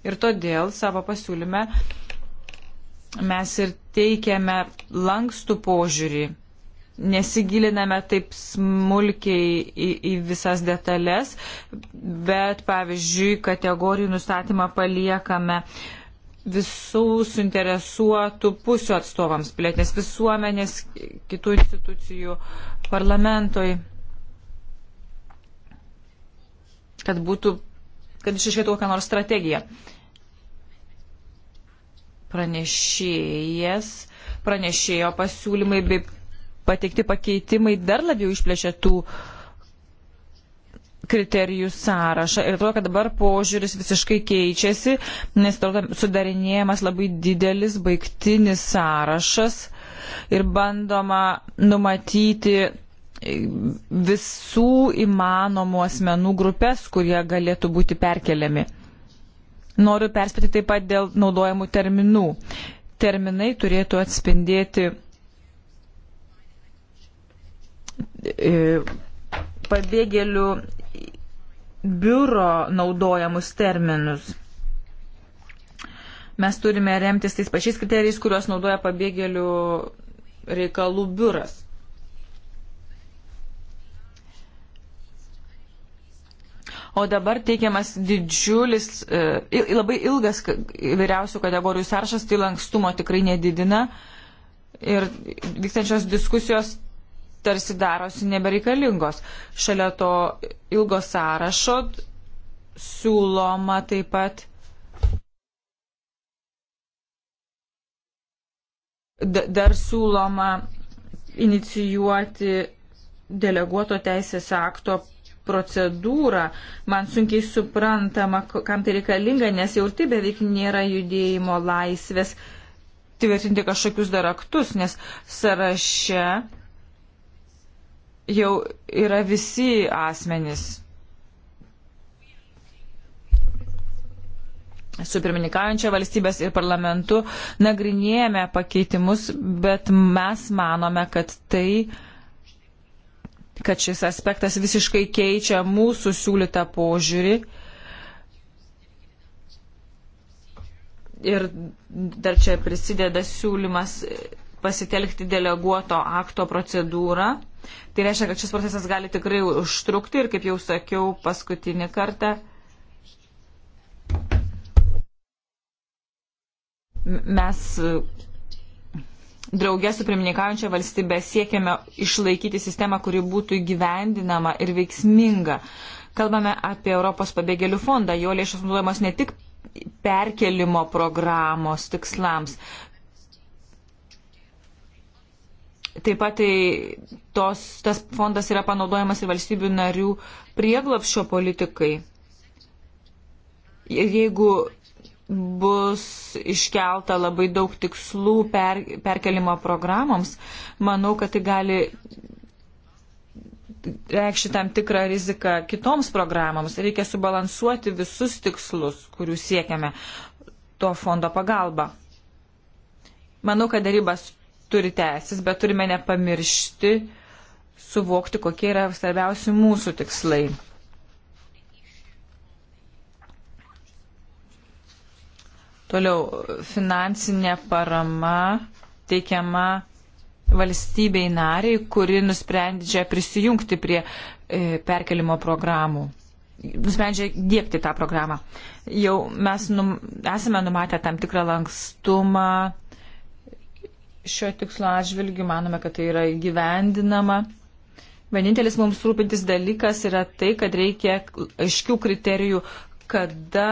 Ir todėl savo pasiūlyme mes ir teikiame lankstų požiūrį nesigiliname taip smulkiai į, į visas detalės, bet pavyzdžiui, kategorijų nustatymą paliekame visų suinteresuotų pusių atstovams, plėtinės visuomenės, kitų institucijų, parlamentoj, kad būtų, kad išiškėtų kokią nors strategiją. Pranešėjas, pranešėjo pasiūlymai bei pateikti pakeitimai dar labiau išplėšė tų kriterijų sąrašą. Ir atrodo, kad dabar požiūris visiškai keičiasi, nes sudarinėjamas labai didelis baigtinis sąrašas ir bandoma numatyti visų įmanomų asmenų grupės, kurie galėtų būti perkeliami. Noriu perspėti taip pat dėl naudojamų terminų. Terminai turėtų atspindėti E, pabėgėlių biuro naudojamus terminus. Mes turime remtis tais pačiais kriterijais, kuriuos naudoja pabėgėlių reikalų biuras. O dabar teikiamas didžiulis, e, labai ilgas vyriausių kategorijų sąrašas, tai lankstumo tikrai nedidina. Ir vykstančios diskusijos tarsi darosi nebereikalingos. Šalia to ilgo sąrašo siūloma taip pat dar siūloma inicijuoti deleguoto teisės akto procedūrą. Man sunkiai suprantama, kam tai reikalinga, nes jau ir tai beveik nėra judėjimo laisvės tvirtinti kažkokius dar aktus, nes sąraše jau yra visi asmenys. su pirmininkaujančia valstybės ir parlamentu nagrinėjame pakeitimus, bet mes manome, kad tai, kad šis aspektas visiškai keičia mūsų siūlytą požiūrį ir dar čia prisideda siūlymas pasitelkti deleguoto akto procedūrą. Tai reiškia, kad šis procesas gali tikrai užtrukti ir, kaip jau sakiau, paskutinį kartą mes draugė su pirmininkaujančia valstybė siekiame išlaikyti sistemą, kuri būtų įgyvendinama ir veiksminga. Kalbame apie Europos pabėgėlių fondą, jo lėšos naudojamos ne tik perkelimo programos tikslams, Taip pat tai, tos, tas fondas yra panaudojamas ir valstybių narių prieglapščio politikai. Ir jeigu bus iškelta labai daug tikslų per, perkelimo programoms, manau, kad tai gali reikšti tam tikrą riziką kitoms programoms. Reikia subalansuoti visus tikslus, kurių siekiame to fondo pagalba. Manau, kad darybas turi tęsis, bet turime nepamiršti suvokti, kokie yra svarbiausi mūsų tikslai. Toliau finansinė parama teikiama valstybei nariai, kuri nusprendžia prisijungti prie e, perkelimo programų. Nusprendžia dėkti tą programą. Jau mes num, esame numatę tam tikrą lankstumą, šio tikslo atžvilgių, manome, kad tai yra gyvendinama. Vienintelis mums rūpintis dalykas yra tai, kad reikia aiškių kriterijų, kada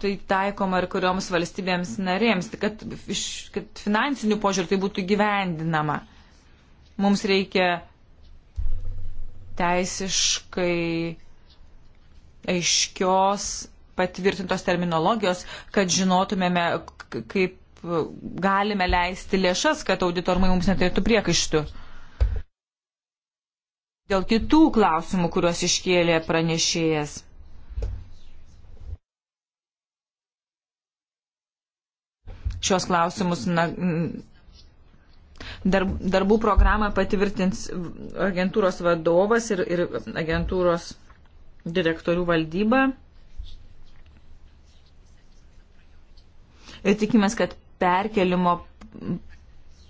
tai taikoma ir kurioms valstybėms narėms, tai kad, kad finansinių požiūrį tai būtų gyvendinama. Mums reikia teisiškai aiškios patvirtintos terminologijos, kad žinotumėme, kaip galime leisti lėšas, kad auditormai mums neturėtų priekaištų. Dėl kitų klausimų, kuriuos iškėlė pranešėjas. Šios klausimus na, Dar, darbų programą patvirtins agentūros vadovas ir, ir agentūros direktorių valdyba. Ir tikimės, kad perkelimo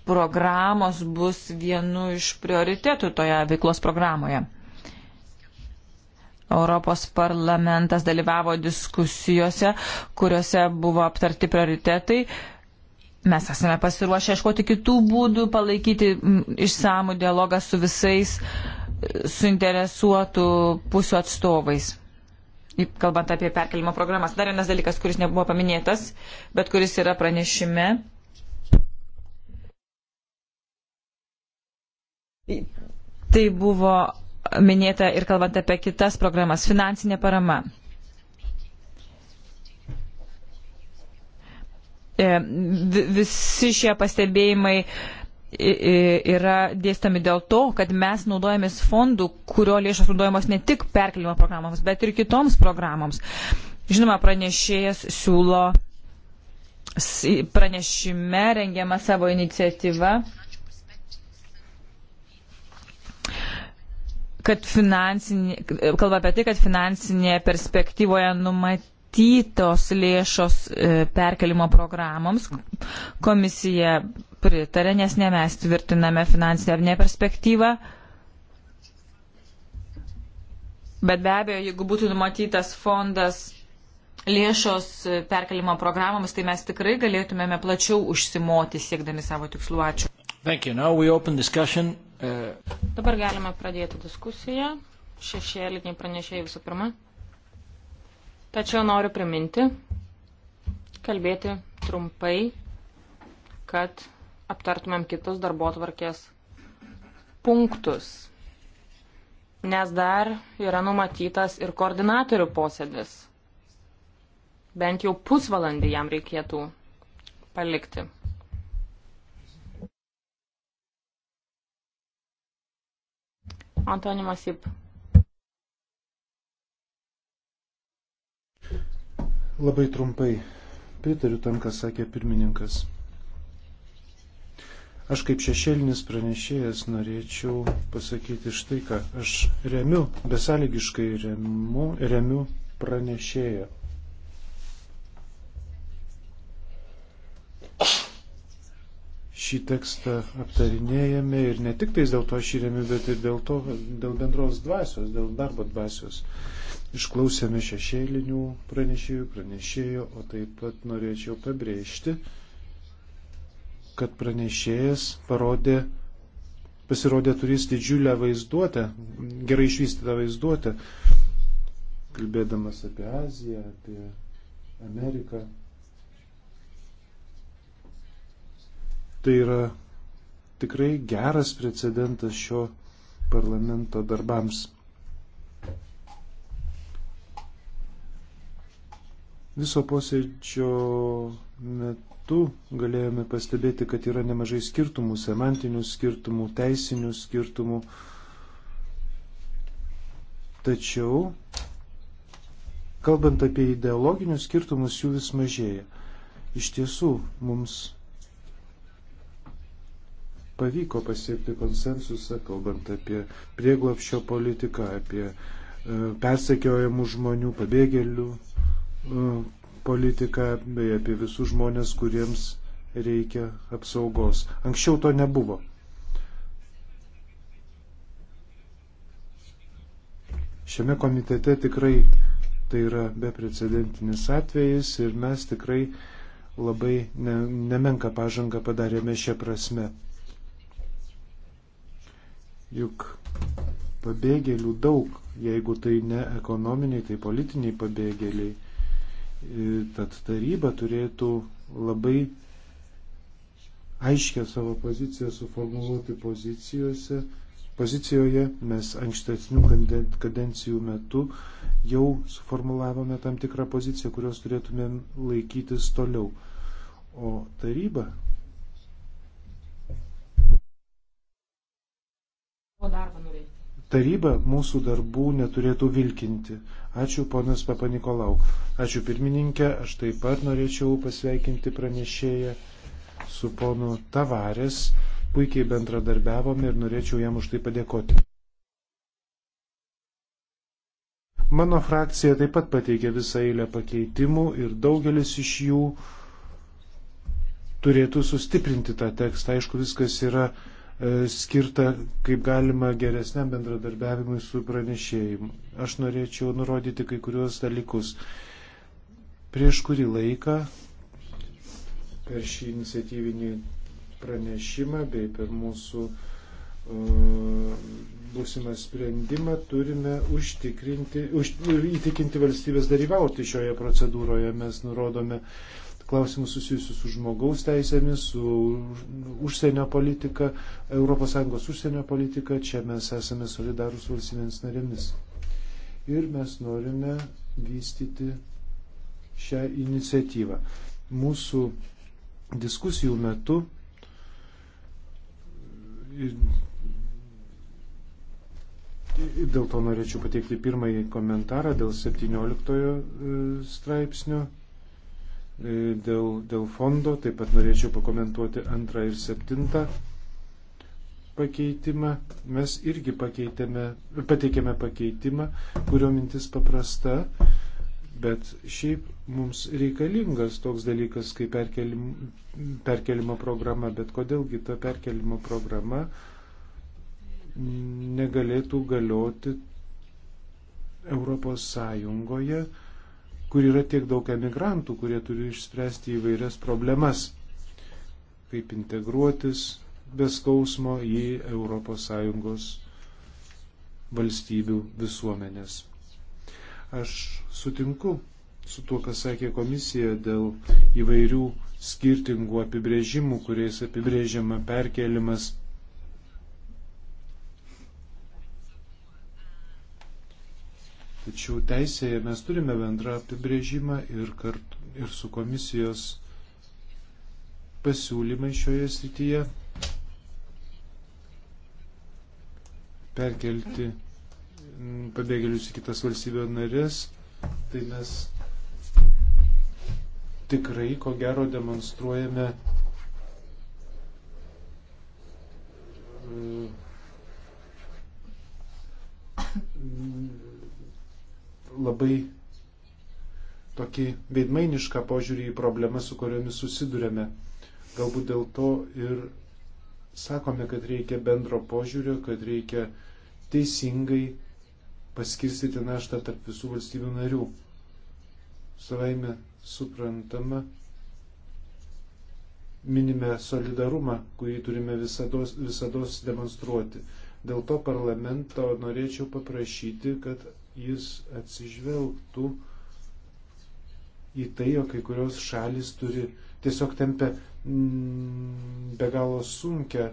programos bus vienu iš prioritetų toje veiklos programoje. Europos parlamentas dalyvavo diskusijose, kuriuose buvo aptarti prioritetai. Mes esame pasiruošę iškoti kitų būdų, palaikyti išsamų dialogą su visais e, suinteresuotų pusių atstovais kalbant apie perkelimo programas. Dar vienas dalykas, kuris nebuvo paminėtas, bet kuris yra pranešime. Tai buvo minėta ir kalbant apie kitas programas - finansinė parama. E, visi šie pastebėjimai yra dėstami dėl to, kad mes naudojamės fondų, kurio lėšos naudojamos ne tik perkelimo programoms, bet ir kitoms programoms. Žinoma, pranešėjas siūlo pranešime rengiama savo iniciatyva, kad finansinė, kalba apie tai, kad finansinėje perspektyvoje numat, numatytos lėšos e, perkelimo programoms. Komisija pritarė, nes ne mes tvirtiname finansinę perspektyvą. Bet be abejo, jeigu būtų numatytas fondas lėšos e, perkelimo programoms, tai mes tikrai galėtumėme plačiau užsimoti siekdami savo tikslų. Ačiū. Uh... Dabar galime pradėti diskusiją. Šešėliniai pranešėjai visų pirma. Tačiau noriu priminti, kalbėti trumpai, kad aptartumėm kitus darbo tvarkės punktus, nes dar yra numatytas ir koordinatorių posėdis. Bent jau pusvalandį jam reikėtų palikti. Antonimas Ip. Labai trumpai pritariu tam, ką sakė pirmininkas. Aš kaip šešėlinis pranešėjas norėčiau pasakyti štai ką. Aš remiu, besąlygiškai remiu, remiu pranešėją. Šį tekstą aptarinėjame ir ne tik tais dėl to aš jį remiu, bet ir dėl, to, dėl bendros dvasios, dėl darbo dvasios. Uh, Išklausėme šešėlinių pranešėjų, pranešėjo, o taip pat norėčiau pabrėžti, kad pranešėjas parodė, pasirodė turis didžiulę vaizduotę, gerai išvystytą vaizduotę, kalbėdamas apie Aziją, apie Ameriką. Tai yra tikrai geras precedentas šio parlamento darbams. Viso posėdžio metu galėjome pastebėti, kad yra nemažai skirtumų, semantinių skirtumų, teisinių skirtumų. Tačiau, kalbant apie ideologinius skirtumus, jų vis mažėja. Iš tiesų, mums pavyko pasiekti konsensusą, kalbant apie prieglapščio politiką, apie e, persekiojamų žmonių, pabėgėlių Mm, politiką bei apie visus žmonės, kuriems reikia apsaugos. Anksčiau to nebuvo. Šiame komitete tikrai tai yra beprecedentinis atvejis ir mes tikrai labai ne, nemenka pažanga padarėme šią prasme. Juk pabėgėlių daug, jeigu tai ne ekonominiai, tai politiniai pabėgėliai E, tad taryba turėtų labai aiškę savo poziciją suformuoluoti pozicijose. Pozicijoje mes ankstesnių kadencijų metu jau suformulavome tam tikrą poziciją, kurios turėtumėm laikytis toliau. O taryba taryba mūsų darbų neturėtų vilkinti. Ačiū ponas Papa Nikolau. Ačiū pirmininkė. Aš taip pat norėčiau pasveikinti pranešėją su ponu Tavarės. Puikiai bendradarbiavom ir norėčiau jam už tai padėkoti. Mano frakcija taip pat pateikė visą eilę pakeitimų ir daugelis iš jų turėtų sustiprinti tą tekstą. Aišku, viskas yra E, skirta kaip galima geresniam bendradarbiavimui su pranešėjimu. Aš norėčiau nurodyti kai kuriuos dalykus. Prieš kurį laiką per šį iniciatyvinį pranešimą bei per mūsų uh, būsimą sprendimą turime užtikrinti, už, įtikinti valstybės dalyvauti šioje procedūroje. Mes nurodome uh, klausimus susijusius su žmogaus teisėmis, su užsienio politika, ES užsienio politika. Čia mes esame solidarūs valstybėms narėmis. Ir mes norime vystyti šią iniciatyvą. Mūsų diskusijų metu ir Dėl to norėčiau pateikti pirmąjį komentarą dėl 17 e, straipsnio E, dėl, dėl fondo, taip pat norėčiau pakomentuoti antrą ir septintą pakeitimą. Mes irgi pateikėme pakeitimą, kurio mintis paprasta, bet šiaip mums reikalingas toks dalykas kaip perkelim, perkelimo programa, bet kodėlgi ta perkelimo programa negalėtų galioti Europos Sąjungoje, kur yra tiek daug emigrantų, kurie turi išspręsti įvairias problemas, kaip integruotis be skausmo į ES valstybių visuomenės. Aš sutinku su tuo, kas sakė komisija dėl įvairių skirtingų apibrėžimų, kuriais apibrėžiama perkelimas Tačiau teisėje mes turime bendrą apibrėžimą ir, kartu, ir su komisijos pasiūlymai šioje srityje perkelti mm, pabėgėlius į kitas valstybės narės, tai mes tikrai, ko gero, demonstruojame e, labai tokį veidmainišką požiūrį į problemas, su kuriomis susidurėme. Galbūt dėl to ir sakome, kad reikia bendro požiūrio, kad reikia teisingai paskirstyti naštą tarp visų valstybių narių. Savaime suprantama, minime solidarumą, kurį turime visados, visados demonstruoti. Dėl to parlamento norėčiau paprašyti, kad jis atsižvelgtų į tai, jog kai kurios šalis turi tiesiog tempia mm, be galo sunkia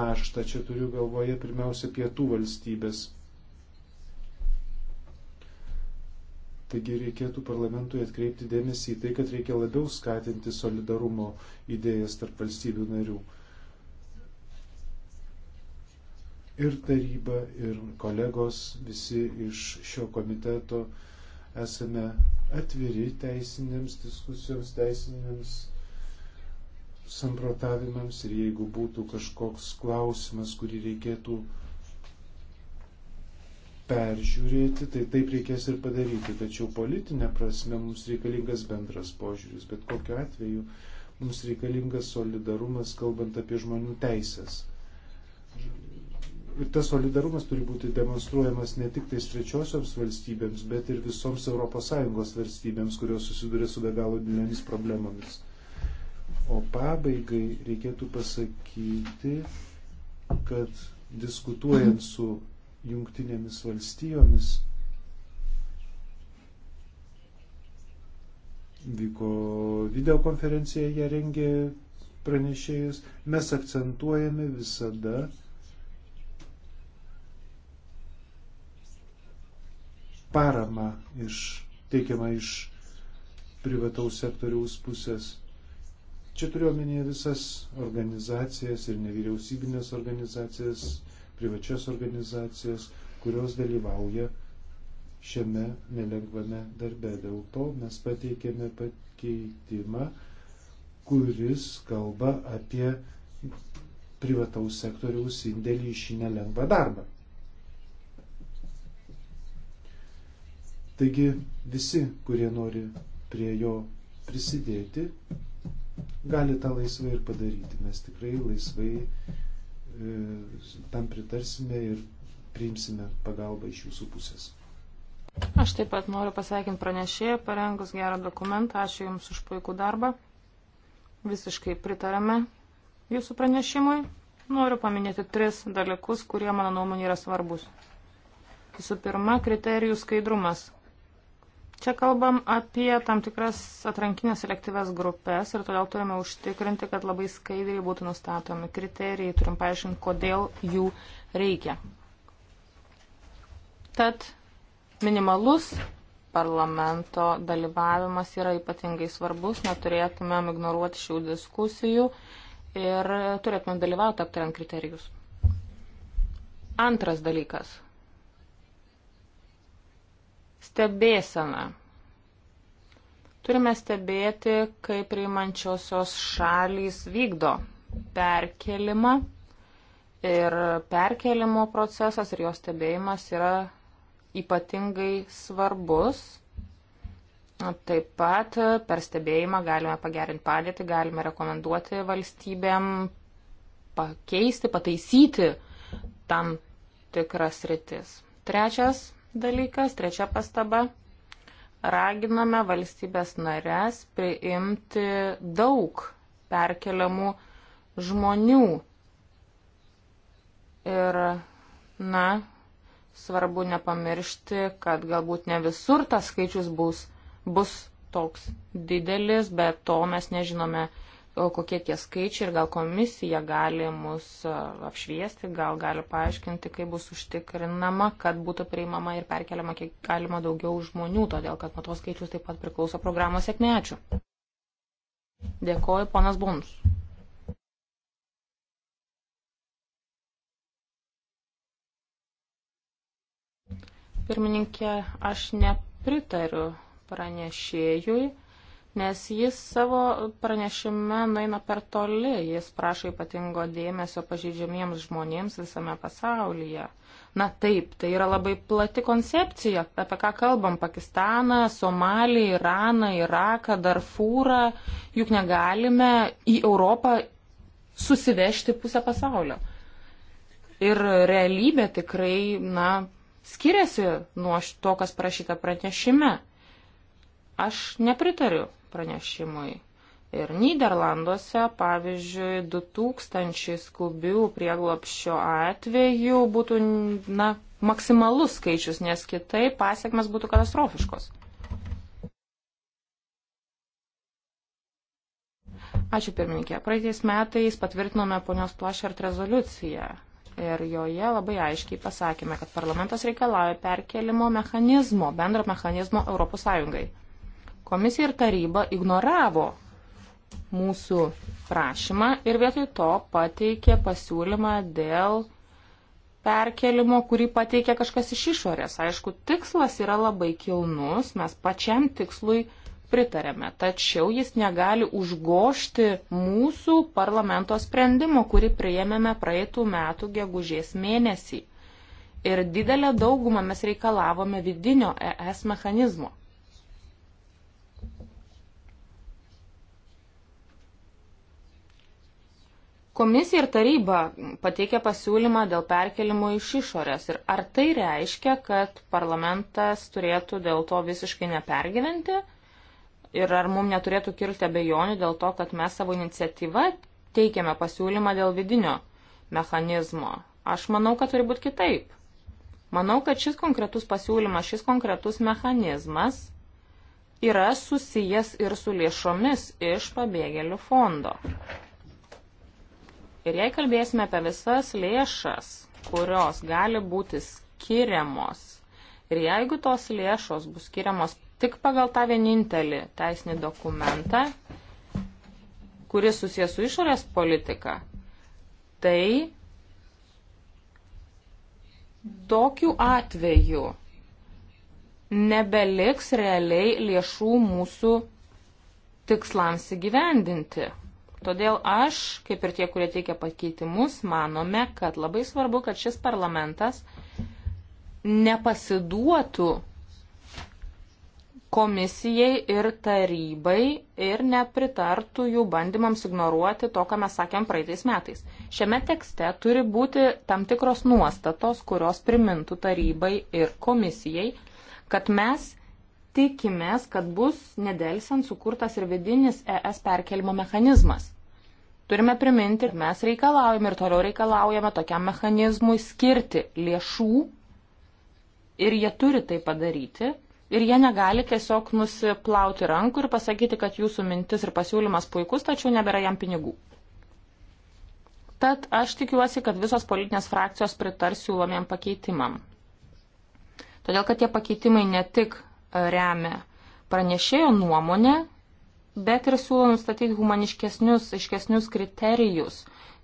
naštą. Čia turiu galvoje pirmiausia pietų valstybės. Taigi reikėtų parlamentui atkreipti dėmesį į tai, kad reikia labiau skatinti solidarumo idėjas tarp valstybių narių. ir taryba, ir kolegos visi iš šio komiteto esame atviri teisinėms diskusijoms, teisinėms samprotavimams ir jeigu būtų kažkoks klausimas, kurį reikėtų peržiūrėti, tai taip reikės ir padaryti. Tačiau politinė prasme mums reikalingas bendras požiūris, bet kokiu atveju mums reikalingas solidarumas, kalbant apie žmonių teisės tas solidarumas turi būti demonstruojamas ne tik tais trečiosioms valstybėms, bet ir visoms ES valstybėms, kurios susiduria su be galo didelėmis problemomis. O pabaigai reikėtų pasakyti, kad diskutuojant su jungtinėmis valstijomis vyko videokonferencija, ją rengė pranešėjas, mes akcentuojame visada paramą iš, teikiamą iš privataus sektoriaus pusės. Čia turiuomenėje visas organizacijas ir nevyriausybinės organizacijas, privačias organizacijas, kurios dalyvauja šiame nelengvame darbe. Dėl to mes pateikėme pakeitimą, kuris kalba apie privataus sektoriaus indėlį į šį nelengvą darbą. Taigi visi, kurie nori prie jo prisidėti, gali tą laisvai ir padaryti. Mes tikrai laisvai e, tam pritarsime ir priimsime pagalbą iš jūsų pusės. Aš taip pat noriu pasveikinti pranešėją, parengus gerą dokumentą. Ačiū Jums už puikų darbą. Visiškai pritarame Jūsų pranešimui. Noriu paminėti tris dalykus, kurie mano nuomonė yra svarbus. Visų pirma, kriterijų skaidrumas. Čia kalbam apie tam tikras atrankinės selektyves grupės ir todėl turime užtikrinti, kad labai skaidriai būtų nustatomi kriterijai, turim paaiškinti, kodėl jų reikia. Tad minimalus parlamento dalyvavimas yra ypatingai svarbus, neturėtumėm ignoruoti šių diskusijų ir turėtumėm dalyvauti aptariant kriterijus. Antras dalykas Stebėsena. Turime stebėti, kaip priimančiosios šalys vykdo perkelimą ir perkelimo procesas ir jo stebėjimas yra ypatingai svarbus. Taip pat per stebėjimą galime pagerinti padėtį, galime rekomenduoti valstybėm pakeisti, pataisyti tam tikras rytis. Trečias dalykas, trečia pastaba. Raginame valstybės narės priimti daug perkeliamų žmonių. Ir, na, svarbu nepamiršti, kad galbūt ne visur tas skaičius bus, bus toks didelis, bet to mes nežinome kokie tie skaičiai ir gal komisija gali mus e, apšviesti, gal gali paaiškinti, kaip bus užtikrinama, kad būtų priimama ir perkeliama kiek galima daugiau žmonių, todėl kad nuo to skaičius taip pat priklauso programos sėkmė. Ačiū. Dėkoju, ponas Bonus. Pirmininkė, aš nepritariu pranešėjui nes jis savo pranešime nueina per toli, jis prašo ypatingo dėmesio pažeidžiamiems žmonėms visame pasaulyje. Na taip, tai yra labai plati koncepcija, apie ką kalbam - Pakistaną, Somalį, Iraną, Iraką, Darfūrą, juk negalime į Europą susivežti pusę pasaulio. Ir realybė tikrai, na, skiriasi nuo to, kas parašyta pranešime. Aš nepritariu pranešimui. Ir Niderlanduose, pavyzdžiui, 2000 skubių prieglopščio atvejų būtų na, maksimalus skaičius, nes kitai pasiekmes būtų katastrofiškos. Ačiū pirmininkė. Praeitais metais patvirtinome ponios Plašert rezoliuciją ir joje labai aiškiai pasakėme, kad parlamentas reikalauja perkelimo mechanizmo, bendro mechanizmo Europos Sąjungai. Komisija ir taryba ignoravo mūsų prašymą ir vietoj to pateikė pasiūlymą dėl perkelimo, kurį pateikė kažkas iš išorės. Aišku, tikslas yra labai kilnus, mes pačiam tikslui pritarėme, tačiau jis negali užgošti mūsų parlamento sprendimo, kurį priėmėme praeitų metų gegužės mėnesį. Ir didelę daugumą mes reikalavome vidinio ES mechanizmo. Komisija ir taryba pateikė pasiūlymą dėl perkelimo iš išorės. Ir ar tai reiškia, kad parlamentas turėtų dėl to visiškai nepergyventi? Ir ar mums neturėtų kilti abejonių dėl to, kad mes savo iniciatyvą teikiame pasiūlymą dėl vidinio mechanizmo? Aš manau, kad turi būti kitaip. Manau, kad šis konkretus pasiūlymas, šis konkretus mechanizmas yra susijęs ir su lėšomis iš pabėgėlių fondo. Ir jei kalbėsime apie visas lėšas, kurios gali būti skiriamos, ir jeigu tos lėšos bus skiriamos tik pagal tą vienintelį teisinį dokumentą, kuris susijęs su išorės politika, tai tokiu atveju nebeliks realiai lėšų mūsų tikslams įgyvendinti. Todėl aš, kaip ir tie, kurie teikia pakeitimus, manome, kad labai svarbu, kad šis parlamentas nepasiduotų komisijai ir tarybai ir nepritartų jų bandymams ignoruoti to, ką mes sakėm praeitais metais. Šiame tekste turi būti tam tikros nuostatos, kurios primintų tarybai ir komisijai, kad mes tikimės, kad bus nedelsiant sukurtas ir vidinis ES perkelimo mechanizmas. Turime priminti, kad mes reikalaujame ir toliau reikalaujame tokiam mechanizmui skirti lėšų ir jie turi tai padaryti. Ir jie negali tiesiog nusiplauti rankų ir pasakyti, kad jūsų mintis ir pasiūlymas puikus, tačiau nebėra jam pinigų. Tad aš tikiuosi, kad visos politinės frakcijos pritars siūlomiem pakeitimam. Todėl, kad tie pakeitimai ne tik remia pranešėjo nuomonę bet ir siūlo nustatyti humaniškesnius, aiškesnius kriterijus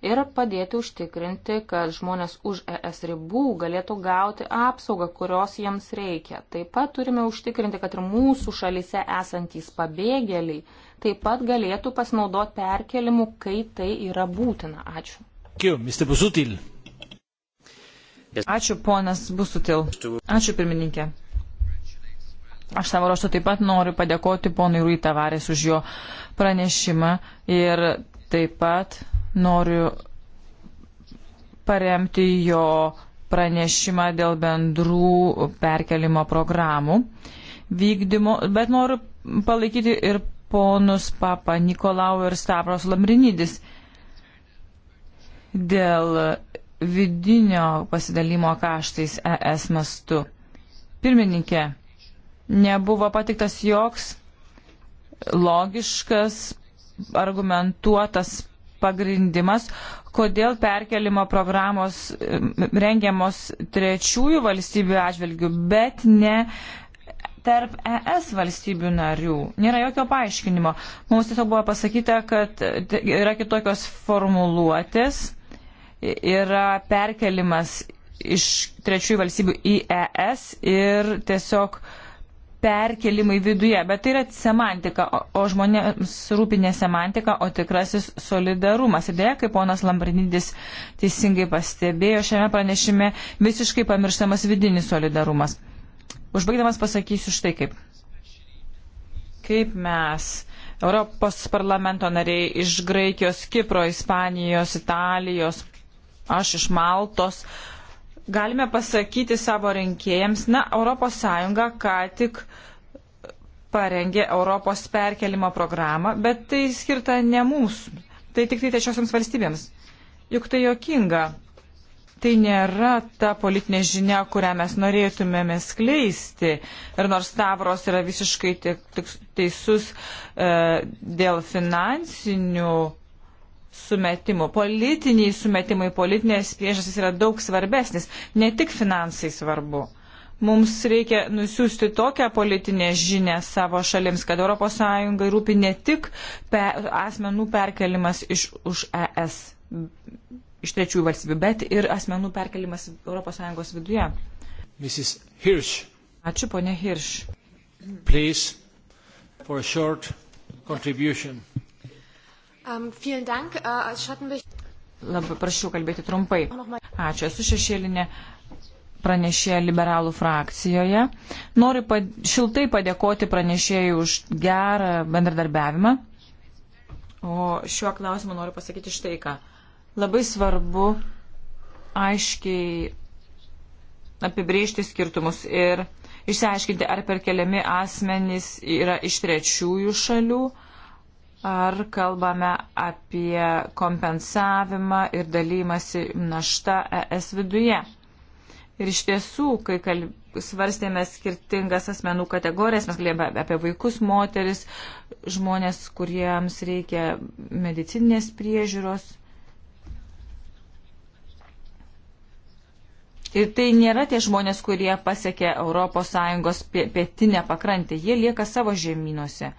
ir padėti užtikrinti, kad žmonės už ES ribų galėtų gauti apsaugą, kurios jiems reikia. Taip pat turime užtikrinti, kad ir mūsų šalyse esantys pabėgėliai taip pat galėtų pasinaudoti perkelimu, kai tai yra būtina. Ačiū. Ačiū, ponas Busutil. Ačiū, pirmininkė. Aš savo ruoštų taip pat noriu padėkoti ponui Rui Tavarės už jo pranešimą ir taip pat noriu paremti jo pranešimą dėl bendrų perkelimo programų vykdymo, bet noriu palaikyti ir ponus Papa Nikolau ir Stavros Lamrinidis dėl vidinio pasidalimo kaštais ES mastu. Pirmininkė, nebuvo patiktas joks logiškas, argumentuotas pagrindimas, kodėl perkelimo programos rengiamos trečiųjų valstybių atžvilgių, bet ne tarp ES valstybių narių. Nėra jokio paaiškinimo. Mums tiesiog buvo pasakyta, kad yra kitokios formuluotės, yra perkelimas iš trečiųjų valstybių į ES ir tiesiog uh, perkelimai viduje, bet tai yra semantika, o, o žmonėms rūpi ne semantika, o tikrasis solidarumas. Ir dėja, kaip ponas Lambrinidis teisingai pastebėjo, šiame pranešime visiškai pamirštamas vidinis solidarumas. Užbaigdamas pasakysiu štai kaip. Kaip mes, Europos parlamento nariai iš Graikijos, Kipro, Ispanijos, Italijos, aš iš Maltos, uh, galime pasakyti savo rinkėjams, na, ES ką tik parengė Europos perkelimo programą, bet tai skirta ne mums, tai tik tai trečiosiams valstybėms. Juk tai jokinga. Tai nėra ta politinė žinia, kurią mes norėtumėme skleisti. Ir nors Stavros yra visiškai teisus e, dėl finansinių sumetimų. Politiniai sumetimai, politinės priežastys yra daug svarbesnis. Ne tik finansai svarbu. Mums reikia nusiųsti tokią politinę žinę savo šalims, kad ES rūpi ne tik pe, asmenų perkelimas iš už ES iš trečiųjų valstybių, bet ir asmenų perkelimas ES viduje. Mrs. Hirsch. Ačiū, ponė Hirsch. Please, for a short contribution. Um, Dank, uh, Schattenbericht... Labai prašau kalbėti trumpai. Ačiū, esu šešėlinė pranešėja liberalų frakcijoje. Noriu pad šiltai padėkoti pranešėjai už gerą bendradarbiavimą. O šiuo klausimu noriu pasakyti štai ką. Labai svarbu aiškiai apibriežti skirtumus ir išsiaiškinti, ar perkeliami asmenys yra iš trečiųjų šalių Ar kalbame apie kompensavimą ir dalymasi našta ES viduje? Ir iš tiesų, kai kalb... svarstėme skirtingas asmenų kategorijas, mes kalbėjome apie vaikus, moteris, žmonės, kuriems reikia medicinės priežiūros. Ir tai nėra tie žmonės, kurie pasiekė ES pietinę pakrantę, jie lieka savo žemynuose.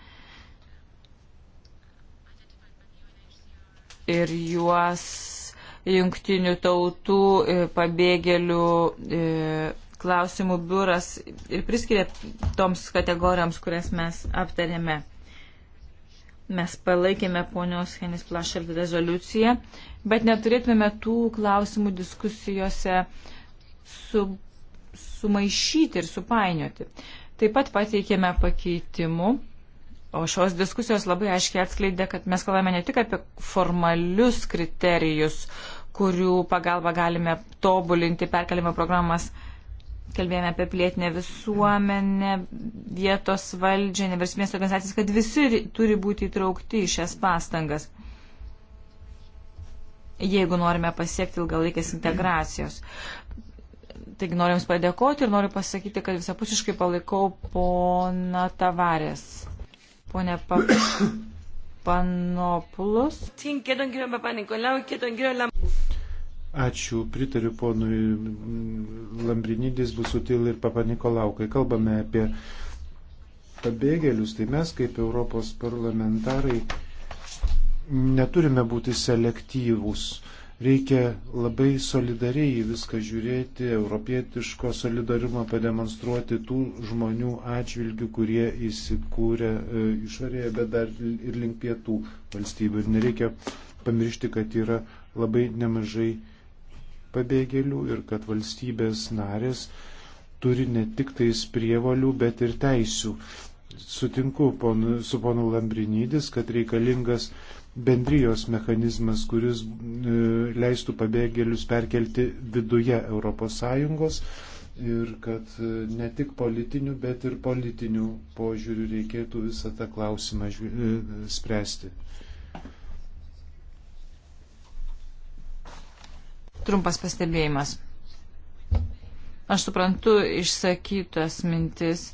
ir juos jungtinių tautų e, pabėgėlių e, klausimų biuras ir priskiria toms kategorijoms, kurias mes aptarėme. Mes palaikėme ponios Henis Plašard rezoliuciją, bet neturėtume tų klausimų diskusijose su, sumaišyti ir supainioti. Taip pat pateikėme pakeitimų O šios diskusijos labai aiškiai atskleidė, kad mes kalbame ne tik apie formalius kriterijus, kurių pagalba galime tobulinti perkelimo programas. Kalbėjome apie plėtinę visuomenę, vietos valdžią, neversmės organizacijas, kad visi turi būti įtraukti į šias pastangas, jeigu norime pasiekti ilgalaikės integracijos. Taigi noriu Jums padėkoti ir noriu pasakyti, kad visapusiškai palaikau poną Tavarės Pone pa... *coughs* Panopulus. Ačiū, pritariu ponui Lambrinidis, Busutil ir Papanikolau. Kai kalbame apie pabėgėlius, tai mes kaip Europos parlamentarai neturime būti selektyvūs. Uh, Reikia labai solidariai į viską žiūrėti, europietiško solidarumo pademonstruoti tų žmonių atžvilgių, kurie įsikūrė e, išorėje, bet dar ir link pietų valstybių. Ir nereikia pamiršti, kad yra labai nemažai pabėgėlių ir kad valstybės narės turi ne tik tais prievalių, bet ir teisių. Sutinku pon, su ponu Lambrinydis, kad reikalingas bendrijos mechanizmas, kuris e, leistų pabėgėlius perkelti viduje ES ir kad e, ne tik politinių, bet ir politinių požiūrių reikėtų visą tą klausimą e, spręsti. Trumpas pastebėjimas. Aš suprantu išsakytas mintis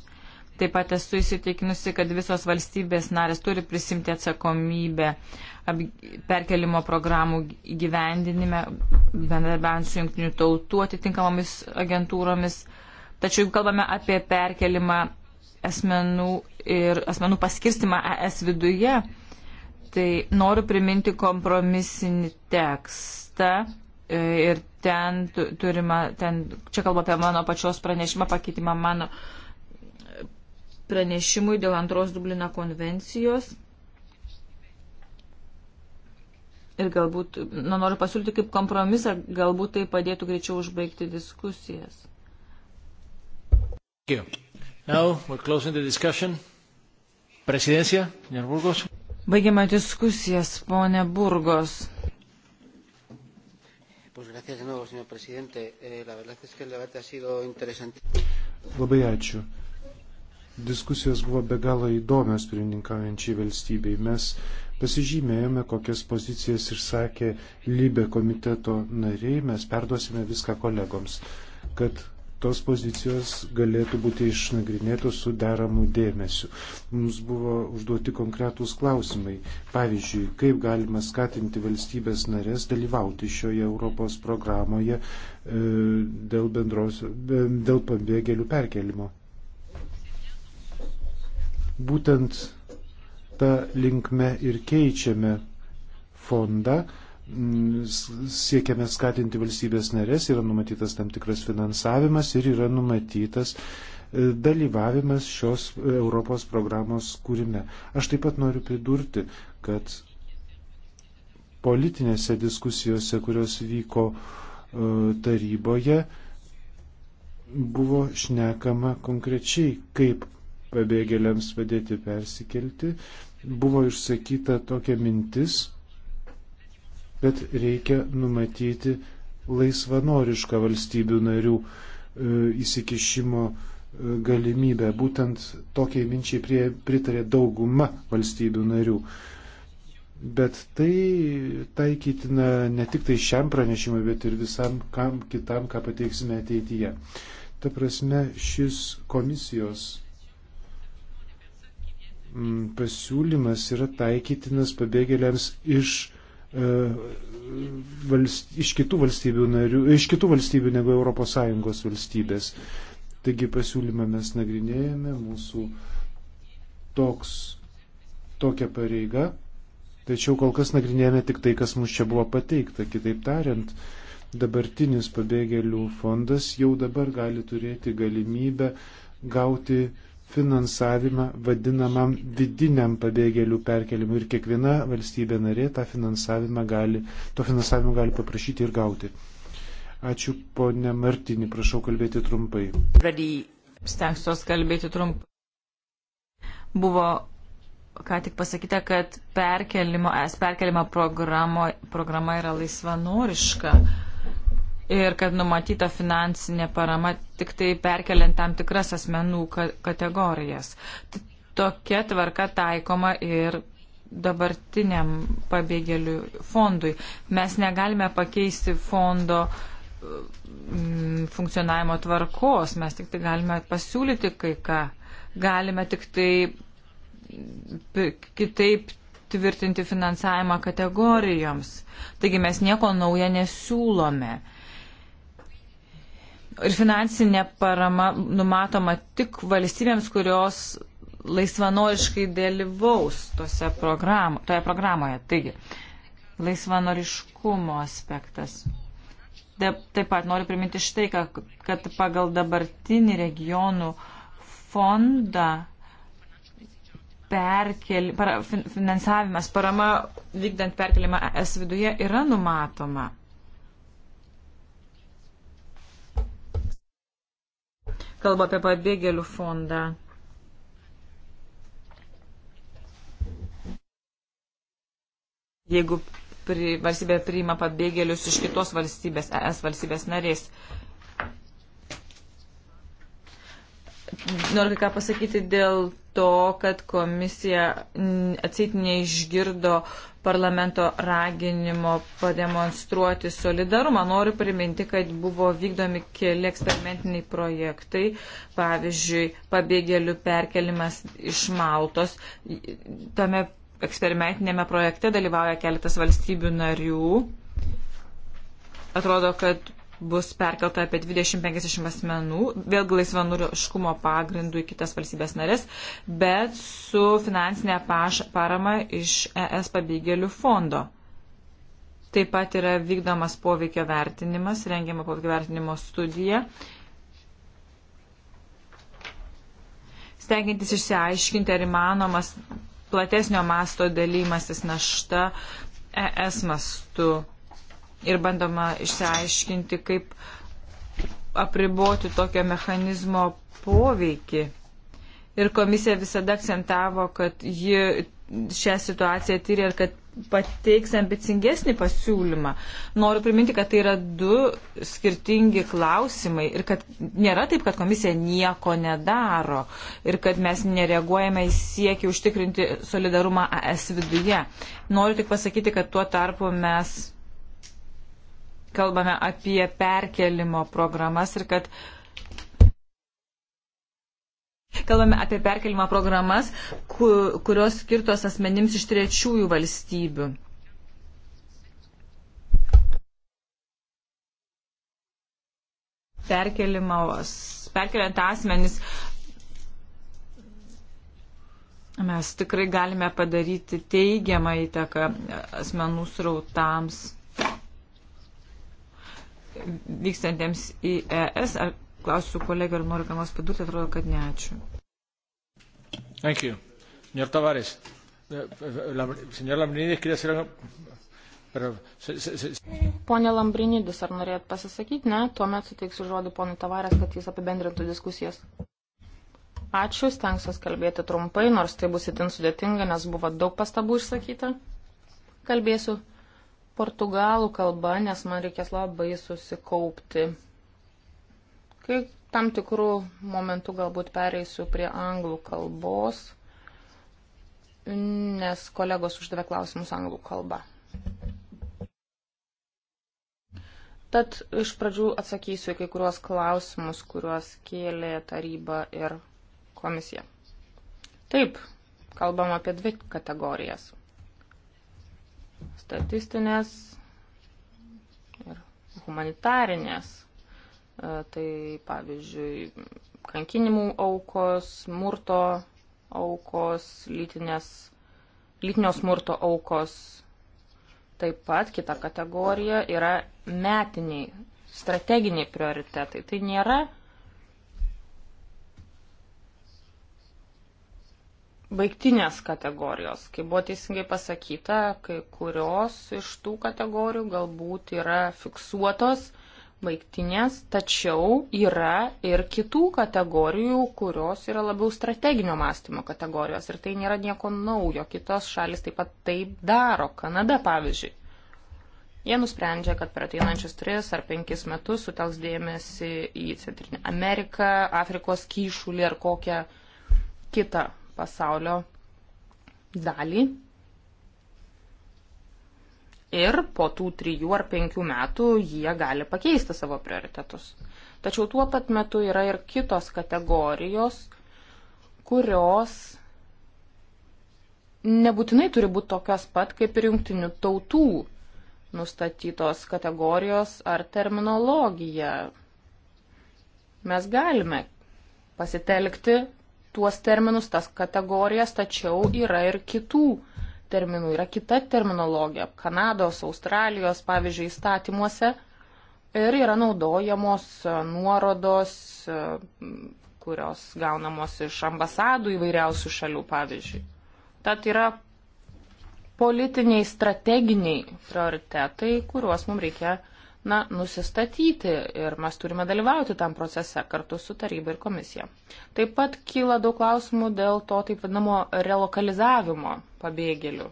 Taip pat esu įsitikinusi, kad visos valstybės narės turi prisimti atsakomybę perkelimo programų gyvendinime, bendarbiaujant su jungtinių tautų atitinkamomis agentūromis. Tačiau jeigu kalbame apie perkelimą asmenų ir asmenų paskirstimą ES viduje, tai noriu priminti kompromisinį tekstą e, ir ten turima, ten, čia kalba apie mano pačios pranešimą, pakeitimą mano pranešimui dėl antros Dublino konvencijos. Ir galbūt, na, noriu pasiūlyti kaip kompromisą, galbūt tai padėtų greičiau užbaigti diskusijas. Baigiame diskusijas, ponė Burgos. Eh, Labai ačiū diskusijos buvo be galo įdomios pirmininkaujančiai valstybei. Mes pasižymėjome, kokias pozicijas išsakė Libė komiteto nariai, mes perduosime viską kolegoms, kad tos pozicijos galėtų būti išnagrinėtos su deramu dėmesiu. Mums buvo užduoti konkretūs klausimai. Pavyzdžiui, kaip galima skatinti valstybės narės dalyvauti šioje Europos programoje e, dėl, bendros, e, dėl pabėgėlių perkelimo. Būtent tą linkmę ir keičiame fondą, siekiame skatinti valstybės narės, yra numatytas tam tikras finansavimas ir yra numatytas e, dalyvavimas šios Europos programos kūrime. Aš taip pat noriu pridurti, kad politinėse diskusijose, kurios vyko e, taryboje, buvo šnekama konkrečiai, kaip pabėgėliams padėti persikelti, buvo išsakyta tokia mintis, kad reikia numatyti laisvanorišką valstybių narių e, įsikišimo e, galimybę. Būtent tokiai minčiai prie, pritarė dauguma valstybių narių. Bet tai taikytina ne tik tai šiam pranešimui, bet ir visam kam kitam, ką pateiksime ateityje. Ta prasme, šis komisijos Mm, pasiūlymas yra taikytinas pabėgėliams iš, e, valst, iš, kitų, valstybių narių, iš kitų valstybių negu ES valstybės. Taigi pasiūlymą mes nagrinėjame, mūsų toks, tokia pareiga, tačiau kol kas nagrinėjame tik tai, kas mums čia buvo pateikta. Kitaip tariant, dabartinis pabėgėlių fondas jau dabar gali turėti galimybę gauti finansavimą vadinamam vidiniam pabėgėlių perkelimui ir kiekviena valstybė narė tą finansavimą gali, to finansavimo gali paprašyti ir gauti. Ačiū ponė Martinį, prašau kalbėti trumpai. Stengsiuos kalbėti trumpai. Buvo ką tik pasakyta, kad perkelimo, es perkelimo programo, programa yra laisvanoriška ir kad numatyta finansinė parama tik tai perkeliant tam tikras asmenų kategorijas. Tokia tvarka taikoma ir dabartiniam pabėgėlių fondui. Mes negalime pakeisti fondo mm, funkcionavimo tvarkos, mes tik tai galime pasiūlyti kai ką, galime tik tai kitaip tvirtinti finansavimą kategorijoms. Taigi mes nieko naujo nesiūlome ir finansinė parama numatoma tik valstybėms, kurios laisvanoriškai dalyvaus program, toje programoje. Taigi, laisvanoriškumo aspektas. De, taip pat noriu priminti štai, kad, kad pagal dabartinį regionų fondą perkel, para, fin, finansavimas, parama vykdant perkelimą ES viduje yra numatoma. kalba apie pabėgėlių fondą. Jeigu pri, valstybė priima pabėgėlius iš kitos valstybės, ES valstybės narės, Noriu ką pasakyti dėl to, kad komisija atsit neišgirdo parlamento raginimo pademonstruoti solidarumą. Noriu priminti, kad buvo vykdomi keli eksperimentiniai projektai, pavyzdžiui, pabėgėlių perkelimas iš Maltos. Tame eksperimentinėme projekte dalyvauja keletas valstybių narių. Atrodo, kad bus perkelta apie 20-50 asmenų, vėlgi laisvanuriškumo pagrindų į kitas valstybės narės, bet su finansinė parama iš ES pabėgėlių fondo. Taip pat yra vykdomas poveikio vertinimas, rengiama poveikio vertinimo studija. Stengiantis išsiaiškinti, ar įmanomas platesnio masto dalymasis našta ES mastu ir bandoma išsiaiškinti, kaip apriboti tokio mechanizmo poveikį. Ir komisija visada akcentavo, kad ji šią situaciją tyrė ir kad pateiks ambicingesnį pasiūlymą. Noriu priminti, kad tai yra du skirtingi klausimai ir kad nėra taip, kad komisija nieko nedaro ir kad mes nereaguojame į siekį užtikrinti solidarumą AS viduje. Noriu tik pasakyti, kad tuo tarpu mes kalbame apie perkelimo programas ir kad Kalbame apie perkelimo programas, kurios skirtos asmenims iš trečiųjų valstybių. Perkelimas, perkeliant asmenis, mes tikrai galime padaryti teigiamą įtaką asmenų srautams vykstantiems į ES. Ar klausiu kolegų, ar noriu ką nors pridurti, atrodo, kad ne. Ačiū. Thank you. Señor Tavares, eh, eh, la, señor Lambrinidis quiere hacer algo. Pone Lambrinidis, ar norėt pasisakyti? Ne, tuomet suteiksiu žodį ponui Tavarės, kad jis apibendrintų diskusijas. Ačiū, stengsiuosi kalbėti trumpai, nors tai bus itin sudėtinga, nes buvo daug pastabų išsakyta. Kalbėsiu portugalų kalba, nes man reikės labai susikaupti. Kai tam tikrų momentų galbūt pereisiu prie anglų kalbos, nes kolegos uždavė klausimus anglų kalba. Tad iš pradžių atsakysiu į kai kuriuos klausimus, kuriuos kėlė taryba ir komisija. Taip, kalbam apie dvi kategorijas statistinės ir humanitarinės. E, tai pavyzdžiui, kankinimų aukos, smurto aukos, lytinės, lytinio smurto aukos. Taip pat kita kategorija yra metiniai, strateginiai prioritetai. Tai nėra baigtinės kategorijos. Kaip buvo teisingai pasakyta, kai kurios iš tų kategorijų galbūt yra fiksuotos, baigtinės, tačiau yra ir kitų kategorijų, kurios yra labiau strateginio mąstymo kategorijos. Ir tai nėra nieko naujo. Kitos šalis taip pat taip daro. Kanada, pavyzdžiui. Jie nusprendžia, kad per ateinančius 3 ar 5 metus sutelks dėmesį į Centrinę Ameriką, Afrikos kyšulį ar kokią kitą pasaulio dalį. Ir po tų trijų ar penkių metų jie gali pakeisti savo prioritetus. Tačiau tuo pat metu yra ir kitos kategorijos, kurios nebūtinai turi būti tokios pat kaip ir jungtinių tautų nustatytos kategorijos ar terminologija. Mes galime pasitelkti tuos terminus, tas kategorijas, tačiau yra ir kitų terminų, yra kita terminologija Kanados, Australijos, pavyzdžiui, įstatymuose ir yra naudojamos e, nuorodos, e, kurios gaunamos iš ambasadų įvairiausių šalių, pavyzdžiui. Tad yra politiniai, strateginiai prioritetai, kuriuos mums reikia na, nusistatyti ir mes turime dalyvauti tam procese kartu su taryba ir komisija. Taip pat kyla daug klausimų dėl to taip vadinamo relokalizavimo pabėgėlių.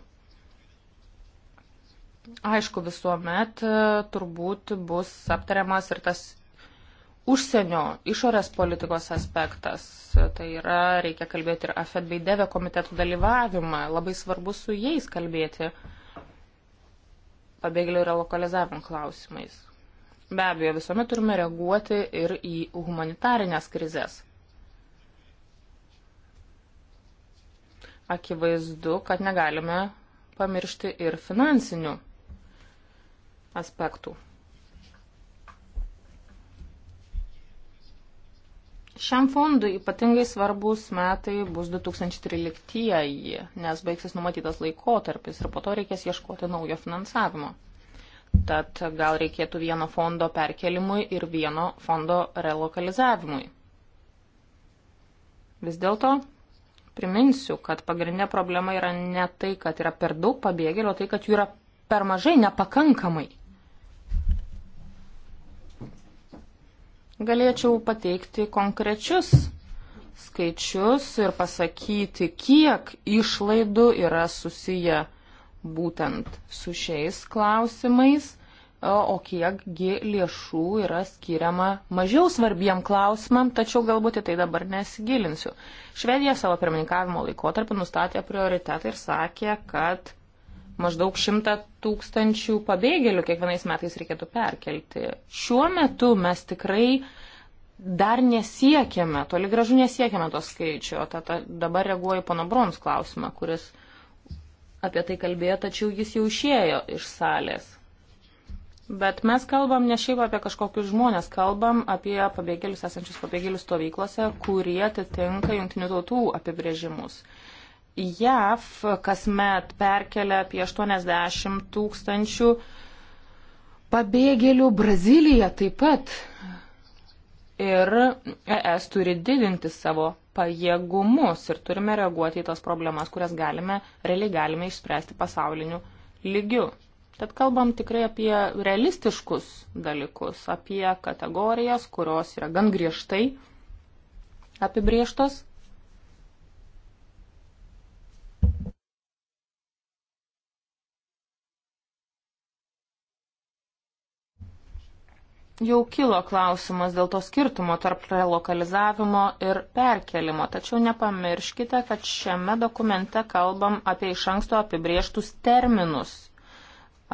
Aišku, visuomet e, turbūt bus aptariamas ir tas užsienio išorės politikos aspektas. Tai yra, reikia kalbėti ir AFED bei DEVE komitetų dalyvavimą. Labai svarbu su jais kalbėti. Uh, pabėgėlių relokalizavimo klausimais. Be abejo, visuomet turime reaguoti ir į humanitarinės krizės. Akivaizdu, kad negalime pamiršti ir finansinių aspektų. Šiam fondui ypatingai svarbus metai bus 2013-ieji, nes baigsis numatytas laikotarpis ir po to reikės ieškoti naujo finansavimo. Tad gal reikėtų vieno fondo perkelimui ir vieno fondo relokalizavimui. Vis dėlto priminsiu, kad pagrindinė problema yra ne tai, kad yra per daug pabėgėlių, o tai, kad jų yra per mažai, nepakankamai. Galėčiau pateikti konkrečius skaičius ir pasakyti, kiek išlaidų yra susiję būtent su šiais klausimais, o kiekgi lėšų yra skiriama mažiau svarbiem klausimam, tačiau galbūt į tai dabar nesigilinsiu. Švedija savo pirmininkavimo laikotarpį nustatė prioritetą ir sakė, kad maždaug 100 tūkstančių pabėgėlių kiekvienais metais reikėtų perkelti. Šiuo metu mes tikrai dar nesiekėme, toli gražu nesiekėme to skaičio. Tata, dabar reaguoju pono Brons klausimą, kuris apie tai kalbėjo, tačiau jis jau išėjo iš salės. Bet mes kalbam ne šiaip apie kažkokius žmonės, kalbam apie pabėgėlius esančius pabėgėlių stovyklose, kurie atitinka jungtinių tautų apibrėžimus. JAV kasmet perkelia apie 80 tūkstančių pabėgėlių, Brazilija taip pat. Ir ES turi didinti savo pajėgumus ir turime reaguoti į tas problemas, kurias galime, realiai galime išspręsti pasauliniu lygiu. Tad kalbam tikrai apie realistiškus dalykus, apie kategorijas, kurios yra gan griežtai apibrieštos jau kilo klausimas dėl to skirtumo tarp relokalizavimo ir perkelimo, tačiau nepamirškite, kad šiame dokumente kalbam apie iš anksto apibrieštus terminus,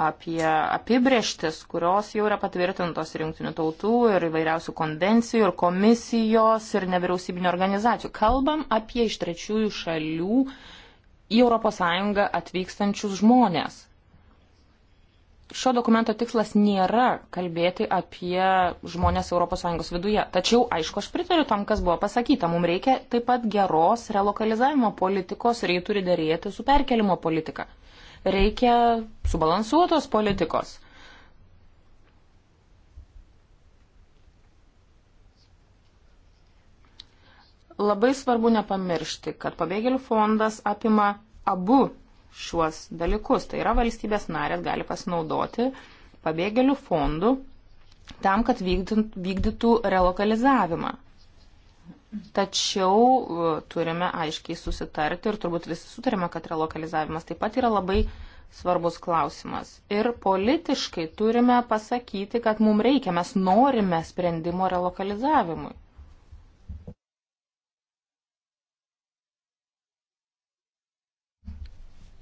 apie apibrieštis, kurios jau yra patvirtintos ir jungtinių tautų, ir įvairiausių konvencijų, ir komisijos, ir nevyriausybinio organizacijų. Kalbam apie iš trečiųjų šalių į ES atvykstančius žmonės šio dokumento tikslas nėra kalbėti apie žmonės ES viduje. Tačiau, aišku, aš pritariu tam, kas buvo pasakyta. Mums reikia taip pat geros relokalizavimo politikos ir jį turi dėrėti su perkelimo politika. Reikia subalansuotos politikos. Labai svarbu nepamiršti, kad pabėgėlių fondas apima abu šiuos dalykus. Tai yra valstybės narės gali pasinaudoti pabėgėlių fondų tam, kad vykdytų relokalizavimą. Tačiau e, turime aiškiai susitarti ir turbūt visi sutarime, kad relokalizavimas taip pat yra labai svarbus klausimas. Ir politiškai turime pasakyti, kad mums reikia, mes norime sprendimo relokalizavimui.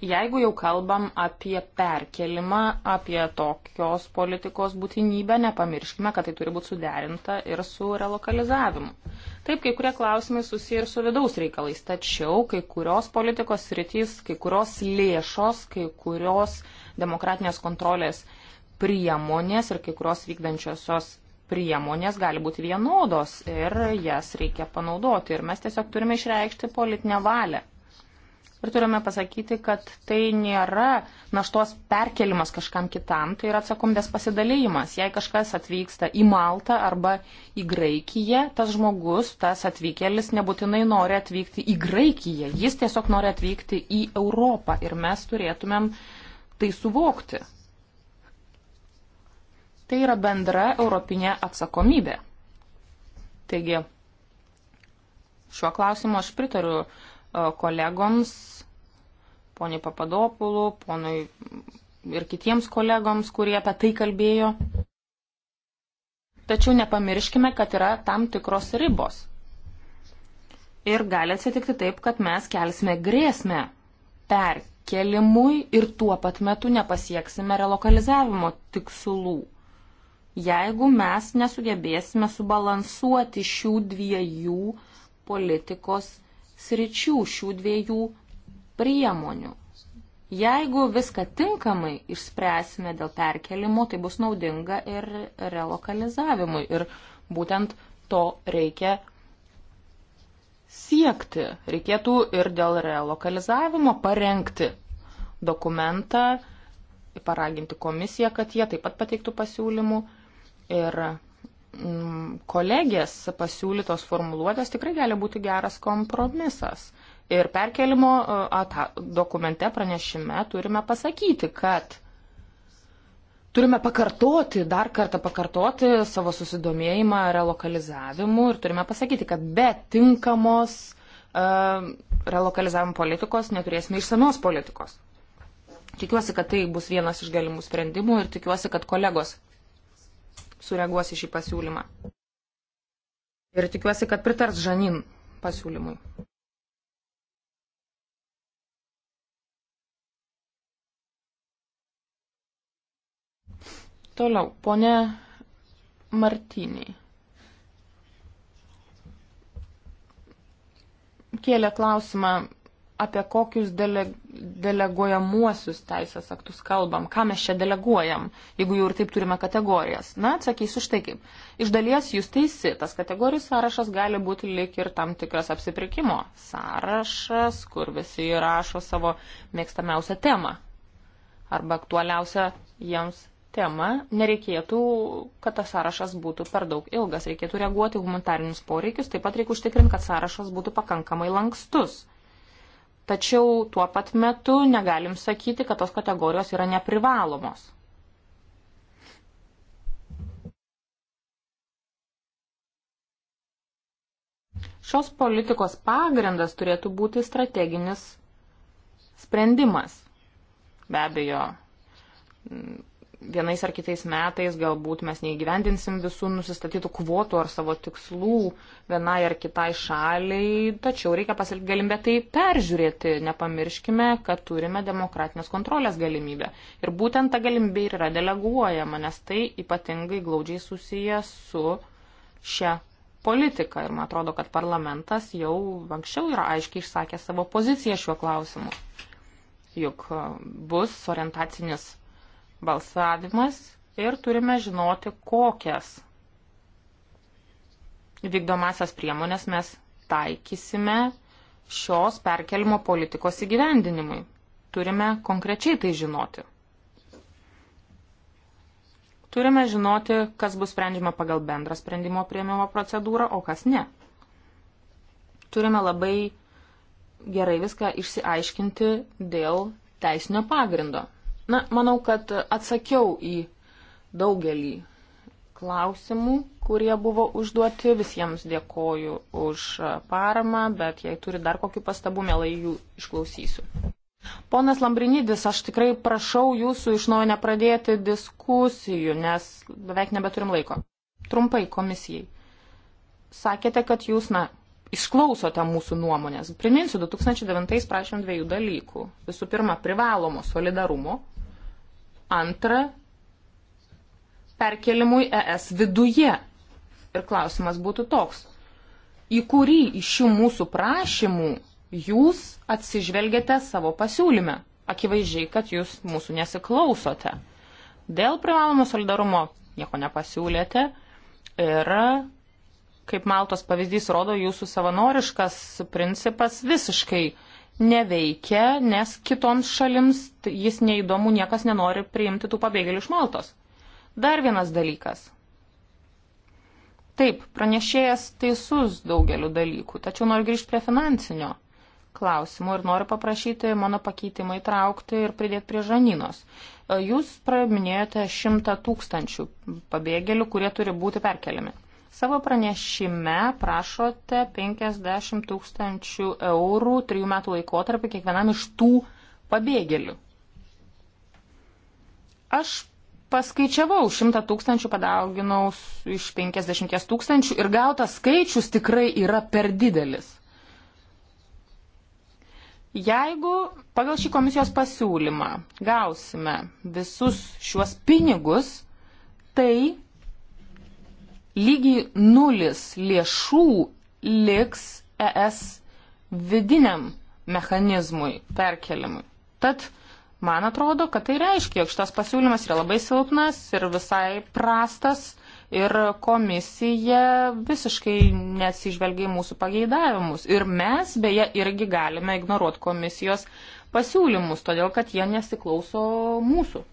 Jeigu jau kalbam apie perkelimą, apie tokios politikos būtinybę, nepamirškime, kad tai turi būti suderinta ir su relokalizavimu. Taip, kai kurie klausimai susiję ir su vidaus reikalais, tačiau kai kurios politikos rytys, kai kurios lėšos, kai kurios demokratinės kontrolės priemonės ir kai kurios vykdančiosios priemonės gali būti vienodos ir jas reikia panaudoti. Ir mes tiesiog turime išreikšti politinę valią Ir turime pasakyti, kad tai nėra naštos perkelimas kažkam kitam, tai yra atsakomybės pasidalymas. Jei kažkas atvyksta į Maltą arba į Graikiją, tas žmogus, tas atvykėlis nebūtinai nori atvykti į Graikiją, jis tiesiog nori atvykti į Europą ir mes turėtumėm tai suvokti. Tai yra bendra europinė atsakomybė. Taigi, šiuo klausimu aš pritariu kolegoms, poniai Papadopulų, ponui ir kitiems kolegoms, kurie apie tai kalbėjo. Tačiau nepamirškime, kad yra tam tikros ribos. Ir gali atsitikti taip, kad mes kelsime grėsmę perkelimui ir tuo pat metu nepasieksime relokalizavimo tikslų, jeigu mes nesugebėsime subalansuoti šių dviejų politikos sričių, šių dviejų priemonių. Jeigu viską tinkamai išspręsime dėl perkelimo, tai bus naudinga ir relokalizavimui. Ir būtent to reikia siekti. Reikėtų ir dėl relokalizavimo parengti dokumentą, paraginti komisiją, kad jie taip pat pateiktų pasiūlymų. Ir Mm, kolegės pasiūlytos formuluotės tikrai gali būti geras kompromisas. Ir perkelimo e, ata, dokumente pranešime turime pasakyti, kad turime pakartoti, dar kartą pakartoti savo susidomėjimą relokalizavimu ir turime pasakyti, kad be tinkamos uh, relokalizavimo politikos neturėsime išsamios politikos. Tikiuosi, kad tai bus vienas iš galimų sprendimų ir tikiuosi, kad kolegos sureaguos į šį pasiūlymą. Ir tikiuosi, kad pritars Žanin pasiūlymui. Toliau, ponė Martiniai. Kėlė klausimą apie kokius dele, deleguojamuosius teisės aktus kalbam, ką mes čia deleguojam, jeigu jau ir taip turime kategorijas. Na, atsakysiu štai kaip. Iš dalies jūs teisi, tas kategorijų sąrašas gali būti lik ir tam tikras apsipirkimo sąrašas, kur visi įrašo savo mėgstamiausią temą arba aktualiausią jiems temą. Nereikėtų, kad tas sąrašas būtų per daug ilgas, reikėtų reaguoti humanitarinius poreikius, taip pat reikia užtikrinti, kad sąrašas būtų pakankamai lankstus Tačiau tuo pat metu negalim sakyti, kad tos kategorijos yra neprivalomos. Šios politikos pagrindas turėtų būti strateginis sprendimas. Be abejo, vienais ar kitais metais galbūt mes neįgyvendinsim visų nusistatytų kvotų ar savo tikslų vienai ar kitai šaliai, tačiau reikia pasilikti galimybę tai peržiūrėti. Nepamirškime, kad turime demokratinės kontrolės galimybę. Ir būtent ta galimybė ir yra deleguojama, nes tai ypatingai glaudžiai susiję su šia politika. Ir man atrodo, kad parlamentas jau anksčiau yra aiškiai išsakę savo poziciją šiuo klausimu. Juk uh, bus orientacinis balsavimas ir turime žinoti, kokias vykdomasias priemonės mes taikysime šios perkelimo politikos įgyvendinimui. Turime konkrečiai tai žinoti. Turime žinoti, kas bus sprendžiama pagal bendrą sprendimo prieimimo procedūrą, o kas ne. Turime labai gerai viską išsiaiškinti dėl teisinio pagrindo. Na, manau, kad atsakiau į daugelį klausimų, kurie buvo užduoti. Visiems dėkoju už paramą, bet jei turi dar kokių pastabų, mielai jų išklausysiu. Ponas Lambrinidis, aš tikrai prašau jūsų iš naujo nepradėti diskusijų, nes beveik nebeturim laiko. Trumpai komisijai. Sakėte, kad jūs, na, išklausote mūsų nuomonės. Priminsiu, 2009 prašėm dviejų dalykų. Visų pirma, privalomo solidarumo Antra, perkelimui ES viduje. Ir klausimas būtų toks. Į kurį iš šių mūsų prašymų jūs atsižvelgiate savo pasiūlyme? Akivaizdžiai, kad jūs mūsų nesiklausote. Dėl privalomo solidarumo nieko nepasiūlėte ir, kaip Maltos pavyzdys rodo, jūsų savanoriškas principas visiškai uh, neveikia, nes kitoms šalims jis neįdomu, niekas nenori priimti tų pabėgėlių iš Maltos. Dar vienas dalykas. Taip, pranešėjas teisus daugeliu dalykų, tačiau noriu grįžti prie finansinio klausimų ir noriu paprašyti mano pakeitimą įtraukti ir pridėti prie žaninos. Jūs praminėjote šimtą tūkstančių pabėgėlių, kurie turi būti perkeliami. Savo pranešime prašote 50 tūkstančių eurų trijų metų laikotarpį kiekvienam iš tų pabėgėlių. Aš paskaičiavau 100 tūkstančių, padauginau iš 50 tūkstančių ir gautas skaičius tikrai yra per didelis. Jeigu pagal šį komisijos pasiūlymą gausime visus šiuos pinigus, tai lygiai nulis lėšų liks ES vidiniam mechanizmui perkelimui. Tad man atrodo, kad tai reiškia, jog šitas pasiūlymas yra labai silpnas ir visai prastas ir komisija visiškai nesižvelgia į mūsų pageidavimus. Ir mes beje irgi galime ignoruoti komisijos pasiūlymus, todėl kad jie nesiklauso mūsų.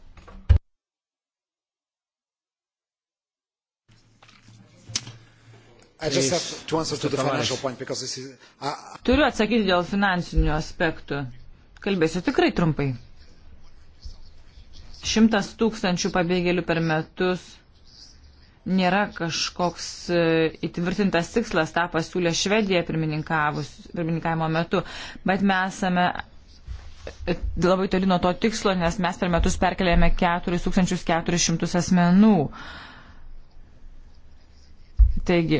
Turiu atsakyti dėl finansinių aspektų. Kalbėsiu tikrai trumpai. Šimtas tūkstančių pabėgėlių per metus nėra kažkoks e, įtvirtintas tikslas, tą pasiūlė Švedija pirmininkavimo metu, bet mes esame e, labai toli nuo to tikslo, nes mes per metus perkelėjame 4400 asmenų. Taigi,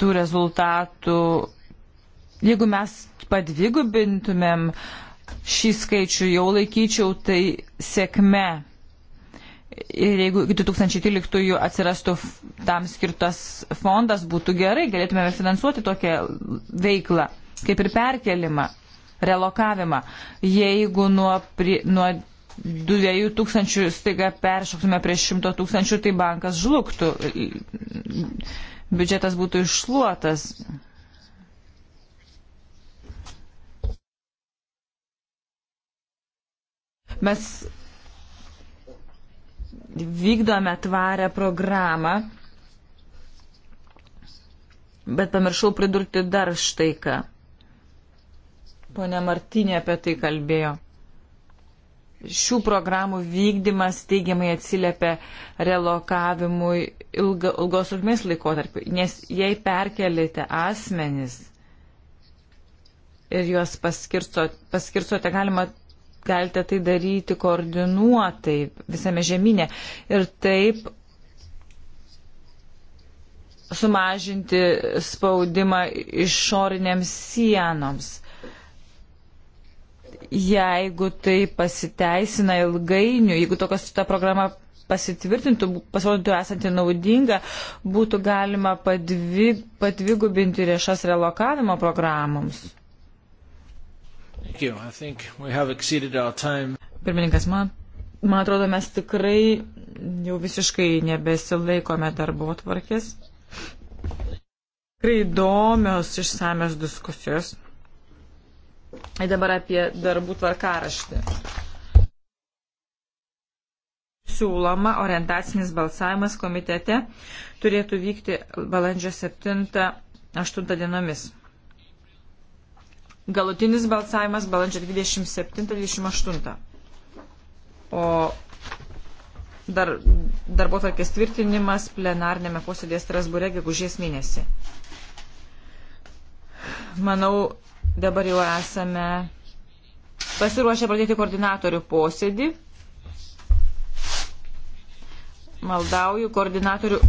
tų rezultatų, jeigu mes padvigubintumėm šį skaičių, jau laikyčiau tai sėkme. Ir jeigu iki 2013 atsirastų tam skirtas fondas, būtų gerai, galėtume finansuoti tokią veiklą, kaip ir perkelimą, relokavimą. Jeigu nuo, prie, nuo 2000 staiga peršoktume prie 100 tūkstančių, tai bankas žlugtų biudžetas būtų iššluotas. Mes vykdome tvarę programą, bet pamiršau pridurti dar štai ką. Pone Martinė apie tai kalbėjo šių programų vykdymas teigiamai atsiliepia relokavimui ilga, ilgos trukmės laikotarpiu, nes jei perkelite asmenis ir juos paskirstote, paskirstote galima, galite tai daryti koordinuotai visame žemynė ir taip sumažinti spaudimą išorinėms sienoms jeigu tai pasiteisina ilgainiui, jeigu tokios ta programa pasitvirtintų, pasirodytų esanti naudinga, būtų galima padvi, padvigubinti lėšas relokavimo programoms. Pirmininkas, man, man atrodo, mes tikrai jau visiškai nebesilaikome darbo tvarkės. Tikrai įdomios išsamios diskusijos. Dabar apie darbų tvarkaraštį. Siūloma orientacinis balsavimas komitete turėtų vykti balandžio 7-8 dienomis. Galutinis balsavimas balandžio 27-28. O dar, darbo tvarkės tvirtinimas plenarnėme posėdėje Strasbūre gegužės mėnesį. Manau, Dabar jau esame pasiruošę pradėti koordinatorių posėdį. Maldauju koordinatorių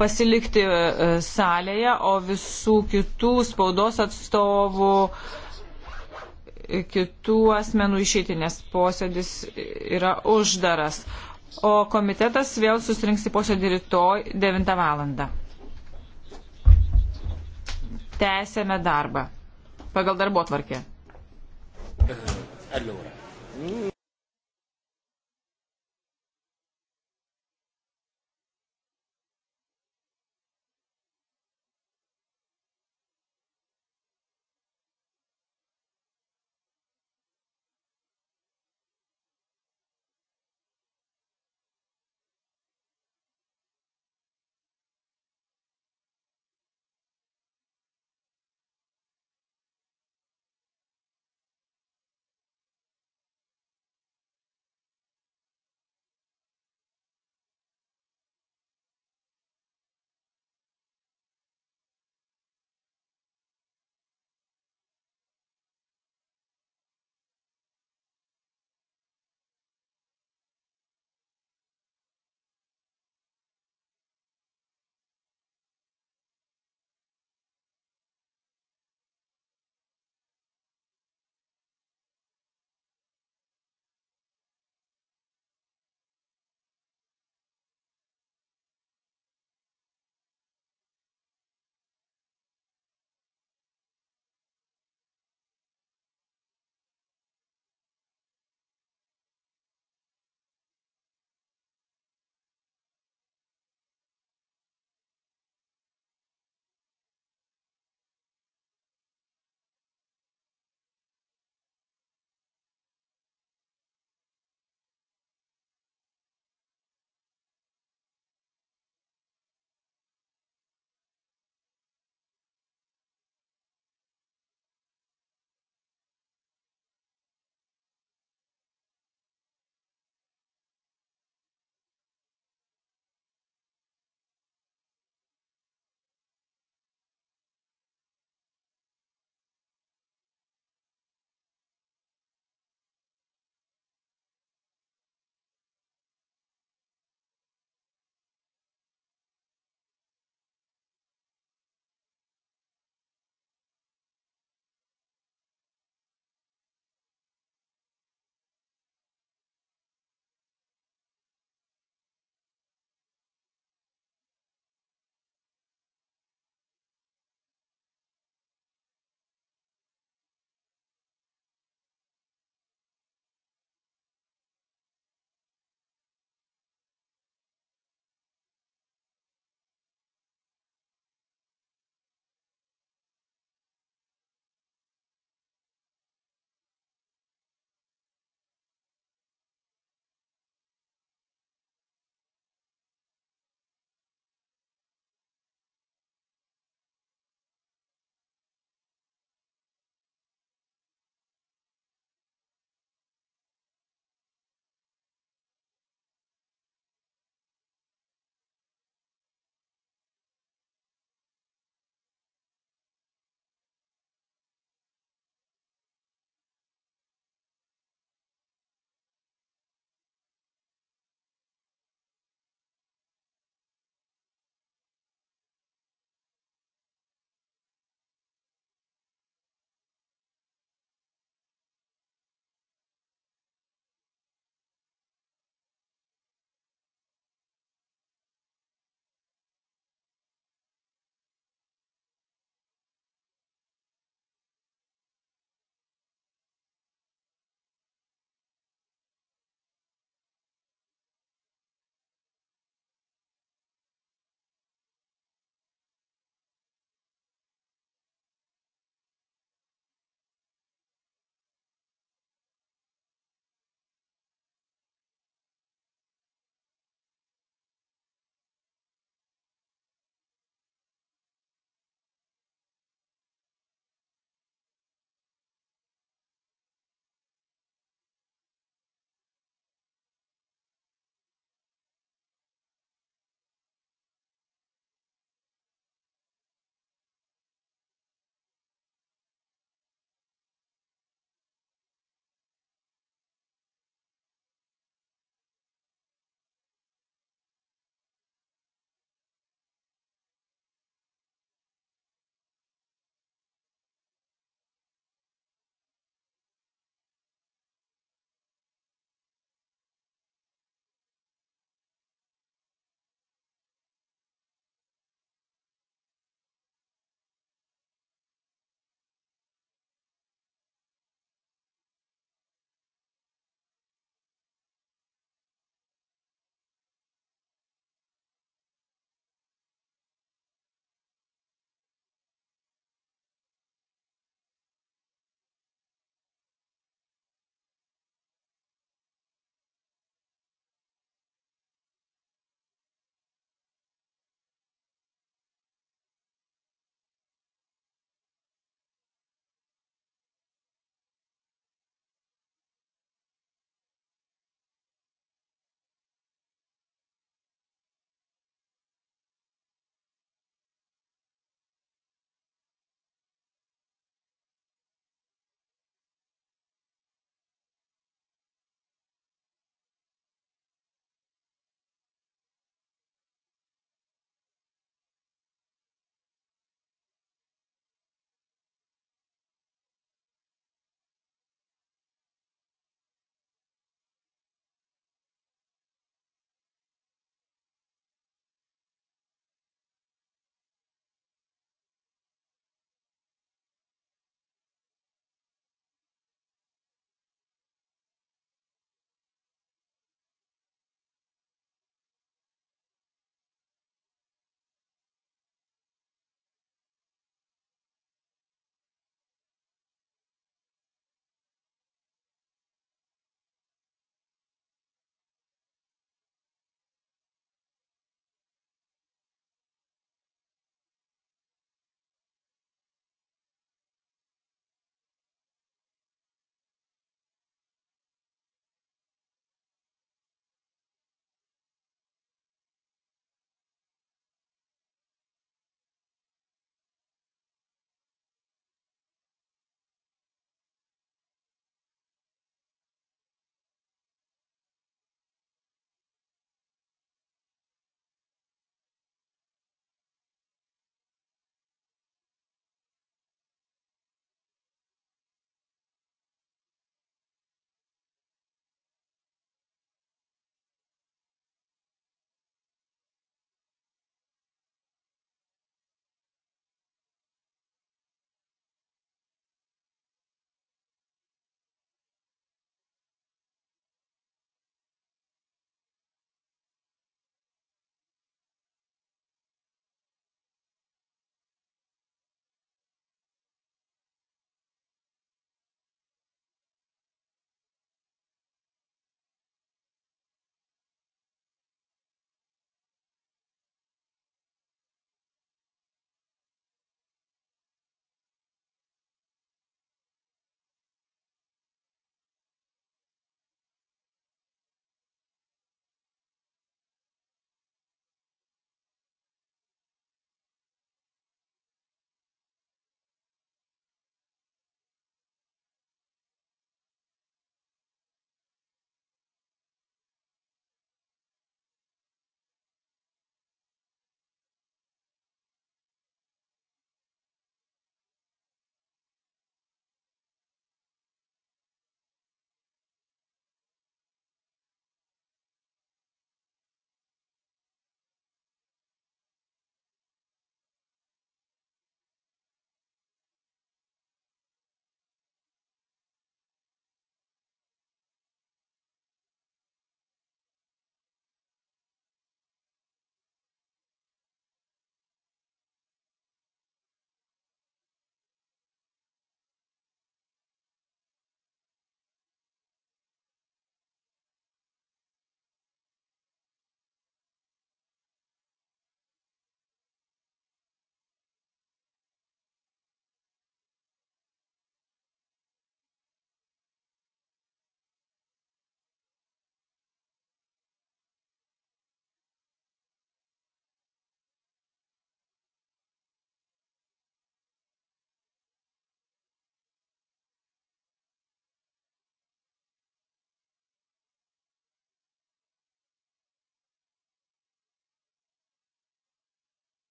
pasilikti e, salėje, o visų kitų spaudos atstovų, e, kitų asmenų išeiti, nes posėdis yra uždaras. O komitetas vėl susirinks į posėdį rytoj 9 valandą. Tęsėme darbą pagal darbo tvarkę. Allora.